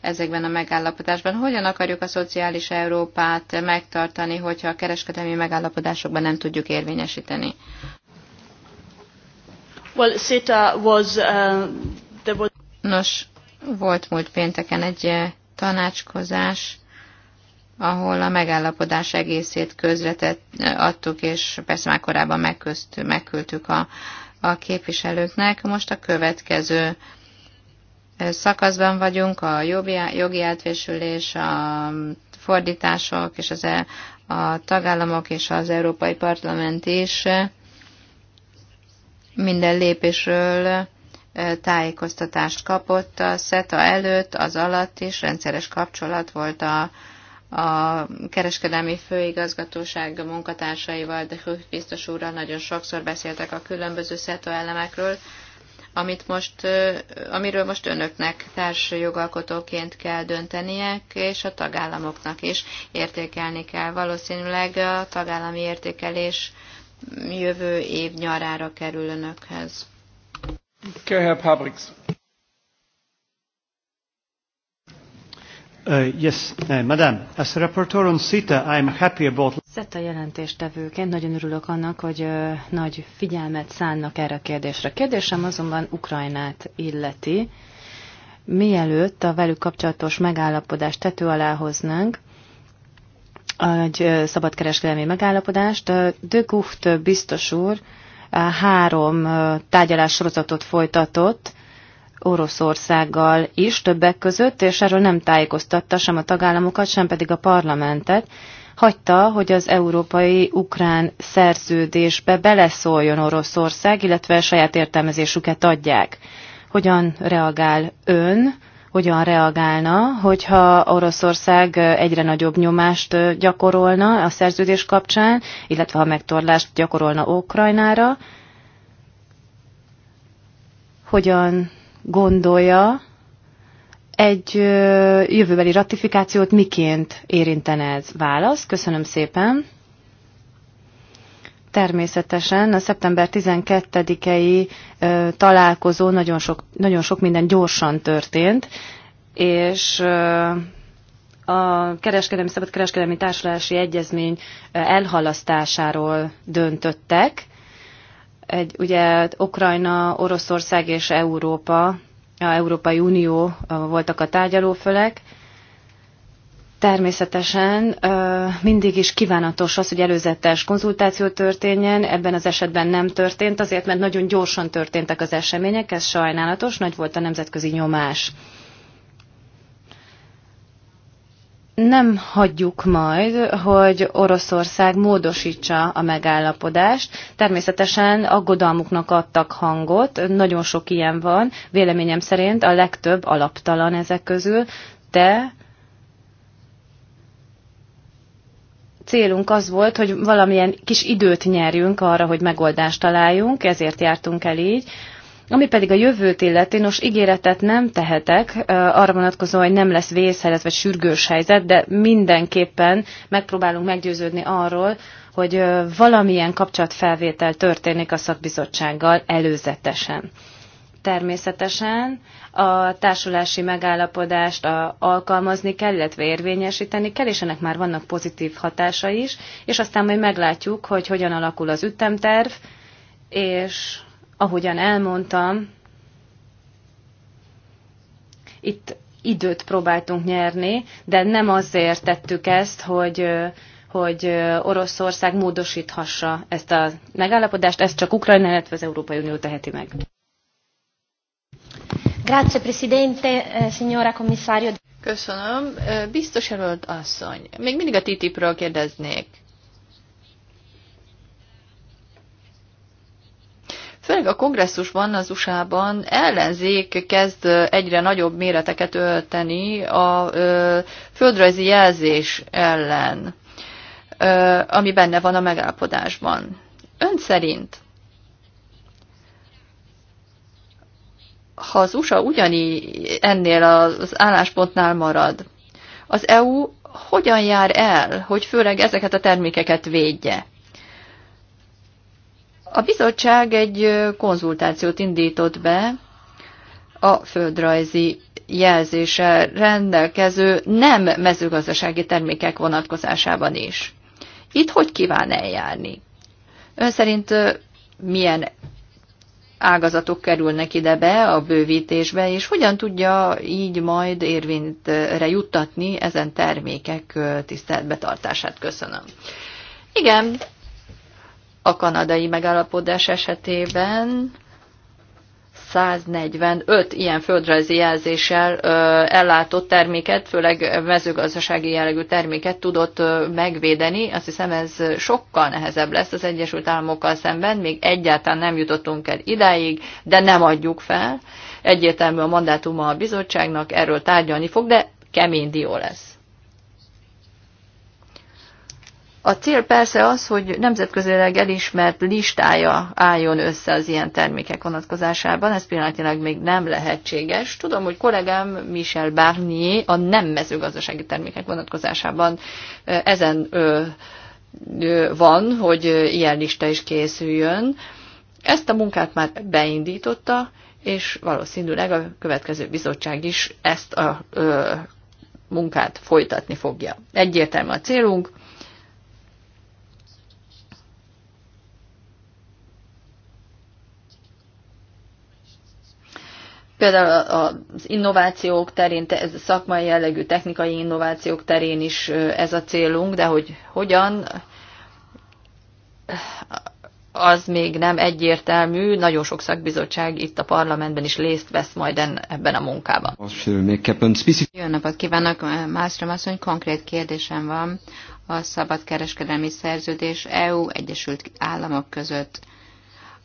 ezekben a megállapodásban. Hogyan akarjuk a szociális Európát megtartani, hogyha a kereskedelmi megállapodásokban nem tudjuk érvényesíteni? Well, CETA was, uh, there was... Nos, volt múlt pénteken egy tanácskozás ahol a megállapodás egészét közretett, eh, adtuk, és persze már korábban megközt, megküldtük a, a képviselőknek. Most a következő eh, szakaszban vagyunk, a jogi, átvésülés, a fordítások, és az, e, a tagállamok és az Európai Parlament is eh, minden lépésről tájékoztatást kapott a SETA előtt, az alatt is rendszeres kapcsolat volt a, a kereskedelmi főigazgatóság munkatársaival, de Hücht biztos úrral nagyon sokszor beszéltek a különböző SZETA elemekről, amit most, amiről most önöknek társ jogalkotóként kell dönteniek, és a tagállamoknak is értékelni kell. Valószínűleg a tagállami értékelés jövő év nyarára kerül önökhez. Köhel Uh, yes, uh, madam, as a rapporteur on CETA, happy about... CETA jelentéstevőként nagyon örülök annak, hogy uh, nagy figyelmet szánnak erre a kérdésre. Kérdésem azonban Ukrajnát illeti. Mielőtt a velük kapcsolatos megállapodást tető alá hoznánk, egy uh, szabadkereskedelmi megállapodást, uh, de Gucht biztos úr uh, három uh, tárgyalássorozatot folytatott, Oroszországgal is többek között, és erről nem tájékoztatta sem a tagállamokat, sem pedig a parlamentet. Hagyta, hogy az európai-ukrán szerződésbe beleszóljon Oroszország, illetve a saját értelmezésüket adják. Hogyan reagál ön, hogyan reagálna, hogyha Oroszország egyre nagyobb nyomást gyakorolna a szerződés kapcsán, illetve ha megtorlást gyakorolna Ukrajnára, hogyan gondolja, egy jövőbeli ratifikációt miként érintene ez? Válasz, köszönöm szépen. Természetesen a szeptember 12-i találkozó nagyon sok, nagyon sok minden gyorsan történt, és a kereskedelmi kereskedelmi társulási egyezmény elhalasztásáról döntöttek, egy, ugye Ukrajna, Oroszország és Európa, a Európai Unió voltak a tárgyalófölek. Természetesen mindig is kívánatos az, hogy előzetes konzultáció történjen, ebben az esetben nem történt, azért mert nagyon gyorsan történtek az események, ez sajnálatos, nagy volt a nemzetközi nyomás. nem hagyjuk majd, hogy Oroszország módosítsa a megállapodást. Természetesen aggodalmuknak adtak hangot, nagyon sok ilyen van, véleményem szerint a legtöbb alaptalan ezek közül, de célunk az volt, hogy valamilyen kis időt nyerjünk arra, hogy megoldást találjunk, ezért jártunk el így. Ami pedig a jövőt illeti, nos, ígéretet nem tehetek arra vonatkozóan, hogy nem lesz vészhelyzet vagy sürgős helyzet, de mindenképpen megpróbálunk meggyőződni arról, hogy valamilyen kapcsolatfelvétel történik a szakbizottsággal előzetesen. Természetesen a társulási megállapodást a, alkalmazni kell, illetve érvényesíteni kell, és ennek már vannak pozitív hatása is, és aztán majd meglátjuk, hogy hogyan alakul az ütemterv, és Ahogyan elmondtam, itt időt próbáltunk nyerni, de nem azért tettük ezt, hogy, hogy Oroszország módosíthassa ezt a megállapodást, ezt csak Ukrajna, illetve az Európai Unió teheti meg. Grazie Presidente, eh, signora Commissario. Köszönöm. Eh, biztos jelölt asszony, még mindig a TTIP-ről kérdeznék. főleg a kongresszusban, az USA-ban ellenzék kezd egyre nagyobb méreteket ölteni a földrajzi jelzés ellen, ami benne van a megállapodásban. Ön szerint ha az USA ugyani ennél az álláspontnál marad, az EU hogyan jár el, hogy főleg ezeket a termékeket védje? A bizottság egy konzultációt indított be a földrajzi jelzése rendelkező nem mezőgazdasági termékek vonatkozásában is. Itt hogy kíván eljárni? Ön szerint milyen ágazatok kerülnek ide be a bővítésbe, és hogyan tudja így majd érvényre juttatni ezen termékek tiszteletbetartását? Köszönöm. Igen, a kanadai megállapodás esetében 145 ilyen földrajzi jelzéssel ellátott terméket, főleg mezőgazdasági jellegű terméket tudott megvédeni. Azt hiszem ez sokkal nehezebb lesz az Egyesült Államokkal szemben, még egyáltalán nem jutottunk el idáig, de nem adjuk fel. Egyértelmű a mandátuma a bizottságnak, erről tárgyalni fog, de kemény dió lesz. A cél persze az, hogy nemzetközileg elismert listája álljon össze az ilyen termékek vonatkozásában, ez pillanatilag még nem lehetséges. Tudom, hogy kollégám Michel Barnier a nem mezőgazdasági termékek vonatkozásában ezen van, hogy ilyen lista is készüljön. Ezt a munkát már beindította, és valószínűleg a következő bizottság is ezt a ö, munkát folytatni fogja. Egyértelmű a célunk, Például az innovációk terén, ez a szakmai jellegű technikai innovációk terén is ez a célunk, de hogy hogyan, az még nem egyértelmű. Nagyon sok szakbizottság itt a parlamentben is részt vesz majd ebben a munkában. Jó napot kívánok, Mászrom asszony, konkrét kérdésem van a szabadkereskedelmi szerződés EU Egyesült Államok között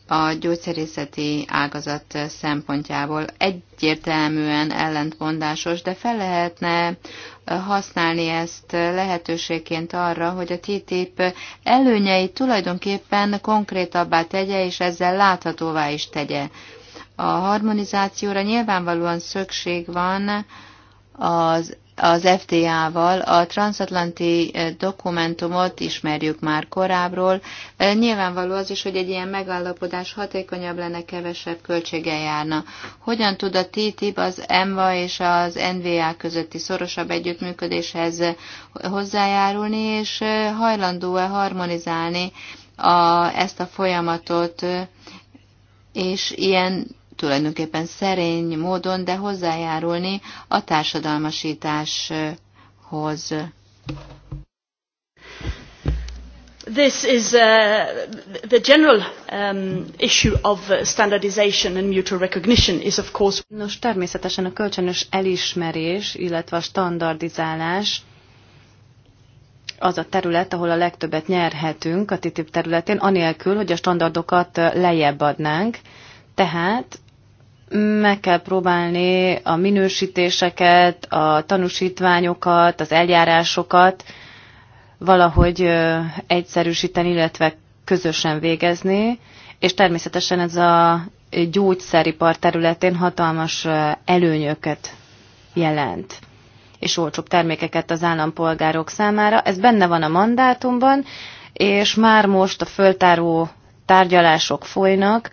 a gyógyszerészeti ágazat szempontjából egyértelműen ellentmondásos, de fel lehetne használni ezt lehetőségként arra, hogy a TTIP előnyeit tulajdonképpen konkrétabbá tegye, és ezzel láthatóvá is tegye. A harmonizációra nyilvánvalóan szükség van az az FDA-val. A transatlanti dokumentumot ismerjük már korábbról. Nyilvánvaló az is, hogy egy ilyen megállapodás hatékonyabb lenne, kevesebb költséggel járna. Hogyan tud a TTIP az EMVA és az NVA közötti szorosabb együttműködéshez hozzájárulni, és hajlandó-e harmonizálni a, ezt a folyamatot, és ilyen tulajdonképpen szerény módon, de hozzájárulni a társadalmasításhoz. This is uh, the general um, issue of standardization and mutual recognition is of course. Nos, természetesen a kölcsönös elismerés, illetve a standardizálás az a terület, ahol a legtöbbet nyerhetünk a TTIP területén, anélkül, hogy a standardokat uh, lejjebb adnánk. Tehát meg kell próbálni a minősítéseket, a tanúsítványokat, az eljárásokat valahogy egyszerűsíteni, illetve közösen végezni, és természetesen ez a gyógyszeripar területén hatalmas előnyöket jelent és olcsóbb termékeket az állampolgárok számára. Ez benne van a mandátumban, és már most a föltáró tárgyalások folynak,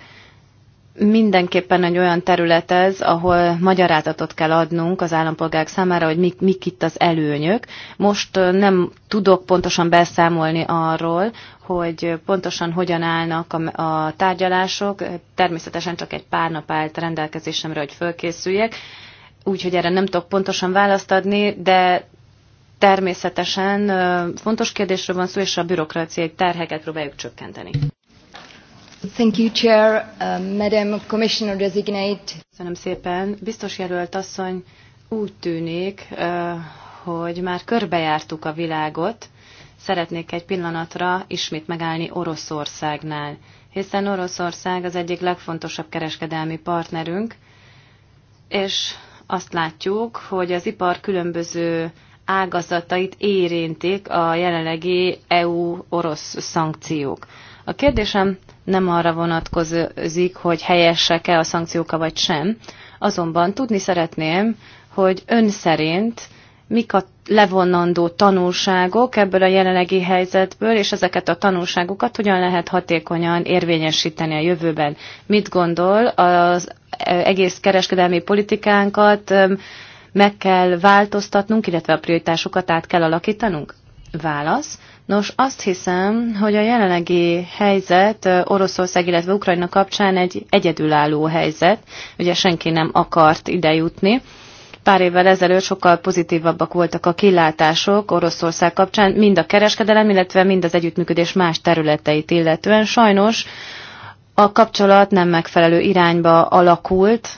Mindenképpen egy olyan terület ez, ahol magyarázatot kell adnunk az állampolgárok számára, hogy mik, mik itt az előnyök. Most nem tudok pontosan beszámolni arról, hogy pontosan hogyan állnak a, a tárgyalások. Természetesen csak egy pár nap állt rendelkezésemre, hogy fölkészüljek, úgyhogy erre nem tudok pontosan választ adni, de természetesen fontos kérdésről van szó, és a bürokráciai terheket próbáljuk csökkenteni. Thank you, Chair. Uh, Madam Commissioner Designate. Köszönöm szépen. Biztos jelölt asszony, úgy tűnik, uh, hogy már körbejártuk a világot. Szeretnék egy pillanatra ismét megállni Oroszországnál, hiszen Oroszország az egyik legfontosabb kereskedelmi partnerünk, és azt látjuk, hogy az ipar különböző ágazatait érintik a jelenlegi EU-orosz szankciók. A kérdésem nem arra vonatkozik, hogy helyesek-e a szankcióka vagy sem. Azonban tudni szeretném, hogy ön szerint mik a levonandó tanulságok ebből a jelenlegi helyzetből, és ezeket a tanulságokat hogyan lehet hatékonyan érvényesíteni a jövőben. Mit gondol az egész kereskedelmi politikánkat, meg kell változtatnunk, illetve a prioritásokat át kell alakítanunk? Válasz. Nos, azt hiszem, hogy a jelenlegi helyzet Oroszország, illetve Ukrajna kapcsán egy egyedülálló helyzet. Ugye senki nem akart ide jutni. Pár évvel ezelőtt sokkal pozitívabbak voltak a kilátások Oroszország kapcsán, mind a kereskedelem, illetve mind az együttműködés más területeit illetően. Sajnos a kapcsolat nem megfelelő irányba alakult,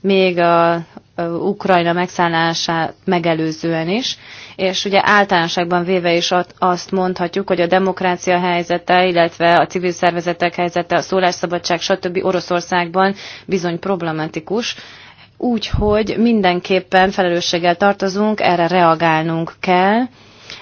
még a Ukrajna megszállását megelőzően is, és ugye általánoságban véve is azt mondhatjuk, hogy a demokrácia helyzete, illetve a civil szervezetek helyzete, a szólásszabadság, stb. Oroszországban bizony problematikus, úgyhogy mindenképpen felelősséggel tartozunk, erre reagálnunk kell.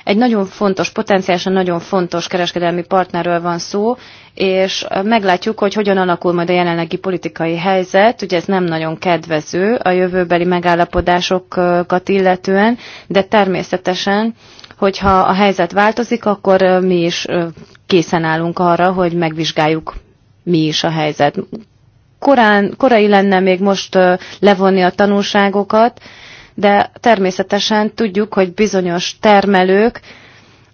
Egy nagyon fontos, potenciálisan nagyon fontos kereskedelmi partnerről van szó, és meglátjuk, hogy hogyan alakul majd a jelenlegi politikai helyzet. Ugye ez nem nagyon kedvező a jövőbeli megállapodásokat illetően, de természetesen, hogyha a helyzet változik, akkor mi is készen állunk arra, hogy megvizsgáljuk mi is a helyzet. Korán, korai lenne még most levonni a tanulságokat, de természetesen tudjuk, hogy bizonyos termelők,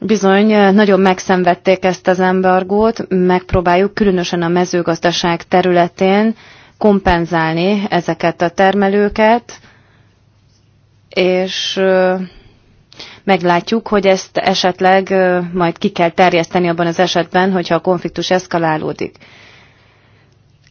Bizony, nagyon megszenvedték ezt az embargót, megpróbáljuk különösen a mezőgazdaság területén kompenzálni ezeket a termelőket, és meglátjuk, hogy ezt esetleg majd ki kell terjeszteni abban az esetben, hogyha a konfliktus eszkalálódik.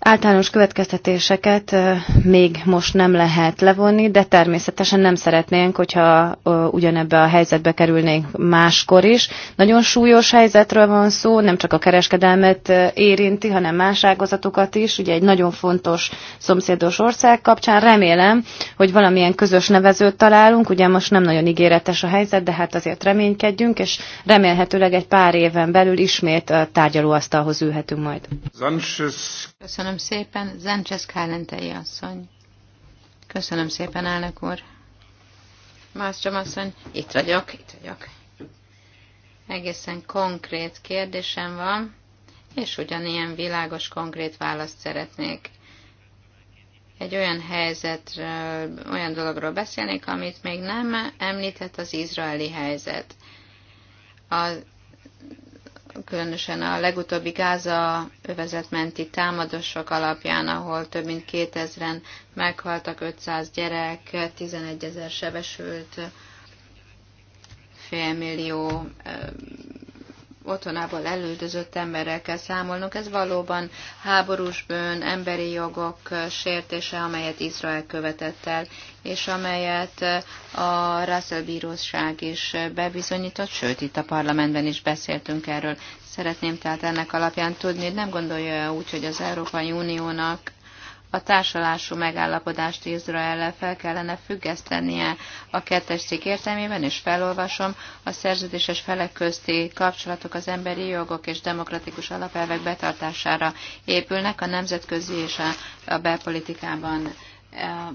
Általános következtetéseket még most nem lehet levonni, de természetesen nem szeretnénk, hogyha ugyanebbe a helyzetbe kerülnénk máskor is. Nagyon súlyos helyzetről van szó, nem csak a kereskedelmet érinti, hanem más ágazatokat is. Ugye egy nagyon fontos szomszédos ország kapcsán remélem, hogy valamilyen közös nevezőt találunk. Ugye most nem nagyon ígéretes a helyzet, de hát azért reménykedjünk, és remélhetőleg egy pár éven belül ismét tárgyalóasztalhoz ülhetünk majd. Köszönöm Köszönöm szépen, Zencsesz Kálentei asszony. Köszönöm szépen, elnök úr. Mászcsom asszony, itt vagyok, itt vagyok. Egészen konkrét kérdésem van, és ugyanilyen világos, konkrét választ szeretnék. Egy olyan helyzetről, olyan dologról beszélnék, amit még nem említett az izraeli helyzet. Az különösen a legutóbbi Gáza övezetmenti támadások alapján, ahol több mint 2000-en meghaltak, 500 gyerek, 11 ezer sebesült, félmillió otthonából elüldözött emberrel kell számolnunk. Ez valóban háborús bűn, emberi jogok sértése, amelyet Izrael követett el, és amelyet eh, a Russell Bíróság is bebizonyított, sőt, itt a parlamentben is beszéltünk erről. Szeretném tehát ennek alapján tudni, nem gondolja úgy, hogy az Európai Uniónak a társalású megállapodást izrael fel kellene függesztenie a kettes cikk értelmében, és felolvasom, a szerződéses felek közti kapcsolatok az emberi jogok és demokratikus alapelvek betartására épülnek a nemzetközi és a, a belpolitikában e,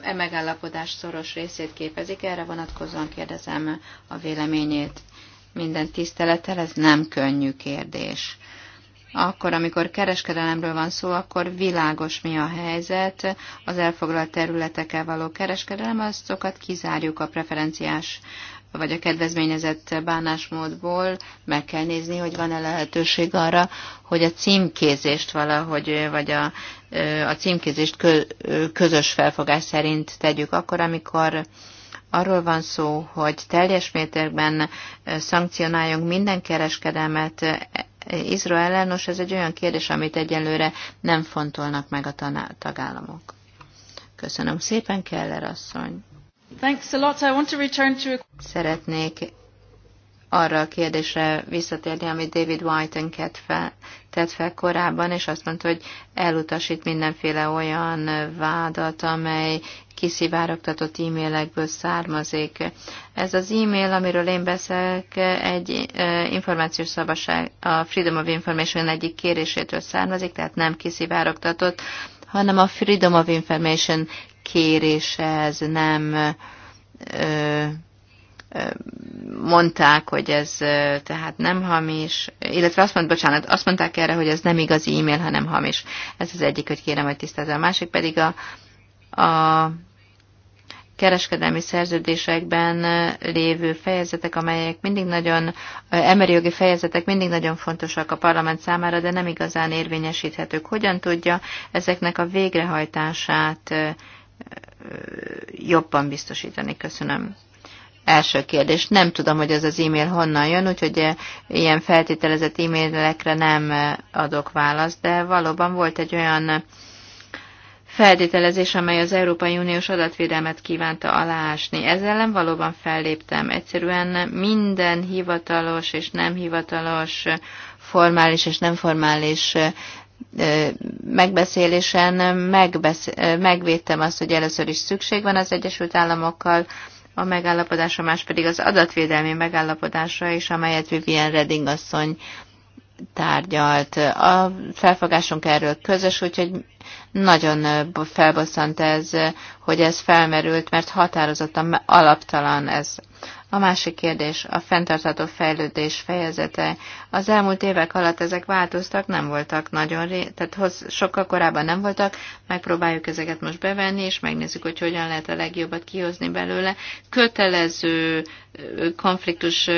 e megállapodás szoros részét képezik. Erre vonatkozóan kérdezem a véleményét. Minden tisztelettel ez nem könnyű kérdés akkor, amikor kereskedelemről van szó, akkor világos mi a helyzet. Az elfoglalt területekkel való kereskedelem, azokat kizárjuk a preferenciás vagy a kedvezményezett bánásmódból, meg kell nézni, hogy van-e lehetőség arra, hogy a címkézést valahogy, vagy a, a címkézést közös felfogás szerint tegyük akkor, amikor arról van szó, hogy teljes mértékben szankcionáljunk minden kereskedelmet Izrael nos ez egy olyan kérdés, amit egyelőre nem fontolnak meg a tagállamok. Köszönöm szépen, Keller asszony. Thanks a lot. I want to return to... Szeretnék arra a kérdésre visszatérni, amit David Whiten fel, tett fel korábban, és azt mondta, hogy elutasít mindenféle olyan vádat, amely kiszivárogtatott e-mailekből származik. Ez az e-mail, amiről én beszélek, egy e, információs szabadság, a Freedom of Information egyik kérésétől származik, tehát nem kiszivárogtatott, hanem a Freedom of Information kérése, ez nem ö, e, e, mondták, hogy ez tehát nem hamis, illetve azt mondták, bocsánat, azt mondták erre, hogy ez nem igazi e-mail, hanem hamis. Ez az egyik, hogy kérem, hogy tisztázzam A másik pedig a, a kereskedelmi szerződésekben lévő fejezetek, amelyek mindig nagyon, emberi jogi fejezetek mindig nagyon fontosak a parlament számára, de nem igazán érvényesíthetők. Hogyan tudja ezeknek a végrehajtását jobban biztosítani? Köszönöm. Első kérdés. Nem tudom, hogy ez az e-mail honnan jön, úgyhogy ilyen feltételezett e-mailekre nem adok választ, de valóban volt egy olyan feltételezés, amely az Európai Uniós adatvédelmet kívánta aláásni. Ezzel ellen valóban felléptem. Egyszerűen minden hivatalos és nem hivatalos, formális és nem formális megbeszélésen megbesz- megvédtem azt, hogy először is szükség van az Egyesült Államokkal, a megállapodásra, más pedig az adatvédelmi megállapodásra is, amelyet Vivian Redding asszony tárgyalt. A felfogásunk erről közös, úgyhogy nagyon felbosszant ez, hogy ez felmerült, mert határozottan alaptalan ez. A másik kérdés, a fenntartható fejlődés fejezete. Az elmúlt évek alatt ezek változtak, nem voltak nagyon, ré... tehát hoz, sokkal korábban nem voltak, megpróbáljuk ezeket most bevenni, és megnézzük, hogy hogyan lehet a legjobbat kihozni belőle. Kötelező konfliktus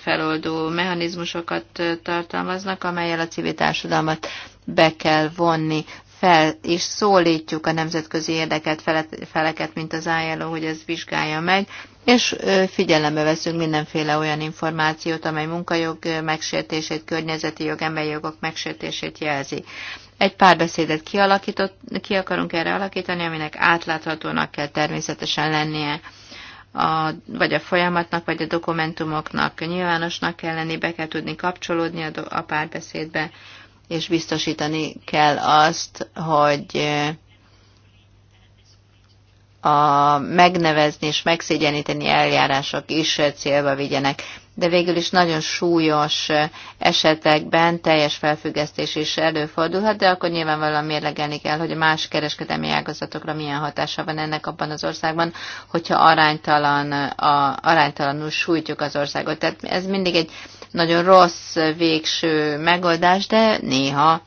feloldó mechanizmusokat tartalmaznak, amelyel a civil társadalmat be kell vonni fel, és szólítjuk a nemzetközi érdeket feleket, mint az ILO, hogy ez vizsgálja meg, és figyelembe veszünk mindenféle olyan információt, amely munkajog megsértését, környezeti jog, emberi jogok megsértését jelzi. Egy párbeszédet kialakított, ki akarunk erre alakítani, aminek átláthatónak kell természetesen lennie a, vagy a folyamatnak, vagy a dokumentumoknak nyilvánosnak kell lenni, be kell tudni kapcsolódni a, a párbeszédbe és biztosítani kell azt, hogy eh, a megnevezni és megszégyeníteni eljárások is célba vigyenek. De végül is nagyon súlyos eh, esetekben teljes felfüggesztés is előfordulhat, de akkor nyilvánvalóan mérlegelni kell, hogy más kereskedelmi ágazatokra milyen hatása van ennek abban az országban, hogyha aránytalan, eh, a, aránytalanul sújtjuk az országot. Tehát ez mindig egy nagyon rossz végső megoldás, de néha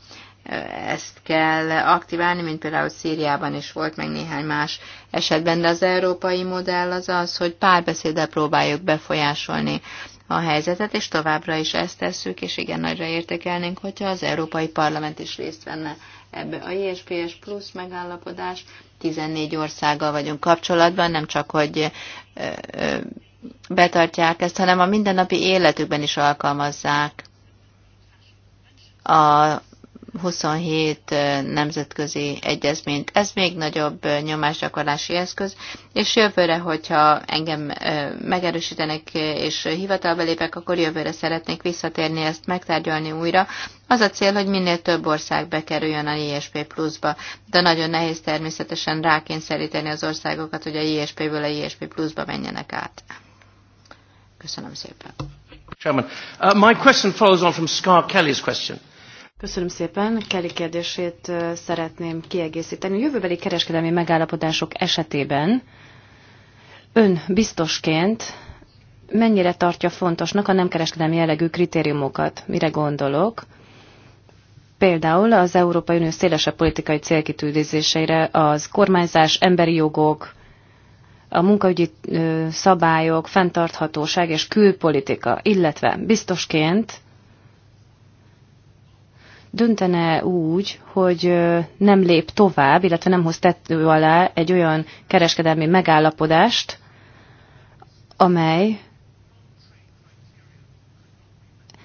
ezt kell aktiválni, mint például Szíriában is volt, meg néhány más esetben, de az európai modell az az, hogy párbeszéddel próbáljuk befolyásolni a helyzetet, és továbbra is ezt tesszük, és igen, nagyra értékelnénk, hogyha az Európai Parlament is részt venne ebbe a ISPS plusz megállapodás. 14 országgal vagyunk kapcsolatban, nem csak, hogy betartják ezt, hanem a mindennapi életükben is alkalmazzák a 27 nemzetközi egyezményt. Ez még nagyobb nyomásgyakorlási eszköz, és jövőre, hogyha engem megerősítenek és hivatalba lépek, akkor jövőre szeretnék visszatérni ezt megtárgyalni újra. Az a cél, hogy minél több ország bekerüljön a ISP pluszba, de nagyon nehéz természetesen rákényszeríteni az országokat, hogy a ISP-ből a ISP pluszba menjenek át. Köszönöm szépen. Chairman, uh, my question follows on from Scar Kelly's question. Köszönöm szépen. Kelly kérdését uh, szeretném kiegészíteni. A Jövőbeli kereskedelmi megállapodások esetében ön biztosként mennyire tartja fontosnak a nem kereskedelmi jellegű kritériumokat? Mire gondolok? Például az Európai Unió szélesebb politikai célkitűzéseire az kormányzás, emberi jogok, a munkaügyi szabályok, fenntarthatóság és külpolitika, illetve biztosként döntene úgy, hogy nem lép tovább, illetve nem hoz tettő alá egy olyan kereskedelmi megállapodást, amely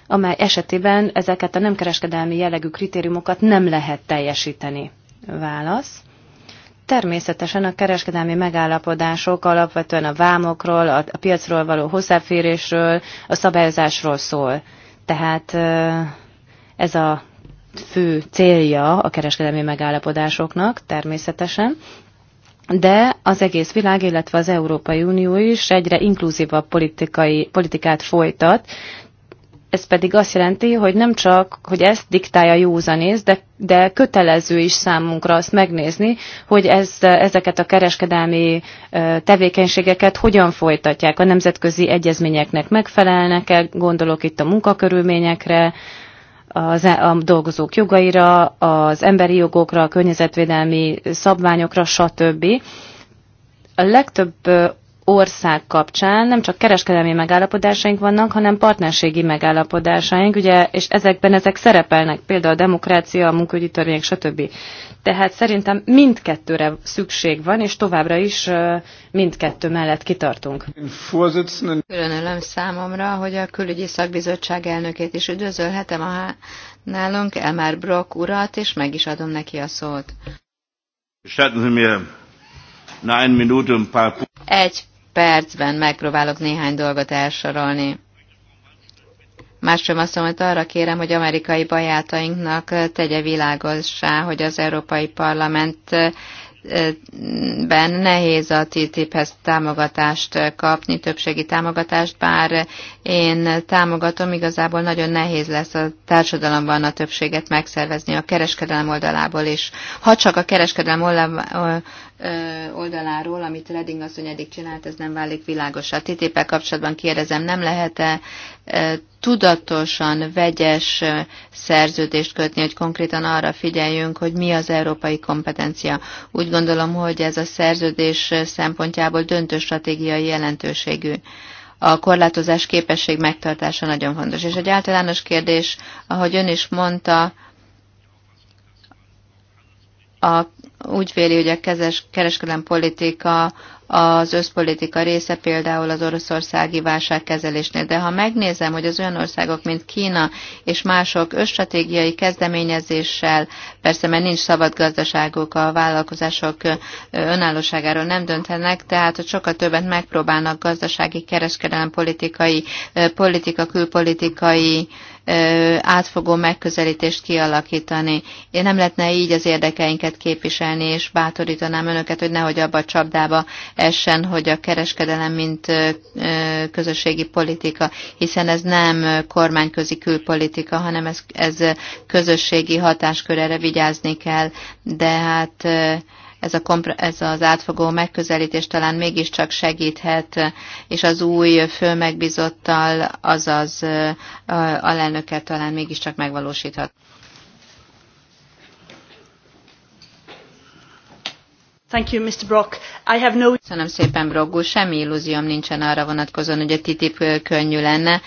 amely esetében ezeket a nem kereskedelmi jellegű kritériumokat nem lehet teljesíteni. Válasz. Természetesen a kereskedelmi megállapodások alapvetően a vámokról, a piacról való hozzáférésről, a szabályozásról szól. Tehát ez a fő célja a kereskedelmi megállapodásoknak természetesen, de az egész világ, illetve az Európai Unió is egyre inkluzívabb politikai, politikát folytat, ez pedig azt jelenti, hogy nem csak, hogy ezt diktálja józanész, de, de kötelező is számunkra azt megnézni, hogy ez, ezeket a kereskedelmi tevékenységeket hogyan folytatják, a nemzetközi egyezményeknek megfelelnek-e, gondolok itt a munkakörülményekre, az, e, a dolgozók jogaira, az emberi jogokra, a környezetvédelmi szabványokra, stb. A legtöbb ország kapcsán nem csak kereskedelmi megállapodásaink vannak, hanem partnerségi megállapodásaink, ugye, és ezekben ezek szerepelnek, például a demokrácia, a munkaügyi törvények, stb. Tehát szerintem mindkettőre szükség van, és továbbra is mindkettő mellett kitartunk. Különölöm számomra, hogy a külügyi szakbizottság elnökét is üdvözölhetem a nálunk Elmár Brock urat, és meg is adom neki a szót. Egy percben megpróbálok néhány dolgot elsorolni. Másról asszonyt arra kérem, hogy amerikai bajátainknak tegye világossá, hogy az Európai Parlamentben eh, nehéz a TTIP-hez támogatást kapni, többségi támogatást, bár én támogatom, igazából nagyon nehéz lesz a társadalomban a többséget megszervezni a kereskedelem oldalából is. Ha csak a kereskedelem oldaláról, amit Redding asszony eddig csinált, ez nem válik A ttp kapcsolatban kérdezem, nem lehet-e tudatosan vegyes szerződést kötni, hogy konkrétan arra figyeljünk, hogy mi az európai kompetencia. Úgy gondolom, hogy ez a szerződés szempontjából döntő stratégiai jelentőségű a korlátozás képesség megtartása nagyon fontos. És egy általános kérdés, ahogy ön is mondta, a úgy véli, hogy a kezes, kereskedelem politika az összpolitika része például az oroszországi válságkezelésnél. De ha megnézem, hogy az olyan országok, mint Kína és mások összstratégiai kezdeményezéssel, persze mert nincs szabad gazdaságuk, a vállalkozások önállóságáról nem döntenek, tehát hogy sokkal többet megpróbálnak gazdasági, kereskedelem politikai, politika, külpolitikai átfogó megközelítést kialakítani. Én nem lehetne így az érdekeinket képviselni, és bátorítanám önöket, hogy nehogy abba a csapdába essen, hogy a kereskedelem mint közösségi politika, hiszen ez nem kormányközi külpolitika, hanem ez, ez közösségi hatáskör, erre vigyázni kell, de hát ez, a kompre, ez az átfogó megközelítés talán mégiscsak segíthet, és az új főmegbizottal, azaz alelnökkel talán mégiscsak megvalósíthat. Thank you, Mr. Brock. I have no... Köszönöm szépen, Brock úr. Semmi illúzióm nincsen arra vonatkozóan, hogy a TTIP könnyű lenne.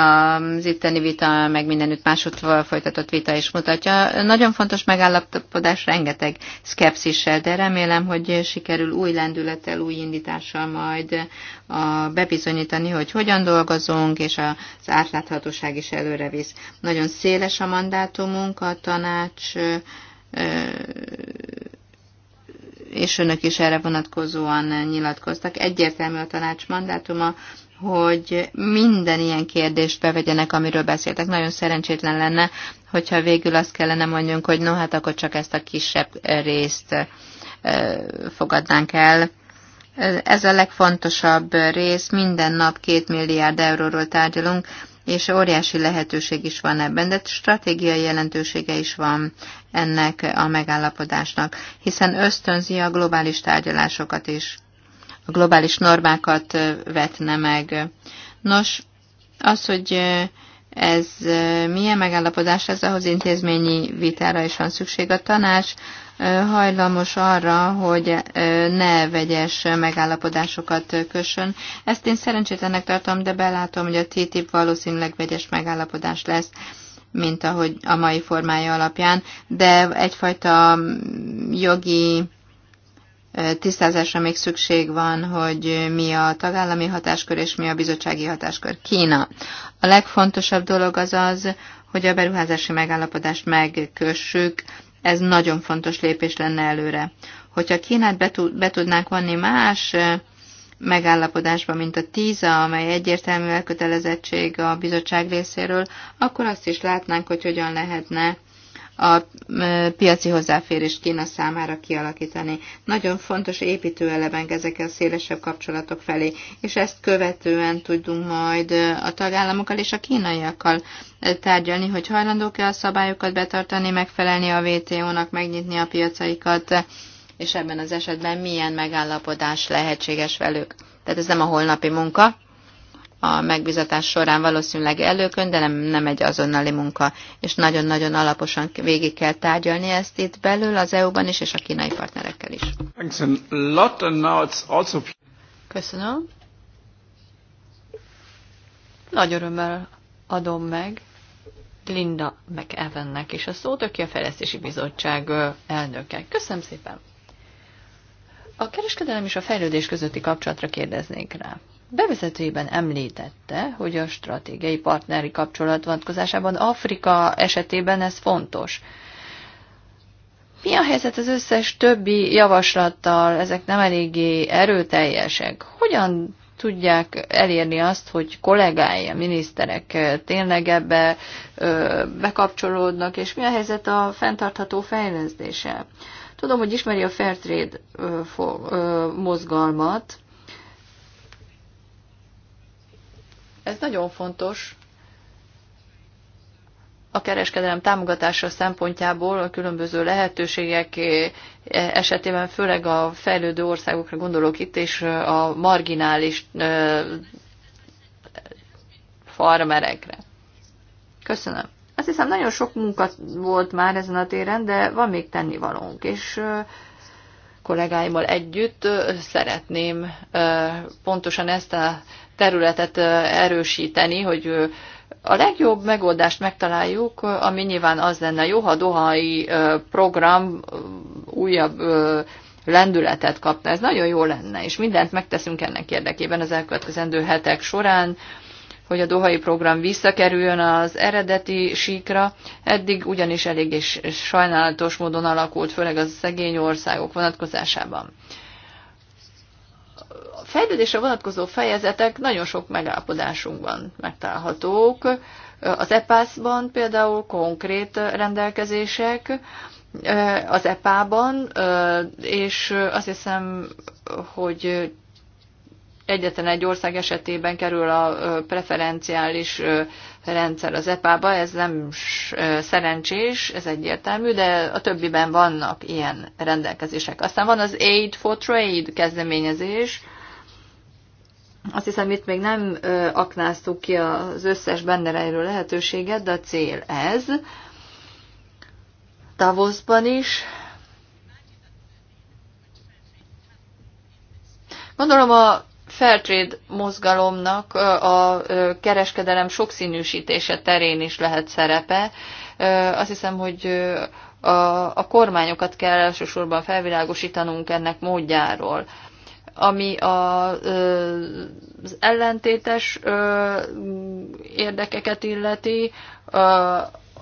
Az itteni vita, meg mindenütt másodval folytatott vita is mutatja. Nagyon fontos megállapodás, rengeteg szkepszissel, de remélem, hogy sikerül új lendülettel, új indítással majd a, bebizonyítani, hogy hogyan dolgozunk, és az átláthatóság is előre visz. Nagyon széles a mandátumunk, a tanács és önök is erre vonatkozóan nyilatkoztak. Egyértelmű a tanács mandátuma, hogy minden ilyen kérdést bevegyenek, amiről beszéltek. Nagyon szerencsétlen lenne, hogyha végül azt kellene mondjunk, hogy no, hát akkor csak ezt a kisebb részt fogadnánk el. Ez a legfontosabb rész, minden nap két milliárd euróról tárgyalunk, és óriási lehetőség is van ebben, de stratégiai jelentősége is van ennek a megállapodásnak, hiszen ösztönzi a globális tárgyalásokat is, a globális normákat vetne meg. Nos, az, hogy ez milyen megállapodás, ez ahhoz intézményi vitára is van szükség. A tanács hajlamos arra, hogy ne vegyes megállapodásokat kössön. Ezt én szerencsétlennek tartom, de belátom, hogy a TTIP valószínűleg vegyes megállapodás lesz mint ahogy a mai formája alapján, de egyfajta mm, jogi tisztázásra még szükség van, hogy mi a tagállami hatáskör és mi a bizottsági hatáskör. Kína. A legfontosabb dolog az az, hogy a beruházási megállapodást megkössük, ez nagyon fontos lépés lenne előre. Hogyha Kínát be tudnánk vonni más megállapodásba, mint a TISA, amely egyértelmű elkötelezettség a bizottság részéről, akkor azt is látnánk, hogy hogyan lehetne a piaci hozzáférést Kína számára kialakítani. Nagyon fontos építőelemek ezek a szélesebb kapcsolatok felé, és ezt követően tudunk majd a tagállamokkal és a kínaiakkal tárgyalni, hogy hajlandók-e a szabályokat betartani, megfelelni a WTO-nak, megnyitni a piacaikat, és ebben az esetben milyen megállapodás lehetséges velük. Tehát ez nem a holnapi munka, a megbizatás során valószínűleg előkön, de nem, nem egy azonnali munka, és nagyon-nagyon alaposan végig kell tárgyalni ezt itt belül, az EU-ban is, és a kínai partnerekkel is. Köszönöm. Nagy örömmel adom meg Linda McEvennek is a szót, aki a Fejlesztési Bizottság elnöke. Köszönöm szépen! A kereskedelem és a fejlődés közötti kapcsolatra kérdeznék rá bevezetőjében említette, hogy a stratégiai partneri kapcsolat vonatkozásában Afrika esetében ez fontos. Mi a helyzet az összes többi javaslattal? Ezek nem eléggé erőteljesek. Hogyan tudják elérni azt, hogy kollégái, a miniszterek tényleg ebbe bekapcsolódnak, és mi a helyzet a fenntartható fejlesztése? Tudom, hogy ismeri a Fairtrade mozgalmat, Ez nagyon fontos a kereskedelem támogatása szempontjából a különböző lehetőségek eh, esetében, főleg a fejlődő országokra gondolok itt, és eh, a marginális eh, farmerekre. Köszönöm. Azt hiszem, nagyon sok munka volt már ezen a téren, de van még tennivalónk, és kollégáimmal együtt szeretném pontosan ezt a területet erősíteni, hogy a legjobb megoldást megtaláljuk, ami nyilván az lenne jó, ha a dohai program újabb lendületet kapna. Ez nagyon jó lenne, és mindent megteszünk ennek érdekében az elkövetkezendő hetek során, hogy a dohai program visszakerüljön az eredeti síkra. Eddig ugyanis elég és sajnálatos módon alakult, főleg az szegény országok vonatkozásában fejlődésre vonatkozó fejezetek nagyon sok megállapodásunkban megtalálhatók. Az EPASZ-ban például konkrét rendelkezések, az EPA-ban, és azt hiszem, hogy egyetlen egy ország esetében kerül a preferenciális rendszer az EPA-ba, ez nem szerencsés, ez egyértelmű, de a többiben vannak ilyen rendelkezések. Aztán van az Aid for Trade kezdeményezés, azt hiszem, itt még nem aknáztuk ki az összes benne rejlő lehetőséget, de a cél ez. Davosban is. Gondolom a Fairtrade mozgalomnak a kereskedelem sokszínűsítése terén is lehet szerepe. Azt hiszem, hogy a, a kormányokat kell elsősorban felvilágosítanunk ennek módjáról ami a, az ellentétes érdekeket illeti,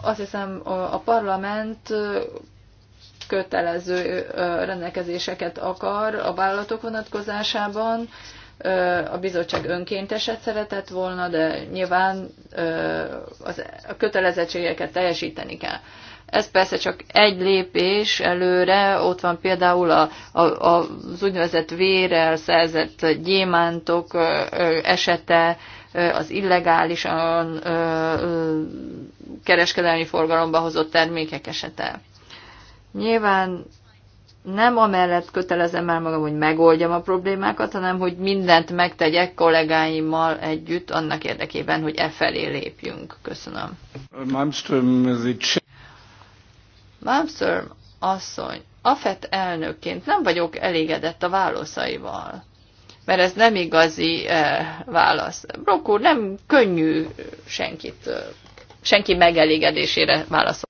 azt hiszem a parlament kötelező rendelkezéseket akar a vállalatok vonatkozásában. A bizottság önkénteset szeretett volna, de nyilván a kötelezettségeket teljesíteni kell. Ez persze csak egy lépés előre, ott van például a, a, az úgynevezett vérrel szerzett gyémántok esete, az illegálisan kereskedelmi forgalomba hozott termékek esete. Nyilván nem amellett kötelezem el magam, hogy megoldjam a problémákat, hanem hogy mindent megtegyek kollégáimmal együtt annak érdekében, hogy e felé lépjünk. Köszönöm. Malmström, Malmström asszony, AFET elnökként nem vagyok elégedett a válaszaival, mert ez nem igazi eh, válasz. Brokkur nem könnyű senkit, eh, senki megelégedésére válaszol.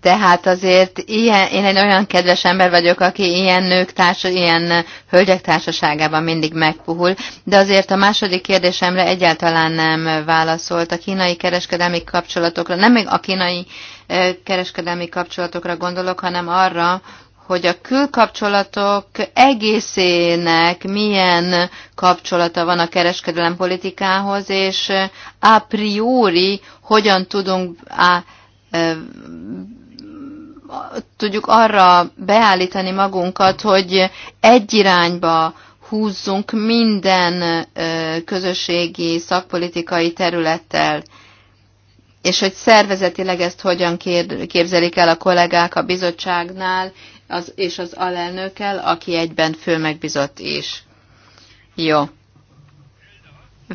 Tehát azért ilyen, én egy olyan kedves ember vagyok, aki ilyen nők társ, ilyen hölgyek társaságában mindig megpuhul, de azért a második kérdésemre egyáltalán nem válaszolt. A kínai kereskedelmi kapcsolatokra, nem még a kínai e, kereskedelmi kapcsolatokra gondolok, hanem arra, hogy a külkapcsolatok egészének milyen kapcsolata van a kereskedelem politikához, és e, a priori hogyan tudunk a tudjuk arra beállítani magunkat, hogy egy irányba húzzunk minden közösségi, szakpolitikai területtel, és hogy szervezetileg ezt hogyan képzelik el a kollégák a bizottságnál, az, és az alelnökkel, aki egyben főmegbizott is. Jó.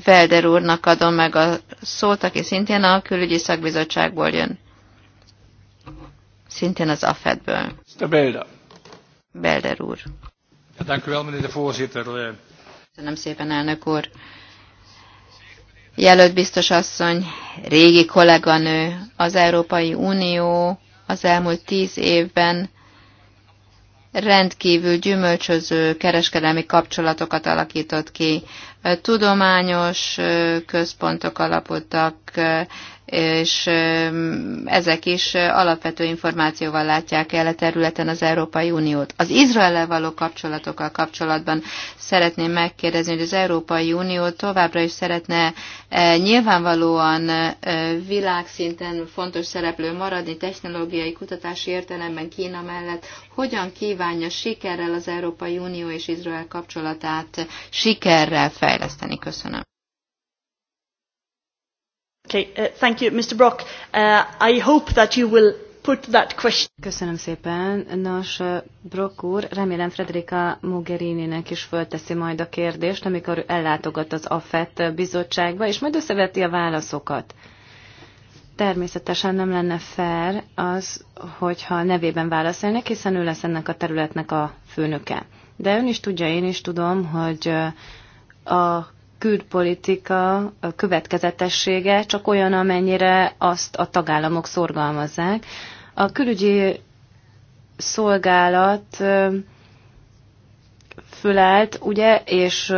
Velder úrnak adom meg a szót, aki szintén a külügyi szakbizottságból jön szintén az AFED-ből. Belder. Belder úr. Eh, Köszönöm szépen, elnök úr. Jelölt biztos asszony, régi kolléganő, az Európai Unió az elmúlt tíz évben rendkívül gyümölcsöző kereskedelmi kapcsolatokat alakított ki. Tudományos központok alapultak, és ezek is alapvető információval látják el a területen az Európai Uniót. Az Izrael való kapcsolatokkal kapcsolatban szeretném megkérdezni, hogy az Európai Unió továbbra is szeretne nyilvánvalóan világszinten fontos szereplő maradni technológiai kutatási értelemben Kína mellett. Hogyan kívánja sikerrel az Európai Unió és Izrael kapcsolatát sikerrel fejleszteni? Köszönöm. Uh, Mr. Brock. Uh, I hope that you will put that question. Köszönöm szépen. Nos, uh, Brock úr, remélem Frederica Mogherini-nek is fölteszi majd a kérdést, amikor ellátogat az AFET bizottságba, és majd összeveti a válaszokat. Természetesen nem lenne fair az, hogyha nevében válaszolnak, hiszen ő lesz ennek a területnek a főnöke. De ön is tudja, én is tudom, hogy uh, a külpolitika következetessége csak olyan, amennyire azt a tagállamok szorgalmazzák. A külügyi szolgálat fölállt, ugye, és,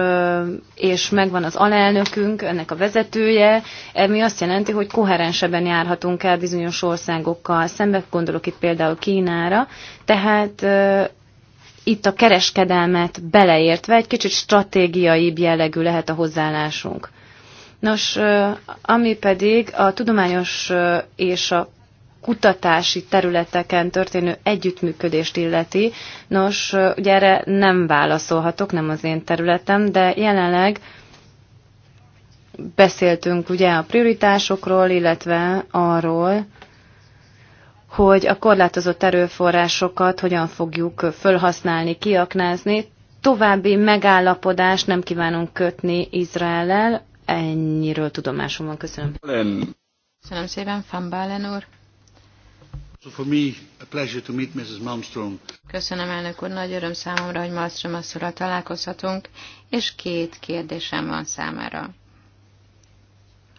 és megvan az alelnökünk, ennek a vezetője, ami azt jelenti, hogy koherensebben járhatunk el bizonyos országokkal, szembe gondolok itt például Kínára, tehát itt a kereskedelmet beleértve egy kicsit stratégiai jellegű lehet a hozzáállásunk. Nos, ami pedig a tudományos és a kutatási területeken történő együttműködést illeti. Nos, ugye erre nem válaszolhatok, nem az én területem, de jelenleg beszéltünk ugye a prioritásokról, illetve arról, hogy a korlátozott erőforrásokat hogyan fogjuk fölhasználni, kiaknázni. További megállapodást nem kívánunk kötni Izraellel. Ennyiről tudomásom van. Köszönöm. Köszönöm szépen, Van Balen úr. Köszönöm, elnök úr. Nagy öröm számomra, hogy Malmström asszorral találkozhatunk, és két kérdésem van számára.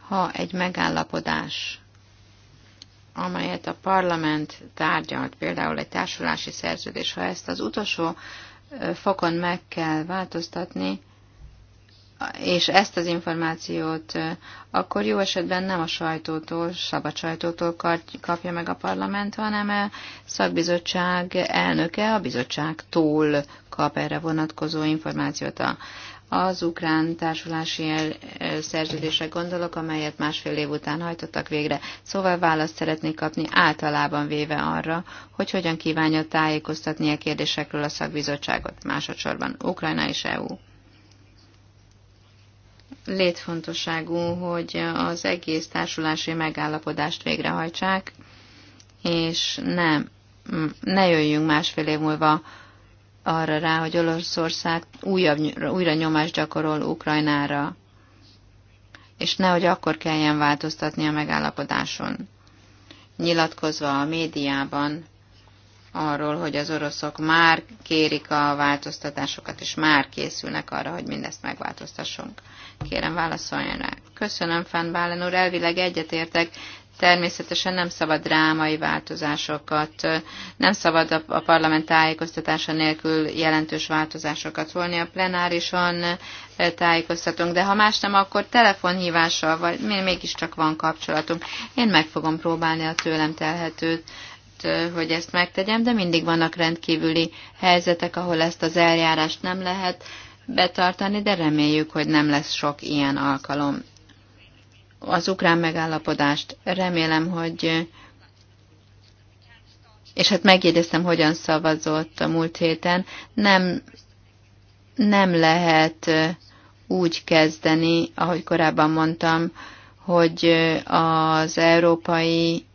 Ha egy megállapodás amelyet a parlament tárgyalt, például egy társulási szerződés, ha ezt az utolsó fokon meg kell változtatni, és ezt az információt akkor jó esetben nem a sajtótól, szabad sajtótól kapja meg a parlament, hanem a szakbizottság elnöke a bizottságtól kap erre vonatkozó információt. A, az ukrán társulási szerződésre gondolok, amelyet másfél év után hajtottak végre. Szóval választ szeretnék kapni általában véve arra, hogy hogyan kívánja tájékoztatni a kérdésekről a szakbizottságot. Másodszorban Ukrajna és EU létfontosságú, hogy az egész társulási megállapodást végrehajtsák, és ne, ne jöjjünk másfél év múlva arra rá, hogy Oroszország újabb, újra nyomást gyakorol Ukrajnára, és nehogy akkor kelljen változtatni a megállapodáson. Nyilatkozva a médiában arról, hogy az oroszok már kérik a változtatásokat, és már készülnek arra, hogy mindezt megváltoztassunk. Kérem, válaszoljon rá. Köszönöm, Fenn Bálen úr, elvileg egyetértek, Természetesen nem szabad drámai változásokat, nem szabad a parlament tájékoztatása nélkül jelentős változásokat volni. A plenárison e, tájékoztatunk, de ha más nem, akkor telefonhívással, vagy mégiscsak van kapcsolatunk. Én meg fogom próbálni a tőlem telhetőt e, hogy ezt megtegyem, de mindig vannak rendkívüli helyzetek, ahol ezt az eljárást nem lehet betartani, de reméljük, hogy nem lesz sok ilyen alkalom az ukrán megállapodást. Remélem, hogy és hát megjegyeztem, hogyan szavazott a múlt héten, nem, nem lehet úgy kezdeni, ahogy korábban mondtam, hogy az európai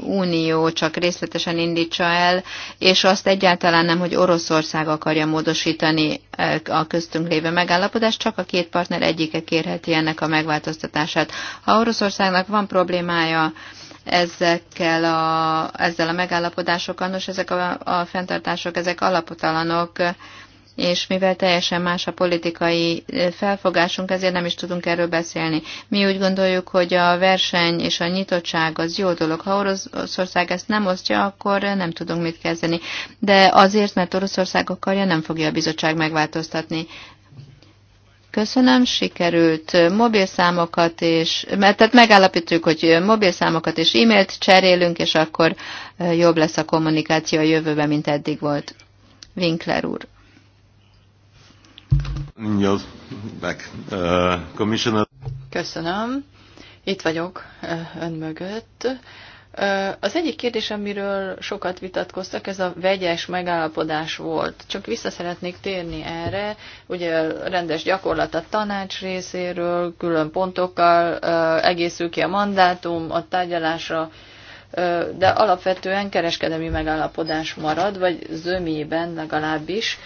Unió csak részletesen indítsa el, és azt egyáltalán nem, hogy Oroszország akarja módosítani a köztünk lévő megállapodást, csak a két partner egyike kérheti ennek a megváltoztatását. Ha Oroszországnak van problémája, ezekkel a, ezzel a megállapodásokkal. Nos, ezek a, a fenntartások, ezek alapotalanok és mivel teljesen más a politikai felfogásunk, ezért nem is tudunk erről beszélni. Mi úgy gondoljuk, hogy a verseny és a nyitottság az jó dolog. Ha Oroszország ezt nem osztja, akkor nem tudunk mit kezdeni. De azért, mert Oroszország akarja, nem fogja a bizottság megváltoztatni. Köszönöm, sikerült mobilszámokat, és, mert tehát megállapítjuk, hogy mobilszámokat és e-mailt cserélünk, és akkor jobb lesz a kommunikáció a jövőben, mint eddig volt. Winkler úr. Eh, Köszönöm. Itt vagyok eh, ön mögött. Eh, az egyik kérdés, amiről sokat vitatkoztak, ez a vegyes megállapodás volt. Csak vissza szeretnék térni erre, ugye rendes gyakorlat a tanács részéről, külön pontokkal egészül ki a mandátum, a tárgyalásra, de alapvetően kereskedelmi megállapodás marad, vagy zömében legalábbis,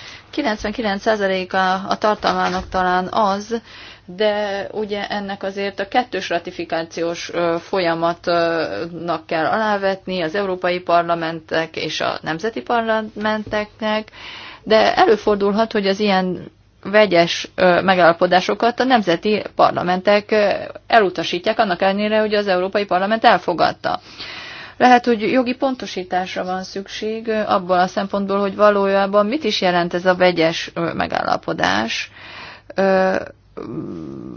99%-a a tartalmának talán az, de ugye ennek azért a kettős ratifikációs folyamatnak kell alávetni az európai parlamentek és a nemzeti parlamenteknek, de előfordulhat, hogy az ilyen vegyes megállapodásokat a nemzeti parlamentek elutasítják, annak ellenére, hogy az Európai Parlament elfogadta. Lehet, hogy jogi pontosításra van szükség abból a szempontból, hogy valójában mit is jelent ez a vegyes megállapodás,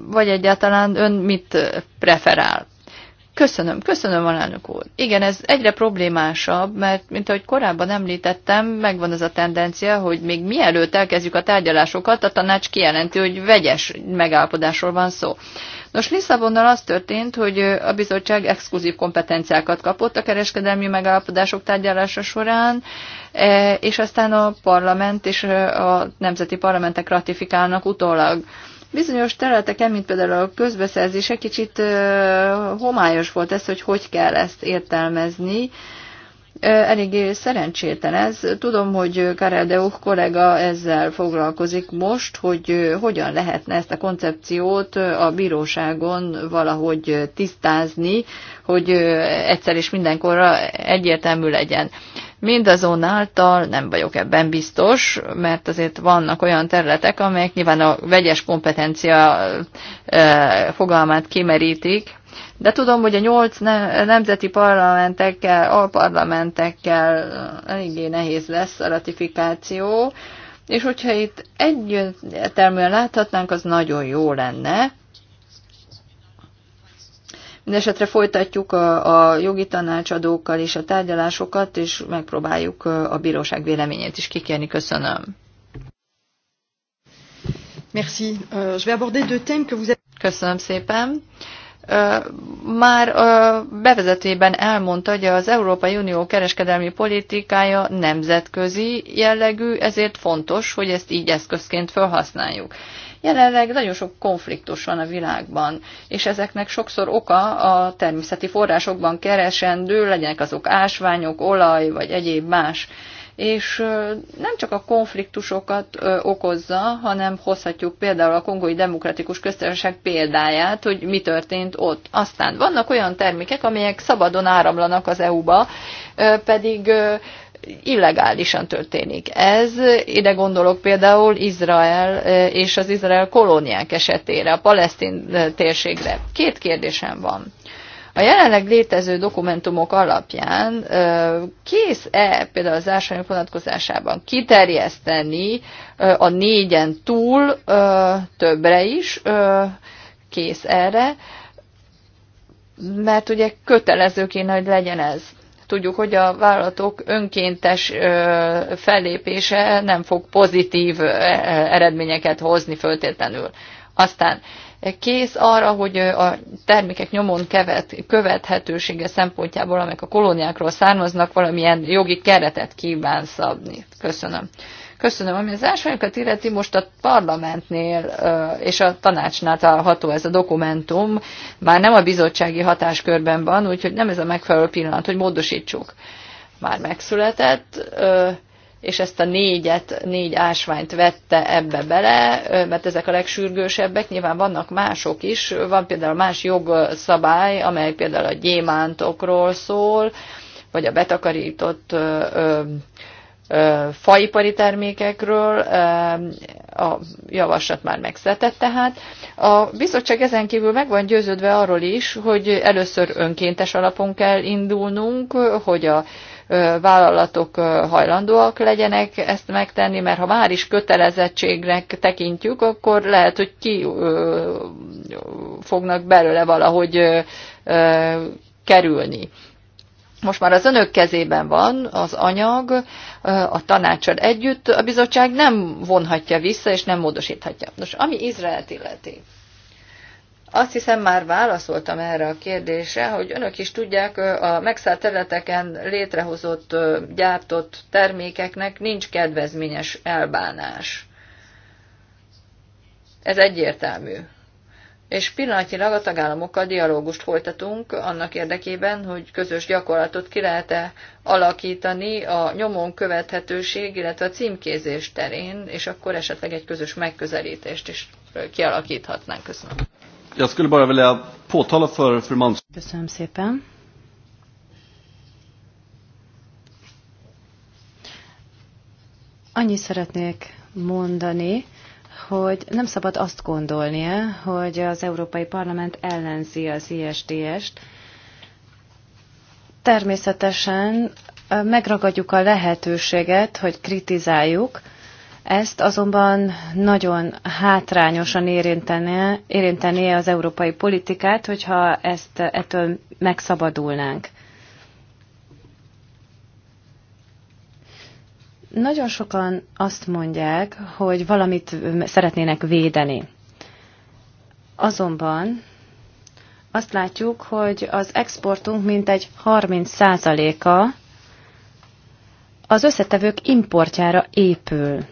vagy egyáltalán ön mit preferál. Köszönöm, köszönöm, alelnök úr. Igen, ez egyre problémásabb, mert, mint ahogy korábban említettem, megvan az a tendencia, hogy még mielőtt elkezdjük a tárgyalásokat, a tanács kijelenti, hogy vegyes megállapodásról van szó. Nos, Lisszabonnal az történt, hogy a bizottság exkluzív kompetenciákat kapott a kereskedelmi megállapodások tárgyalása során, e, és aztán a parlament és e, a nemzeti parlamentek ratifikálnak utólag. Bizonyos területeken, mint például a közbeszerzése, kicsit homályos volt ez, hogy hogy kell ezt értelmezni. Eléggé szerencsétlen ez. Tudom, hogy Karel Deuch kollega ezzel foglalkozik most, hogy hogyan lehetne ezt a koncepciót a bíróságon valahogy tisztázni, hogy egyszer és mindenkorra egyértelmű legyen. Mindazonáltal nem vagyok ebben biztos, mert azért vannak olyan területek, amelyek nyilván a vegyes kompetencia eh, fogalmát kimerítik, de tudom, hogy a nyolc nemzeti parlamentekkel, alparlamentekkel eh, eléggé nehéz lesz a ratifikáció, és hogyha itt egyértelműen láthatnánk, az nagyon jó lenne, Mindenesetre folytatjuk a, a jogi tanácsadókkal és a tárgyalásokat, és megpróbáljuk a bíróság véleményét is kikérni. Köszönöm. Merci. Euh, je vais aborder deux thèmes que vous avez... Köszönöm szépen. Már bevezetőjében elmondta, hogy az Európai Unió kereskedelmi politikája nemzetközi jellegű, ezért fontos, hogy ezt így eszközként felhasználjuk. Jelenleg nagyon sok konfliktus van a világban, és ezeknek sokszor oka a természeti forrásokban keresendő, legyenek azok ásványok, olaj vagy egyéb más és nem csak a konfliktusokat okozza, hanem hozhatjuk például a Kongói Demokratikus Köztársaság példáját, hogy mi történt ott. Aztán vannak olyan termékek, amelyek szabadon áramlanak az EU-ba, pedig illegálisan történik. Ez, ide gondolok például Izrael eh, és az Izrael kolóniák esetére, a palesztin eh, térségre. Két kérdésem van. A jelenleg létező dokumentumok alapján eh, kész-e például az ásványok vonatkozásában kiterjeszteni a négyen túl többre is, kész erre, mert ugye kötelező kéne, hogy legyen ez. Tudjuk, hogy a vállalatok önkéntes fellépése nem fog pozitív eredményeket hozni föltétlenül. Aztán e, kész arra, hogy a termékek nyomon kevet, követhetősége szempontjából, amelyek a kolóniákról származnak, valamilyen jogi keretet kíván szabni. Köszönöm. Köszönöm, ami az ásványokat illeti, most a parlamentnél és a tanácsnál található ez a dokumentum, már nem a bizottsági hatáskörben van, úgyhogy nem ez a megfelelő pillanat, hogy módosítsuk. Már megszületett, és ezt a négyet, négy ásványt vette ebbe bele, mert ezek a legsürgősebbek, nyilván vannak mások is, van például más jogszabály, amely például a gyémántokról szól, vagy a betakarított ö, ö, faipari termékekről, a javaslat már megszületett tehát. A bizottság ezen kívül meg van győződve arról is, hogy először önkéntes alapon kell indulnunk, hogy a vállalatok hajlandóak legyenek ezt megtenni, mert ha már is kötelezettségnek tekintjük, akkor lehet, hogy ki fognak belőle valahogy kerülni most már az önök kezében van az anyag, a tanácsad együtt, a bizottság nem vonhatja vissza, és nem módosíthatja. Nos, ami Izraelt illeti. Azt hiszem már válaszoltam erre a kérdésre, hogy önök is tudják, a megszállt területeken létrehozott, gyártott termékeknek nincs kedvezményes elbánás. Ez egyértelmű és pillanatilag a tagállamokkal dialógust folytatunk annak érdekében, hogy közös gyakorlatot ki lehet-e alakítani a nyomon követhetőség, illetve a címkézés terén, és akkor esetleg egy közös megközelítést is kialakíthatnánk. Köszönöm. Köszönöm szépen. Annyi szeretnék mondani, hogy nem szabad azt gondolnia, hogy az Európai Parlament ellenzi az ISDS-t. Természetesen megragadjuk a lehetőséget, hogy kritizáljuk, ezt azonban nagyon hátrányosan érintené, érintené az európai politikát, hogyha ezt ettől megszabadulnánk. Nagyon sokan azt mondják, hogy valamit szeretnének védeni. Azonban azt látjuk, hogy az exportunk mintegy 30%-a az összetevők importjára épül.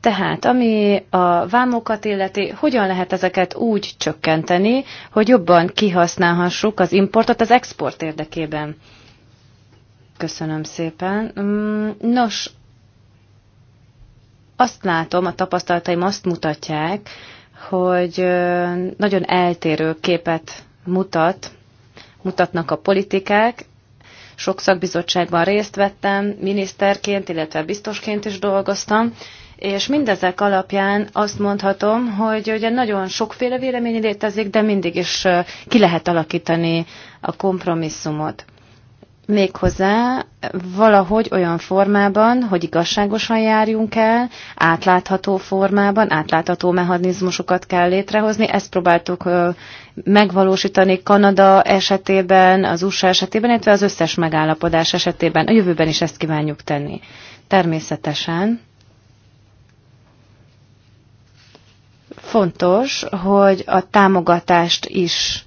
Tehát, ami a vámokat illeti, hogyan lehet ezeket úgy csökkenteni, hogy jobban kihasználhassuk az importot az export érdekében? Köszönöm szépen. Mm, nos, azt látom, a tapasztalataim azt mutatják, hogy nagyon eltérő képet mutat, mutatnak a politikák. Sok szakbizottságban részt vettem, miniszterként, illetve biztosként is dolgoztam, és mindezek alapján azt mondhatom, hogy ugye nagyon sokféle vélemény létezik, de mindig is ki lehet alakítani a kompromisszumot méghozzá valahogy olyan formában, hogy igazságosan járjunk el, átlátható formában, átlátható mechanizmusokat kell létrehozni. Ezt próbáltuk megvalósítani Kanada esetében, az USA esetében, illetve az összes megállapodás esetében. A jövőben is ezt kívánjuk tenni. Természetesen. Fontos, hogy a támogatást is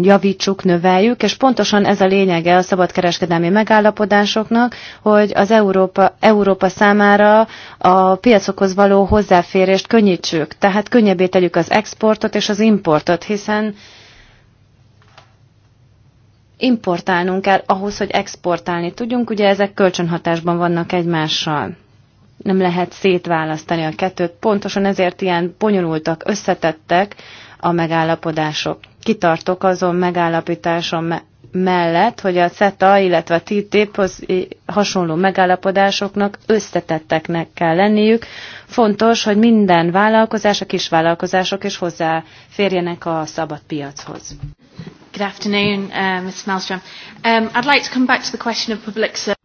javítsuk, növeljük, és pontosan ez a lényege a szabadkereskedelmi megállapodásoknak, hogy az Európa, Európa számára a piacokhoz való hozzáférést könnyítsük, tehát könnyebbé tegyük az exportot és az importot, hiszen importálnunk kell ahhoz, hogy exportálni tudjunk, ugye ezek kölcsönhatásban vannak egymással. Nem lehet szétválasztani a kettőt, pontosan ezért ilyen bonyolultak, összetettek a megállapodások. Kitartok azon megállapításom mellett, hogy a CETA, illetve a TTIP hasonló megállapodásoknak összetetteknek kell lenniük. Fontos, hogy minden vállalkozás, a kisvállalkozások is hozzáférjenek a szabad piachoz. Good afternoon, uh, Mr. Malmström. Um, I'd like to come back to the question of public service.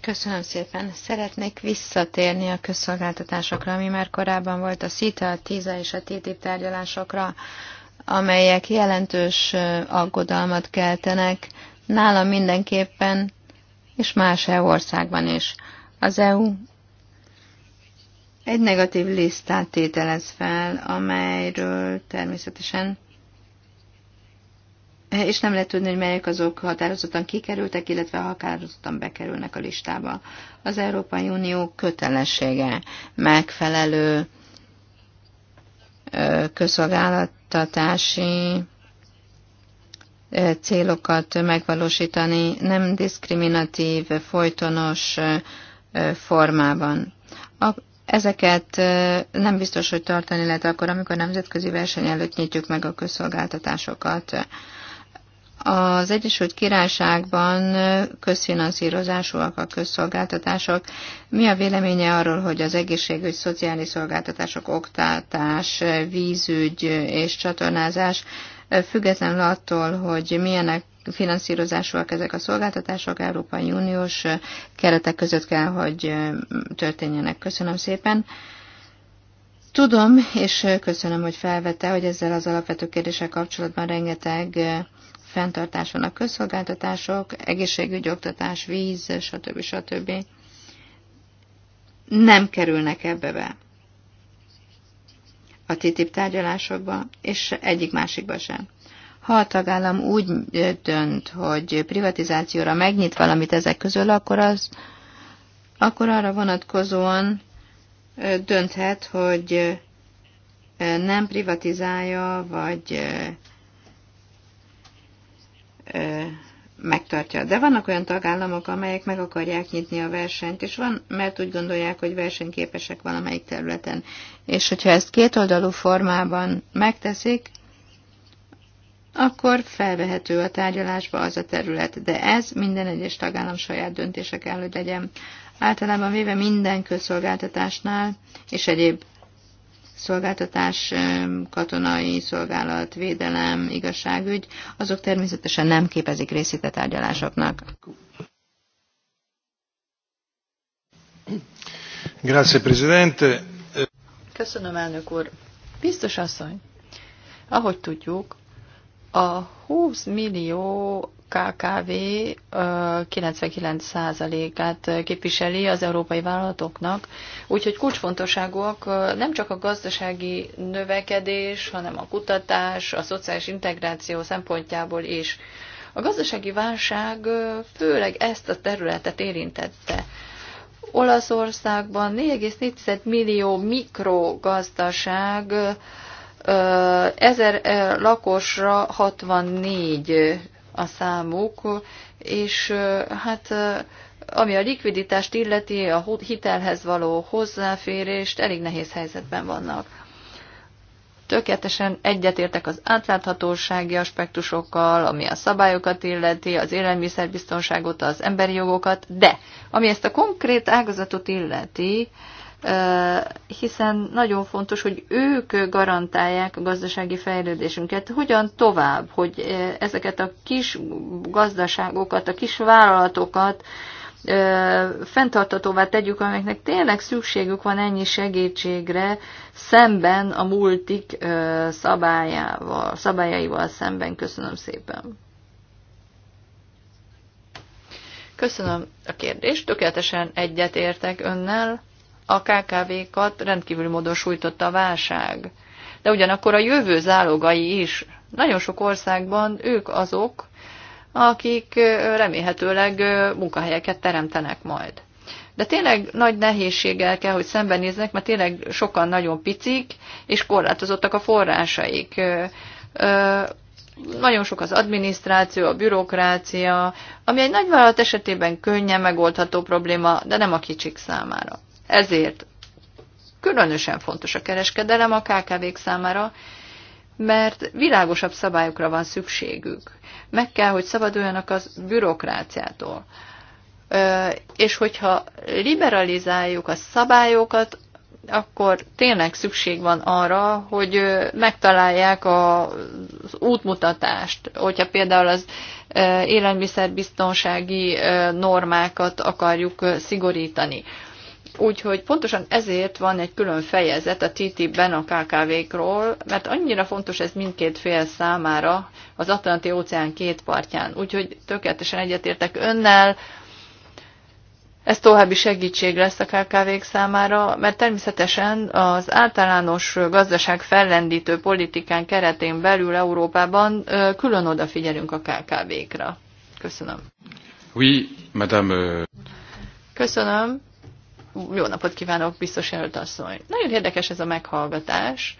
Köszönöm szépen. Szeretnék visszatérni a közszolgáltatásokra, ami már korábban volt a CITA, a TISA és a TTIP tárgyalásokra, amelyek jelentős aggodalmat keltenek nálam mindenképpen, és más EU országban is. Az EU egy negatív listát tételez fel, amelyről természetesen és nem lehet tudni, hogy melyek azok határozottan kikerültek, illetve határozottan bekerülnek a listába. Az Európai Unió kötelessége megfelelő közszolgáltatási célokat megvalósítani nem diszkriminatív, folytonos formában. A, ezeket nem biztos, hogy tartani lehet akkor, amikor nemzetközi verseny előtt nyitjuk meg a közszolgáltatásokat. Az Egyesült Királyságban közfinanszírozásúak a közszolgáltatások. Mi a véleménye arról, hogy az egészségügy, szociális szolgáltatások, oktatás, vízügy és csatornázás függetlenül attól, hogy milyenek finanszírozásúak ezek a szolgáltatások, Európai Uniós keretek között kell, hogy történjenek. Köszönöm szépen. Tudom, és köszönöm, hogy felvette, hogy ezzel az alapvető kérdéssel kapcsolatban rengeteg fenntartás a közszolgáltatások, egészségügy, oktatás, víz, stb. stb. nem kerülnek ebbe be a TTIP tárgyalásokba, és egyik másikba sem. Ha a tagállam úgy dönt, hogy privatizációra megnyit valamit ezek közül, akkor, az, akkor arra vonatkozóan dönthet, hogy nem privatizálja, vagy megtartja. De vannak olyan tagállamok, amelyek meg akarják nyitni a versenyt, és van, mert úgy gondolják, hogy versenyképesek valamelyik területen. És hogyha ezt kétoldalú formában megteszik, akkor felvehető a tárgyalásba az a terület, de ez minden egyes tagállam saját kell, hogy legyen. Általában véve minden közszolgáltatásnál és egyéb szolgáltatás, katonai szolgálat, védelem, igazságügy, azok természetesen nem képezik részét a tárgyalásoknak. Grazie, Presidente. Köszönöm, elnök úr. Biztos asszony, ahogy tudjuk, a 20 millió KKV 99%-át képviseli az európai vállalatoknak, úgyhogy kulcsfontosságúak nem csak a gazdasági növekedés, hanem a kutatás, a szociális integráció szempontjából is. A gazdasági válság főleg ezt a területet érintette. Olaszországban 4,4 millió mikrogazdaság Ezer lakosra 64 a számuk, és hát ami a likviditást illeti, a hitelhez való hozzáférést, elég nehéz helyzetben vannak. Tökéletesen egyetértek az átláthatósági aspektusokkal, ami a szabályokat illeti, az élelmiszerbiztonságot, az emberi jogokat, de ami ezt a konkrét ágazatot illeti, hiszen nagyon fontos, hogy ők garantálják a gazdasági fejlődésünket. Hogyan tovább, hogy ezeket a kis gazdaságokat, a kis vállalatokat fenntartatóvá tegyük, amelyeknek tényleg szükségük van ennyi segítségre, szemben a multik szabályával, szabályaival szemben. Köszönöm szépen. Köszönöm a kérdést, tökéletesen egyetértek önnel a KKV-kat rendkívül módon sújtotta a válság. De ugyanakkor a jövő zálogai is. Nagyon sok országban ők azok, akik remélhetőleg munkahelyeket teremtenek majd. De tényleg nagy nehézséggel kell, hogy szembenéznek, mert tényleg sokan nagyon picik, és korlátozottak a forrásaik. Nagyon sok az adminisztráció, a bürokrácia, ami egy nagyvállalat esetében könnyen megoldható probléma, de nem a kicsik számára. Ezért különösen fontos a kereskedelem a KKV-k számára, mert világosabb szabályokra van szükségük. Meg kell, hogy szabaduljanak az bürokráciától. És hogyha liberalizáljuk a szabályokat, akkor tényleg szükség van arra, hogy megtalálják az útmutatást. Hogyha például az élelmiszerbiztonsági normákat akarjuk szigorítani. Úgyhogy pontosan ezért van egy külön fejezet a TTIP-ben a KKV-król, mert annyira fontos ez mindkét fél számára az Atlanti óceán két partján. Úgyhogy tökéletesen egyetértek önnel, ez további segítség lesz a kkv számára, mert természetesen az általános gazdaság fellendítő politikán keretén belül Európában külön odafigyelünk a KKV-kra. Köszönöm. Oui, madame. Euh, Köszönöm. Jó napot kívánok, biztos jelölt asszony. Nagyon érdekes ez a meghallgatás,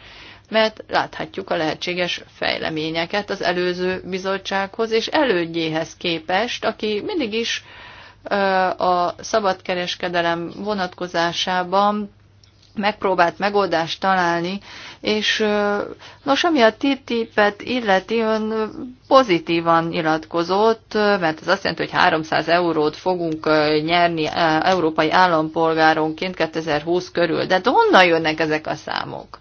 mert láthatjuk a lehetséges fejleményeket az előző bizottsághoz és elődjéhez képest, aki mindig is a szabadkereskedelem vonatkozásában megpróbált megoldást találni, és nos, ami a TTIP-et illeti, ön pozitívan nyilatkozott, mert ez azt jelenti, hogy 300 eurót fogunk nyerni európai állampolgáronként 2020 körül. De hát honnan jönnek ezek a számok?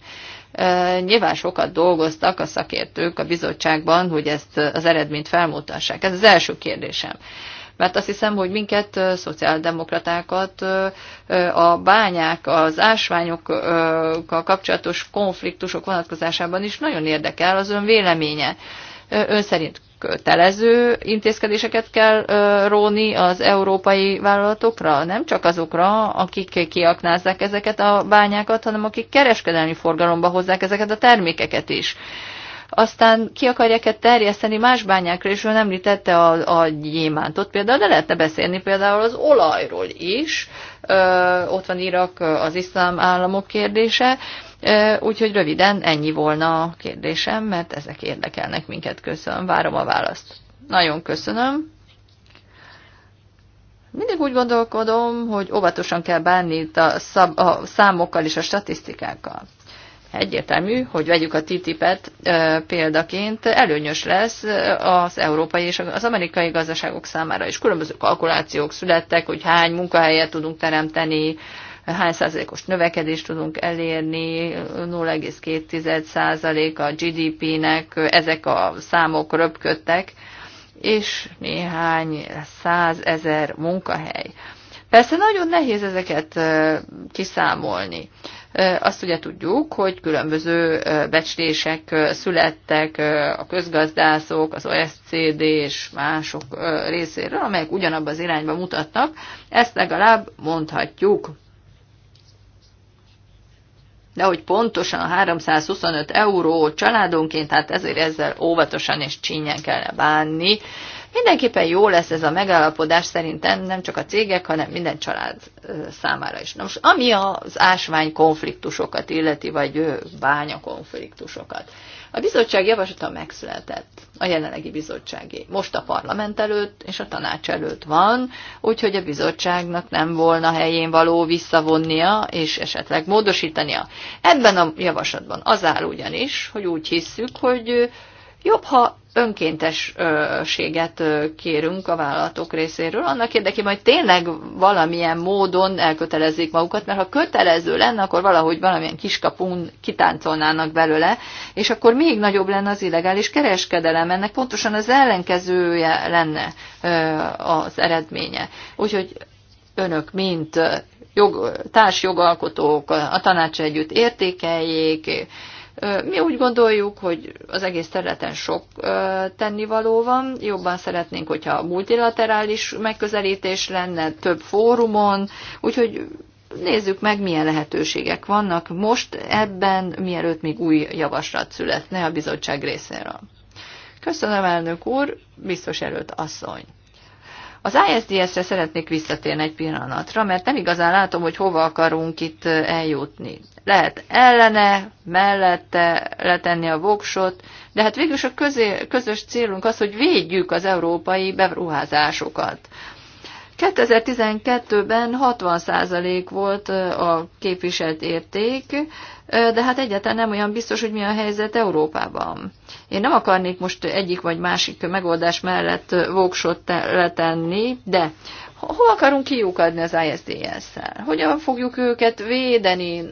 Nyilván sokat dolgoztak a szakértők a bizottságban, hogy ezt az eredményt felmutassák. Ez az első kérdésem mert azt hiszem, hogy minket, szociáldemokratákat a bányák, az ásványokkal kapcsolatos konfliktusok vonatkozásában is nagyon érdekel az ön véleménye. Ön szerint kötelező intézkedéseket kell róni az európai vállalatokra, nem csak azokra, akik kiaknázzák ezeket a bányákat, hanem akik kereskedelmi forgalomba hozzák ezeket a termékeket is aztán ki akarják-e terjeszteni más bányákra, és ő nem említette a, a gyémántot például, de lehetne beszélni például az olajról is, ö, ott van Irak az iszlám államok kérdése, ö, úgyhogy röviden ennyi volna a kérdésem, mert ezek érdekelnek minket, köszönöm, várom a választ. Nagyon köszönöm. Mindig úgy gondolkodom, hogy óvatosan kell bánni itt a, szab- a számokkal és a statisztikákkal egyértelmű, hogy vegyük a TTIP-et példaként, előnyös lesz az európai és az amerikai gazdaságok számára is. Különböző kalkulációk születtek, hogy hány munkahelyet tudunk teremteni, hány százalékos növekedést tudunk elérni, 0,2 százalék a GDP-nek, ezek a számok röpködtek, és néhány százezer munkahely. Persze nagyon nehéz ezeket kiszámolni. Azt ugye tudjuk, hogy különböző becslések születtek a közgazdászok, az OSCD és mások részéről, amelyek ugyanabba az irányba mutatnak. Ezt legalább mondhatjuk. De hogy pontosan a 325 euró családonként, hát ezért ezzel óvatosan és csínyen kell bánni. Mindenképpen jó lesz ez a megállapodás szerintem nem csak a cégek, hanem minden család számára is. Na most ami az ásvány konfliktusokat illeti, vagy bánya konfliktusokat. A bizottság javaslata megszületett, a jelenlegi bizottságé. Most a parlament előtt és a tanács előtt van, úgyhogy a bizottságnak nem volna helyén való visszavonnia és esetleg módosítania. Ebben a javaslatban az áll ugyanis, hogy úgy hisszük, hogy Jobb, ha önkéntességet kérünk a vállalatok részéről, annak érdekében, hogy tényleg valamilyen módon elkötelezzék magukat, mert ha kötelező lenne, akkor valahogy valamilyen kiskapun kitáncolnának belőle, és akkor még nagyobb lenne az illegális kereskedelem. Ennek pontosan az ellenkezője lenne az eredménye. Úgyhogy önök, mint jog, társjogalkotók a tanács együtt értékeljék, mi úgy gondoljuk, hogy az egész területen sok tennivaló van, jobban szeretnénk, hogyha a multilaterális megközelítés lenne több fórumon, úgyhogy nézzük meg, milyen lehetőségek vannak most ebben, mielőtt még új javaslat születne a bizottság részéről. Köszönöm, elnök úr, biztos előtt asszony. Az ISDS-re szeretnék visszatérni egy pillanatra, mert nem igazán látom, hogy hova akarunk itt eljutni. Lehet ellene, mellette letenni a voksot, de hát végülis a közé, közös célunk az, hogy védjük az európai beruházásokat. 2012-ben 60% volt a képviselt érték, de hát egyáltalán nem olyan biztos, hogy mi a helyzet Európában. Én nem akarnék most egyik vagy másik megoldás mellett voksot letenni, de Hol akarunk kiukadni az ISDS-szel? Hogyan fogjuk őket védeni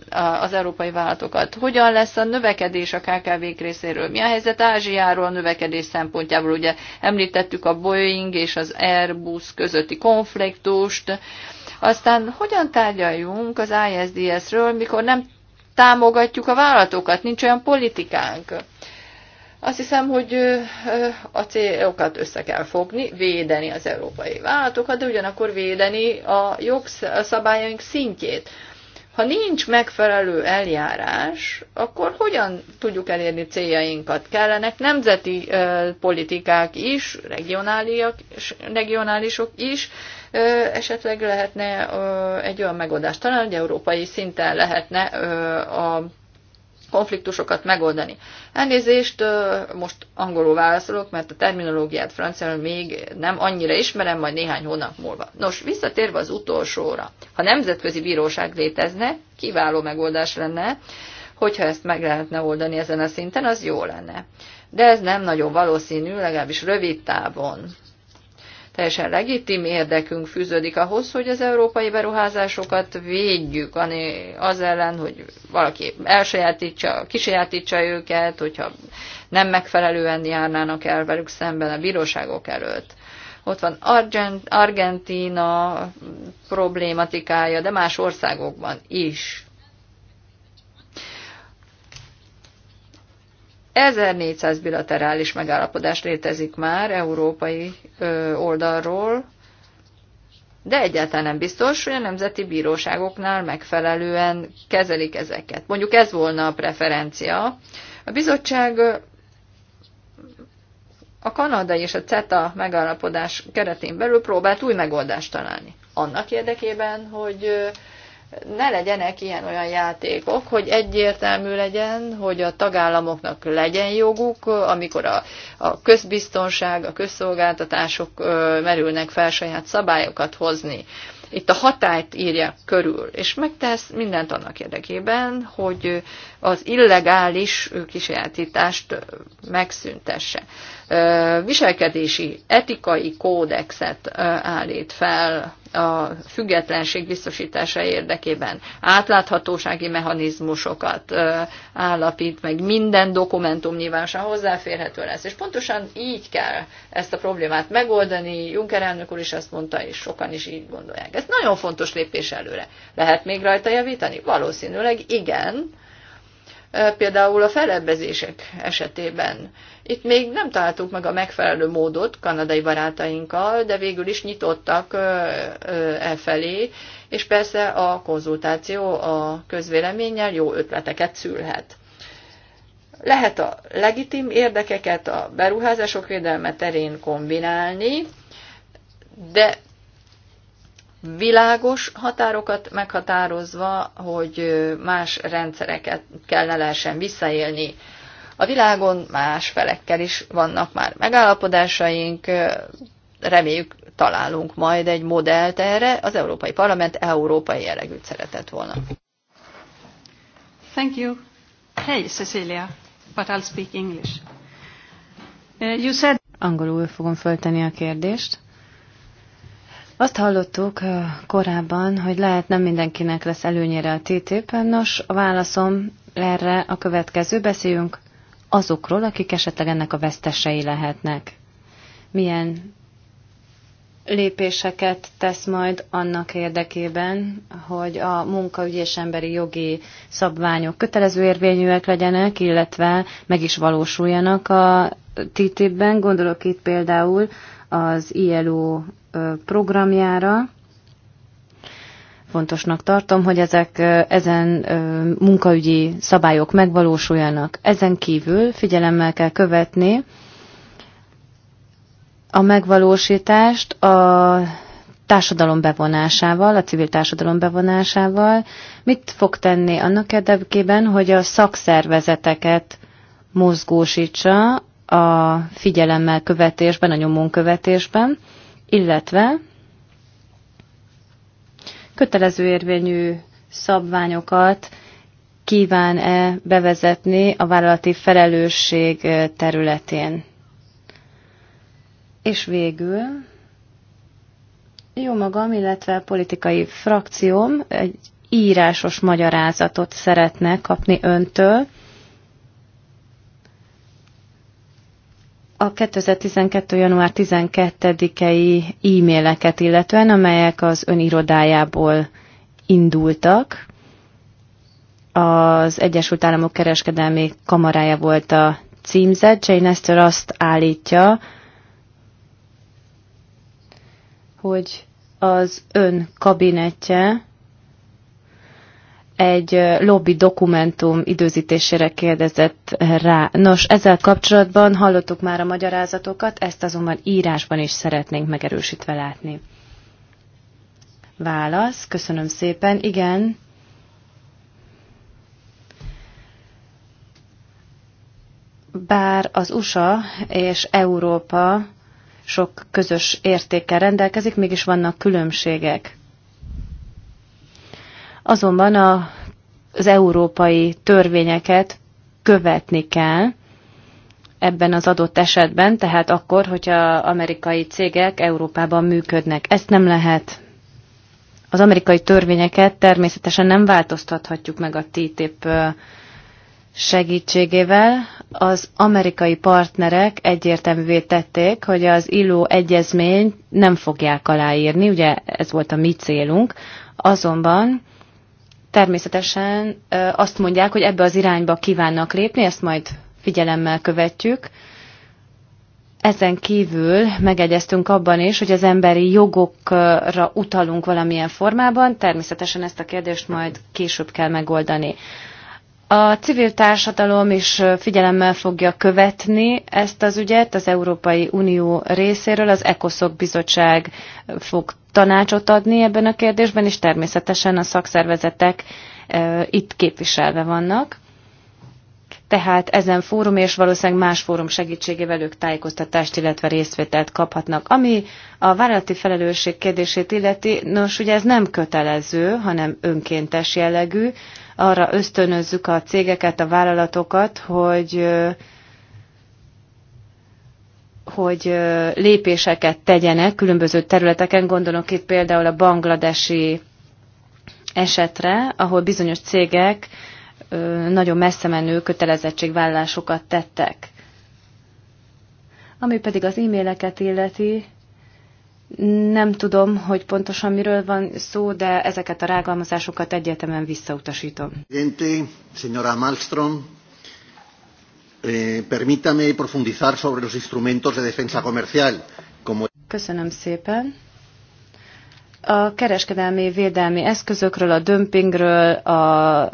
az európai vállalatokat? Hogyan lesz a növekedés a KKV-k részéről? Mi a helyzet Ázsiáról a növekedés szempontjából? Ugye említettük a Boeing és az Airbus közötti konfliktust. Aztán hogyan tárgyaljunk az ISDS-ről, mikor nem támogatjuk a vállalatokat? Nincs olyan politikánk. Azt hiszem, hogy a célokat össze kell fogni, védeni az európai vállalatokat, de ugyanakkor védeni a jogszabályaink szintjét. Ha nincs megfelelő eljárás, akkor hogyan tudjuk elérni céljainkat? Kellenek nemzeti politikák is, regionálisok is, esetleg lehetne egy olyan megoldást találni, hogy európai szinten lehetne a konfliktusokat megoldani. Elnézést, most angolul válaszolok, mert a terminológiát franciául még nem annyira ismerem, majd néhány hónap múlva. Nos, visszatérve az utolsóra. Ha nemzetközi bíróság létezne, kiváló megoldás lenne, hogyha ezt meg lehetne oldani ezen a szinten, az jó lenne. De ez nem nagyon valószínű, legalábbis rövid távon teljesen legitim érdekünk fűződik ahhoz, hogy az európai beruházásokat védjük az ellen, hogy valaki elsajátítsa, kisajátítsa őket, hogyha nem megfelelően járnának el velük szemben a bíróságok előtt. Ott van Argent, Argentina problématikája, de más országokban is. 1400 bilaterális megállapodás létezik már európai oldalról, de egyáltalán nem biztos, hogy a nemzeti bíróságoknál megfelelően kezelik ezeket. Mondjuk ez volna a preferencia. A bizottság a kanadai és a CETA megállapodás keretén belül próbált új megoldást találni. Annak érdekében, hogy ne legyenek ilyen-olyan játékok, hogy egyértelmű legyen, hogy a tagállamoknak legyen joguk, amikor a, a közbiztonság, a közszolgáltatások merülnek fel saját szabályokat hozni. Itt a hatályt írja körül, és megtesz mindent annak érdekében, hogy az illegális kisajátítást megszüntesse. Viselkedési, etikai kódexet állít fel a függetlenség biztosítása érdekében. Átláthatósági mechanizmusokat állapít meg, minden dokumentum nyilvánosan hozzáférhető lesz. És pontosan így kell ezt a problémát megoldani. Juncker elnök úr is ezt mondta, és sokan is így gondolják. Ez nagyon fontos lépés előre. Lehet még rajta javítani? Valószínűleg igen például a felebbezések esetében. Itt még nem találtuk meg a megfelelő módot kanadai barátainkkal, de végül is nyitottak e felé, és persze a konzultáció a közvéleménnyel jó ötleteket szülhet. Lehet a legitim érdekeket a beruházások védelme terén kombinálni, de világos határokat meghatározva, hogy más rendszereket ne lehessen visszaélni. A világon más felekkel is vannak már megállapodásaink, reméljük találunk majd egy modellt erre, az Európai Parlament európai jellegűt szeretett volna. Thank you. Hey, Cecilia, but I'll speak English. Uh, you said... Angolul fogom föltenni a kérdést. Azt hallottuk korábban, hogy lehet nem mindenkinek lesz előnyére a TTIP. Nos, a válaszom erre a következő. Beszéljünk azokról, akik esetleg ennek a vesztesei lehetnek. Milyen lépéseket tesz majd annak érdekében, hogy a munkaügyi és emberi jogi szabványok kötelező érvényűek legyenek, illetve meg is valósuljanak a TTIP-ben. Gondolok itt például az ILO programjára. Fontosnak tartom, hogy ezek ezen munkaügyi szabályok megvalósuljanak. Ezen kívül figyelemmel kell követni a megvalósítást a társadalom bevonásával, a civil társadalom bevonásával. Mit fog tenni annak érdekében, hogy a szakszervezeteket mozgósítsa a figyelemmel követésben, a nyomon követésben, illetve kötelező érvényű szabványokat kíván-e bevezetni a vállalati felelősség területén. És végül jó magam, illetve a politikai frakcióm egy írásos magyarázatot szeretne kapni öntől a 2012. január 12-i e-maileket illetően, amelyek az ön irodájából indultak. Az Egyesült Államok kereskedelmi kamarája volt a címzett. Jane Esther azt állítja, hogy az ön kabinetje egy lobby dokumentum időzítésére kérdezett rá. Nos, ezzel kapcsolatban hallottuk már a magyarázatokat, ezt azonban írásban is szeretnénk megerősítve látni. Válasz, köszönöm szépen, igen. Bár az USA és Európa sok közös értékkel rendelkezik, mégis vannak különbségek Azonban a, az európai törvényeket követni kell ebben az adott esetben, tehát akkor, hogyha amerikai cégek Európában működnek. Ezt nem lehet. Az amerikai törvényeket természetesen nem változtathatjuk meg a TTIP segítségével. Az amerikai partnerek egyértelművé tették, hogy az ILO egyezmény nem fogják aláírni, ugye ez volt a mi célunk, azonban természetesen azt mondják, hogy ebbe az irányba kívánnak lépni, ezt majd figyelemmel követjük. Ezen kívül megegyeztünk abban is, hogy az emberi jogokra utalunk valamilyen formában, természetesen ezt a kérdést majd később kell megoldani. A civil társadalom is figyelemmel fogja követni ezt az ügyet az Európai Unió részéről. Az ECOSZOK bizottság fog tanácsot adni ebben a kérdésben, és természetesen a szakszervezetek itt képviselve vannak. Tehát ezen fórum és valószínűleg más fórum segítségével ők tájékoztatást, illetve részvételt kaphatnak. Ami a vállalati felelősség kérdését illeti, nos, ugye ez nem kötelező, hanem önkéntes jellegű arra ösztönözzük a cégeket, a vállalatokat, hogy hogy lépéseket tegyenek különböző területeken, gondolok itt például a bangladesi esetre, ahol bizonyos cégek nagyon messze menő kötelezettségvállásokat tettek. Ami pedig az e-maileket illeti, nem tudom, hogy pontosan miről van szó, de ezeket a rágalmazásokat egyetemen visszautasítom. Señora Malmström, eh, permítame profundizar sobre los instrumentos de defensa comercial. Como... Köszönöm szépen. A kereskedelmi védelmi eszközökről, a dömpingről, a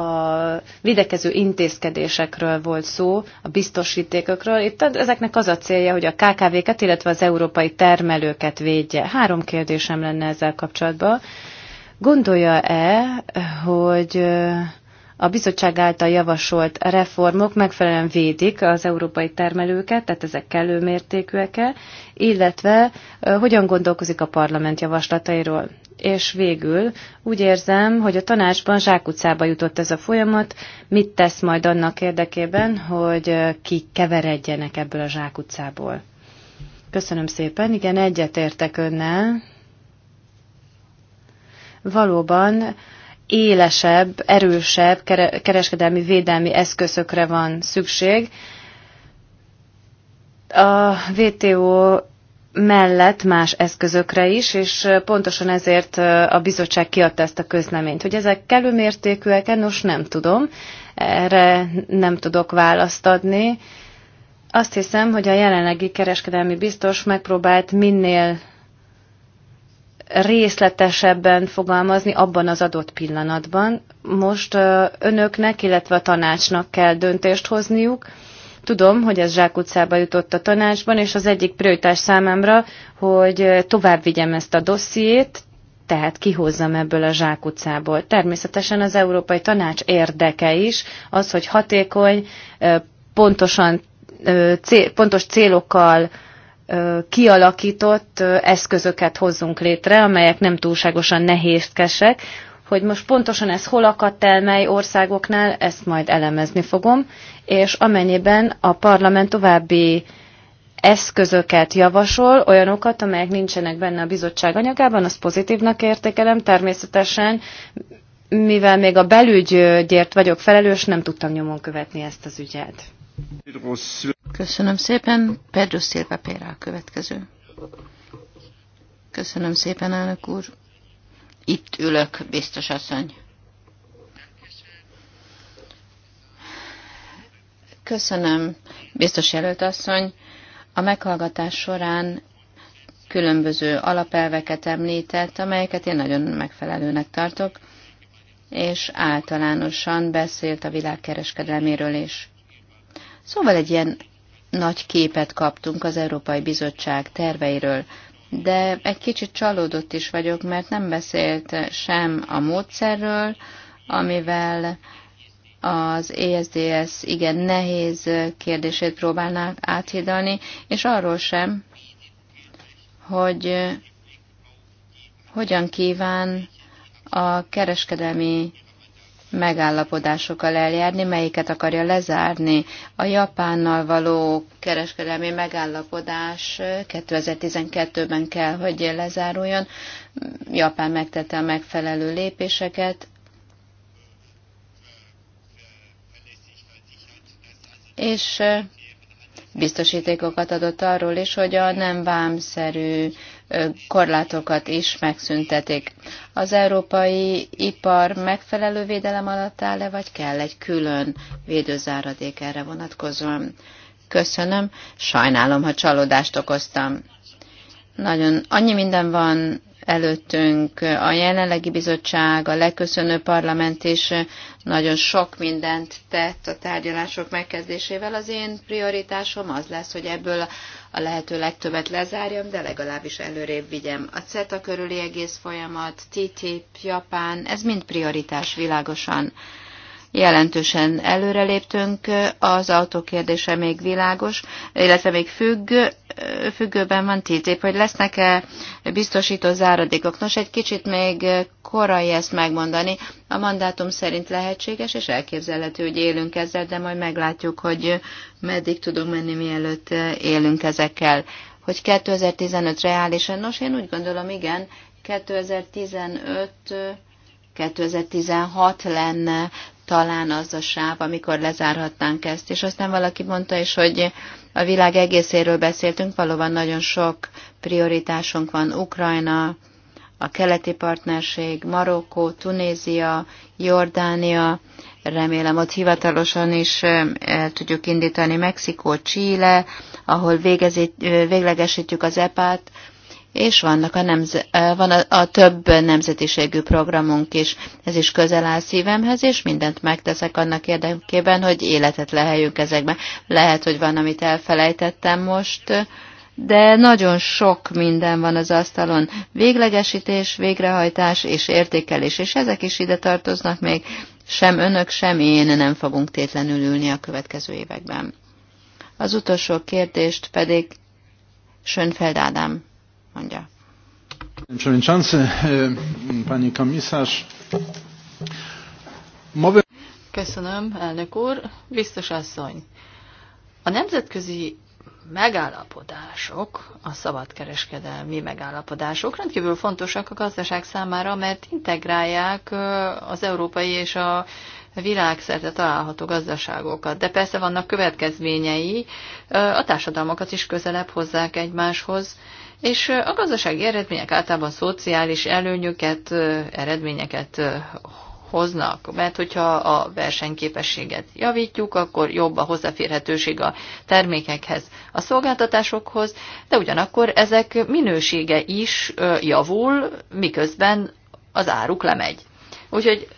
a videkező intézkedésekről volt szó, a biztosítékokról. Itt ezeknek az a célja, hogy a KKV-ket, illetve az európai termelőket védje. Három kérdésem lenne ezzel kapcsolatban. Gondolja-e, hogy a bizottság által javasolt reformok megfelelően védik az európai termelőket, tehát ezek kellő mértékűek -e, illetve hogyan gondolkozik a parlament javaslatairól? és végül úgy érzem, hogy a tanácsban zsákutcába jutott ez a folyamat. Mit tesz majd annak érdekében, hogy ki keveredjenek ebből a zsákutcából? Köszönöm szépen. Igen, egyetértek önnel. Valóban élesebb, erősebb kereskedelmi védelmi eszközökre van szükség. A WTO mellett más eszközökre is, és pontosan ezért a bizottság kiadta ezt a közleményt. Hogy ezek kellő mértékűek, nos nem tudom, erre nem tudok választ adni. Azt hiszem, hogy a jelenlegi kereskedelmi biztos megpróbált minél részletesebben fogalmazni abban az adott pillanatban. Most önöknek, illetve a tanácsnak kell döntést hozniuk, Tudom, hogy ez zsákutcába jutott a tanácsban, és az egyik prioritás számomra, hogy tovább vigyem ezt a dossziét, tehát kihozzam ebből a zsákutcából. Természetesen az Európai Tanács érdeke is az, hogy hatékony, pontosan, pontos célokkal kialakított eszközöket hozzunk létre, amelyek nem túlságosan nehézkesek, hogy most pontosan ez hol akadt el, mely országoknál, ezt majd elemezni fogom, és amennyiben a parlament további eszközöket javasol, olyanokat, amelyek nincsenek benne a bizottság anyagában, azt pozitívnak értékelem. Természetesen, mivel még a belügyért vagyok felelős, nem tudtam nyomon követni ezt az ügyet. Köszönöm szépen. Pedro Silva Péra a következő. Köszönöm szépen, elnök úr. Itt ülök, biztos asszony. Köszönöm, biztos jelölt asszony. A meghallgatás során különböző alapelveket említett, amelyeket én nagyon megfelelőnek tartok, és általánosan beszélt a világkereskedelméről is. Szóval egy ilyen nagy képet kaptunk az Európai Bizottság terveiről, de egy kicsit csalódott is vagyok, mert nem beszélt sem a módszerről, amivel az ESDS igen nehéz kérdését próbálnák áthidalni, és arról sem, hogy hogyan kíván a kereskedelmi megállapodásokkal eljárni, melyiket akarja lezárni. A Japánnal való kereskedelmi megállapodás 2012-ben kell, hogy lezáruljon. Japán megtette a megfelelő lépéseket, és eh, biztosítékokat adott arról is, hogy a nem vámszerű korlátokat is megszüntetik. Az európai ipar megfelelő védelem alatt áll-e, vagy kell egy külön védőzáradék erre vonatkozóan? Köszönöm, sajnálom, ha csalódást okoztam. Nagyon annyi minden van, előttünk a jelenlegi bizottság, a leköszönő parlament is nagyon sok mindent tett a tárgyalások megkezdésével. Az én prioritásom az lesz, hogy ebből a lehető legtöbbet lezárjam, de legalábbis előrébb vigyem. A CETA körüli egész folyamat, TTIP, Japán, ez mind prioritás világosan. Jelentősen előreléptünk, az autókérdése még világos, illetve még függ, függőben van tíz év, hogy lesznek-e biztosító záradékok. Nos, egy kicsit még korai ezt megmondani. A mandátum szerint lehetséges és elképzelhető, hogy élünk ezzel, de majd meglátjuk, hogy meddig tudunk menni, mielőtt élünk ezekkel. Hogy 2015 reálisan, nos, én úgy gondolom, igen, 2015 2016 lenne talán az a sáv, amikor lezárhatnánk ezt. És aztán valaki mondta is, hogy a világ egészéről beszéltünk, valóban nagyon sok prioritásunk van. Ukrajna, a keleti partnerség, Marokkó, Tunézia, Jordánia, remélem ott hivatalosan is el tudjuk indítani Mexikó, Chile, ahol végezi, véglegesítjük az epát és vannak a nemze, van a, a több nemzetiségű programunk is. Ez is közel áll szívemhez, és mindent megteszek annak érdekében, hogy életet leheljünk ezekben Lehet, hogy van, amit elfelejtettem most, de nagyon sok minden van az asztalon. Véglegesítés, végrehajtás és értékelés, és ezek is ide tartoznak még. Sem önök, sem én nem fogunk tétlenül ülni a következő években. Az utolsó kérdést pedig Sönfeld Ádám mondja. E, Köszönöm, elnök úr. Biztos asszony. A nemzetközi megállapodások, a szabadkereskedelmi megállapodások rendkívül fontosak a gazdaság számára, mert integrálják az európai és a világszerte található gazdaságokat. De persze vannak következményei, a társadalmakat is közelebb hozzák egymáshoz, és a gazdasági eredmények általában szociális előnyöket, eredményeket hoznak, mert hogyha a versenyképességet javítjuk, akkor jobb a hozzáférhetőség a termékekhez, a szolgáltatásokhoz, de ugyanakkor ezek minősége is javul, miközben az áruk lemegy. Úgyhogy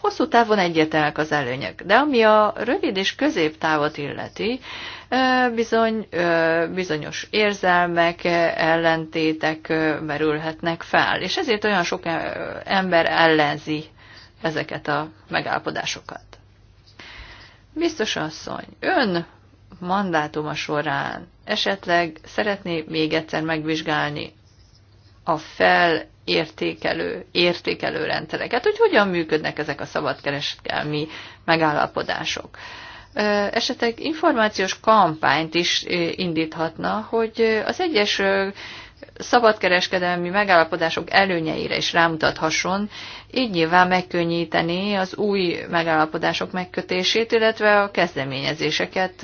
hosszú távon egyértelműek az előnyök, de ami a rövid és középtávot illeti, bizony bizonyos érzelmek, ellentétek merülhetnek fel. És ezért olyan sok e-, ember ellenzi ezeket a megállapodásokat. Biztos asszony, ön mandátuma során esetleg szeretné még egyszer megvizsgálni a felértékelő, értékelő rendszereket, hogy hogyan működnek ezek a szabadkereskedelmi megállapodások esetleg információs kampányt is indíthatna, hogy az egyes szabadkereskedelmi megállapodások előnyeire is rámutathasson, így nyilván megkönnyíteni az új megállapodások megkötését, illetve a kezdeményezéseket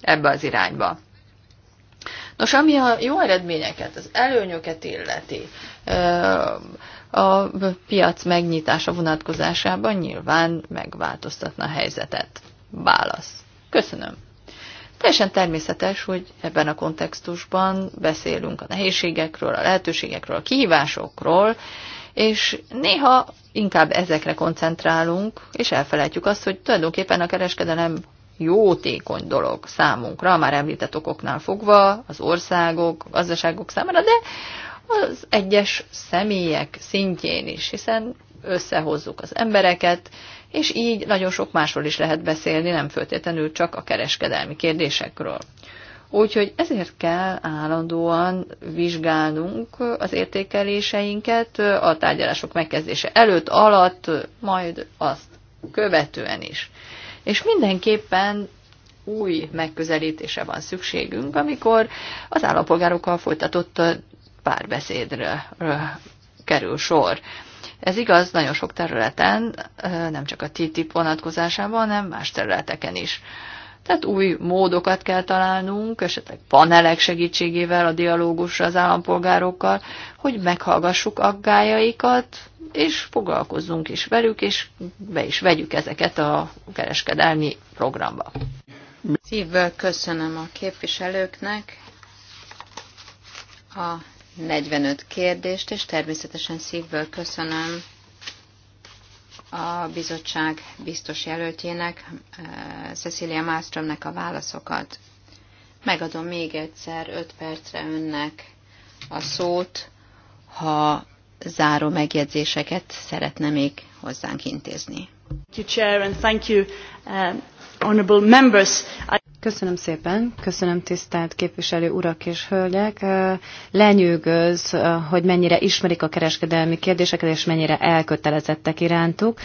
ebbe az irányba. Nos, ami a jó eredményeket, az előnyöket illeti, a piac megnyitása vonatkozásában nyilván megváltoztatna a helyzetet. Válasz. Köszönöm. Teljesen természetes, hogy ebben a kontextusban beszélünk a nehézségekről, a lehetőségekről, a kihívásokról, és néha inkább ezekre koncentrálunk, és elfelejtjük azt, hogy tulajdonképpen a kereskedelem jótékony dolog számunkra, már említett okoknál fogva, az országok, gazdaságok számára, de az egyes személyek szintjén is, hiszen összehozzuk az embereket, és így nagyon sok másról is lehet beszélni, nem föltétlenül csak a kereskedelmi kérdésekről. Úgyhogy ezért kell állandóan vizsgálnunk az értékeléseinket a tárgyalások megkezdése előtt, alatt, majd azt követően is. És mindenképpen új megközelítése van szükségünk, amikor az állampolgárokkal folytatott párbeszédre kerül sor. Ez igaz nagyon sok területen, nem csak a TTIP vonatkozásában, hanem más területeken is. Tehát új módokat kell találnunk, esetleg panelek segítségével a dialógusra az állampolgárokkal, hogy meghallgassuk aggájaikat, és foglalkozzunk is velük, és be is vegyük ezeket a kereskedelmi programba. Szívből köszönöm a képviselőknek a 45 kérdést, és természetesen szívből köszönöm a bizottság biztos jelöltjének, eh, Cecilia Mástromnek a válaszokat. Megadom még egyszer 5 percre önnek a szót, ha záró megjegyzéseket szeretne még hozzánk intézni. Thank you, Chair, and thank you, uh, honorable members. I Köszönöm szépen, köszönöm tisztelt képviselő urak és hölgyek. Lenyűgöz, hogy mennyire ismerik a kereskedelmi kérdéseket, és mennyire elkötelezettek irántuk.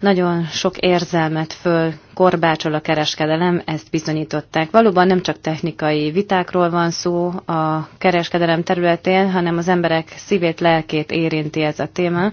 Nagyon sok érzelmet föl korbácsol a kereskedelem, ezt bizonyították. Valóban nem csak technikai vitákról van szó a kereskedelem területén, hanem az emberek szívét, lelkét érinti ez a téma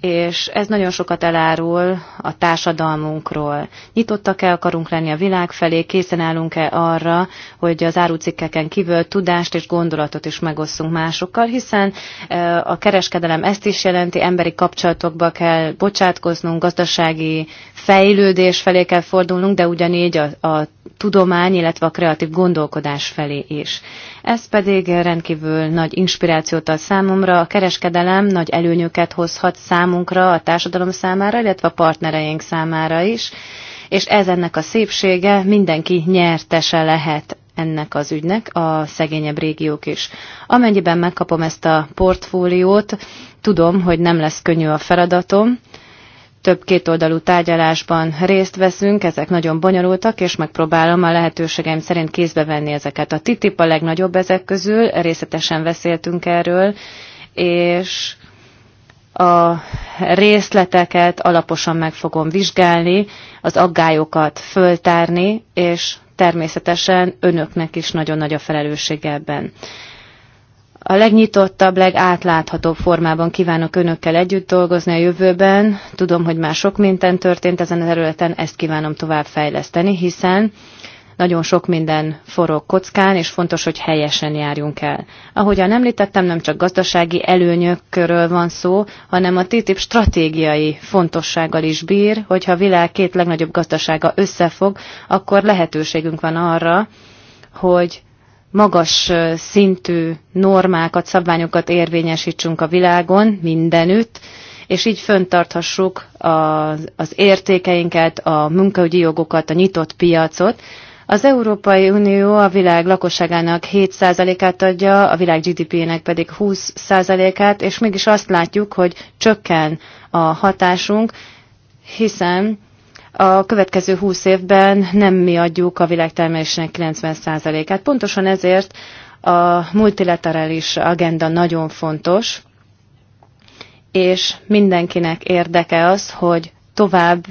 és ez nagyon sokat elárul a társadalmunkról. Nyitottak-e akarunk lenni a világ felé, készen állunk-e arra, hogy az árucikkeken kívül tudást és gondolatot is megosszunk másokkal, hiszen e, a kereskedelem ezt is jelenti, emberi kapcsolatokba kell bocsátkoznunk, gazdasági fejlődés felé kell fordulnunk, de ugyanígy a, a tudomány, illetve a kreatív gondolkodás felé is. Ez pedig rendkívül nagy inspirációt ad számomra, a kereskedelem nagy előnyöket hozhat számunkra, a társadalom számára, illetve a partnereink számára is, és ez ennek a szépsége, mindenki nyertese lehet ennek az ügynek, a szegényebb régiók is. Amennyiben megkapom ezt a portfóliót, tudom, hogy nem lesz könnyű a feladatom, több kétoldalú tárgyalásban részt veszünk, ezek nagyon bonyolultak, és megpróbálom a lehetőségeim szerint kézbe venni ezeket. A TTIP a legnagyobb ezek közül, részletesen beszéltünk erről, és a részleteket alaposan meg fogom vizsgálni, az aggályokat föltárni, és természetesen önöknek is nagyon nagy a felelősség ebben a legnyitottabb, legátláthatóbb formában kívánok önökkel együtt dolgozni a jövőben. Tudom, hogy már sok minden történt ezen a területen, ezt kívánom tovább fejleszteni, hiszen nagyon sok minden forog kockán, és fontos, hogy helyesen járjunk el. Ahogyan említettem, nem csak gazdasági előnyökről van szó, hanem a TTIP stratégiai fontossággal is bír, hogyha a világ két legnagyobb gazdasága összefog, akkor lehetőségünk van arra, hogy magas szintű normákat, szabványokat érvényesítsünk a világon mindenütt, és így föntarthassuk az, az értékeinket, a munkaügyi jogokat, a nyitott piacot. Az Európai Unió a világ lakosságának 7%-át adja, a világ GDP-nek pedig 20%-át, és mégis azt látjuk, hogy csökken a hatásunk, hiszen a következő 20 évben nem mi adjuk a világtermelésének 90%-át. Pontosan ezért a multilaterális agenda nagyon fontos, és mindenkinek érdeke az, hogy tovább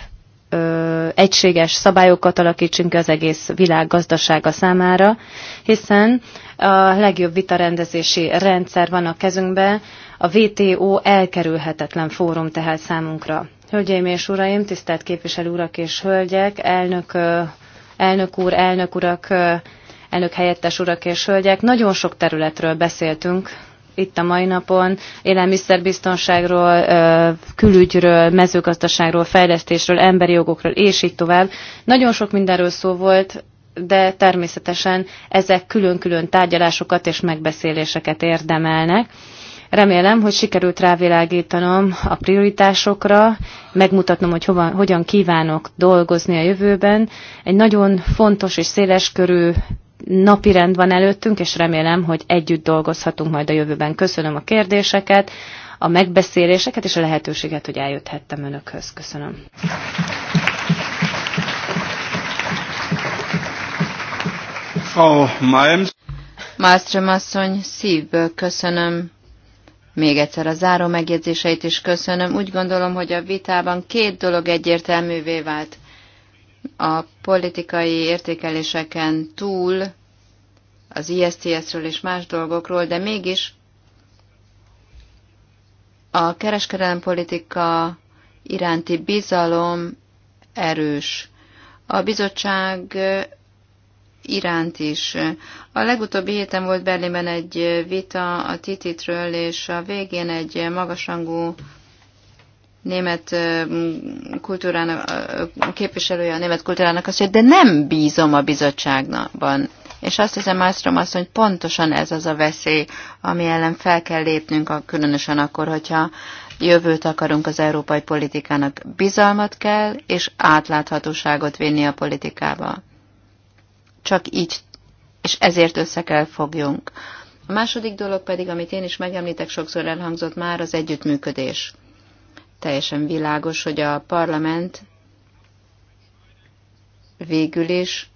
ö, egységes szabályokat alakítsunk az egész világ gazdasága számára, hiszen a legjobb vitarendezési rendszer van a kezünkben, a WTO elkerülhetetlen fórum tehát számunkra. Hölgyeim és uraim, tisztelt képviselő urak és hölgyek, elnök, elnök úr, elnök urak, elnök helyettes urak és hölgyek, nagyon sok területről beszéltünk itt a mai napon, élelmiszerbiztonságról, külügyről, mezőgazdaságról, fejlesztésről, emberi jogokról, és így tovább. Nagyon sok mindenről szó volt, de természetesen ezek külön-külön tárgyalásokat és megbeszéléseket érdemelnek. Remélem, hogy sikerült rávilágítanom a prioritásokra, megmutatnom, hogy hova, hogyan kívánok dolgozni a jövőben. Egy nagyon fontos és széleskörű napi rend van előttünk, és remélem, hogy együtt dolgozhatunk majd a jövőben. Köszönöm a kérdéseket, a megbeszéléseket és a lehetőséget, hogy eljöthettem Önökhöz. Köszönöm. Frau Malmström asszony, szívből köszönöm még egyszer a záró megjegyzéseit is köszönöm. Úgy gondolom, hogy a vitában két dolog egyértelművé vált. A politikai értékeléseken túl, az ISTS-ről és más dolgokról, de mégis a kereskedelempolitika iránti bizalom erős. A bizottság iránt is. A legutóbbi héten volt Berlinben egy vita a tititről és a végén egy magasrangú német kultúrának, képviselője a német kultúrának azt mondja, de nem bízom a bizottságban. És azt hiszem, Mászrom azt mondja, hogy pontosan ez az a veszély, ami ellen fel kell lépnünk, különösen akkor, hogyha jövőt akarunk az európai politikának. Bizalmat kell, és átláthatóságot vinni a politikába csak így, és ezért össze kell fogjunk. A második dolog pedig, amit én is megemlítek, sokszor elhangzott már, az együttműködés. Teljesen világos, hogy a parlament végül is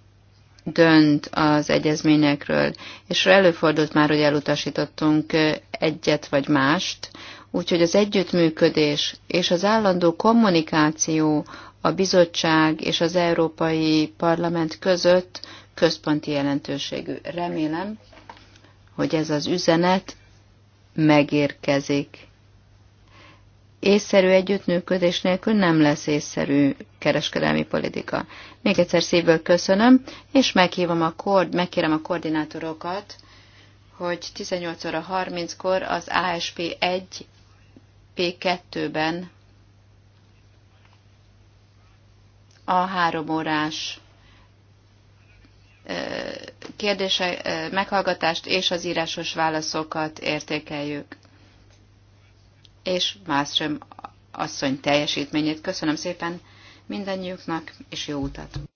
dönt az egyezményekről, és előfordult már, hogy elutasítottunk egyet vagy mást, úgyhogy az együttműködés és az állandó kommunikáció a bizottság és az Európai Parlament között központi jelentőségű. Remélem, hogy ez az üzenet megérkezik. Észszerű együttműködés nélkül nem lesz észszerű kereskedelmi politika. Még egyszer szívből köszönöm, és meghívom a kord, megkérem a koordinátorokat, hogy 18 óra 30-kor az ASP 1 P2-ben a három órás kérdése, meghallgatást és az írásos válaszokat értékeljük. És Mászröm asszony teljesítményét köszönöm szépen mindannyiuknak, és jó utat!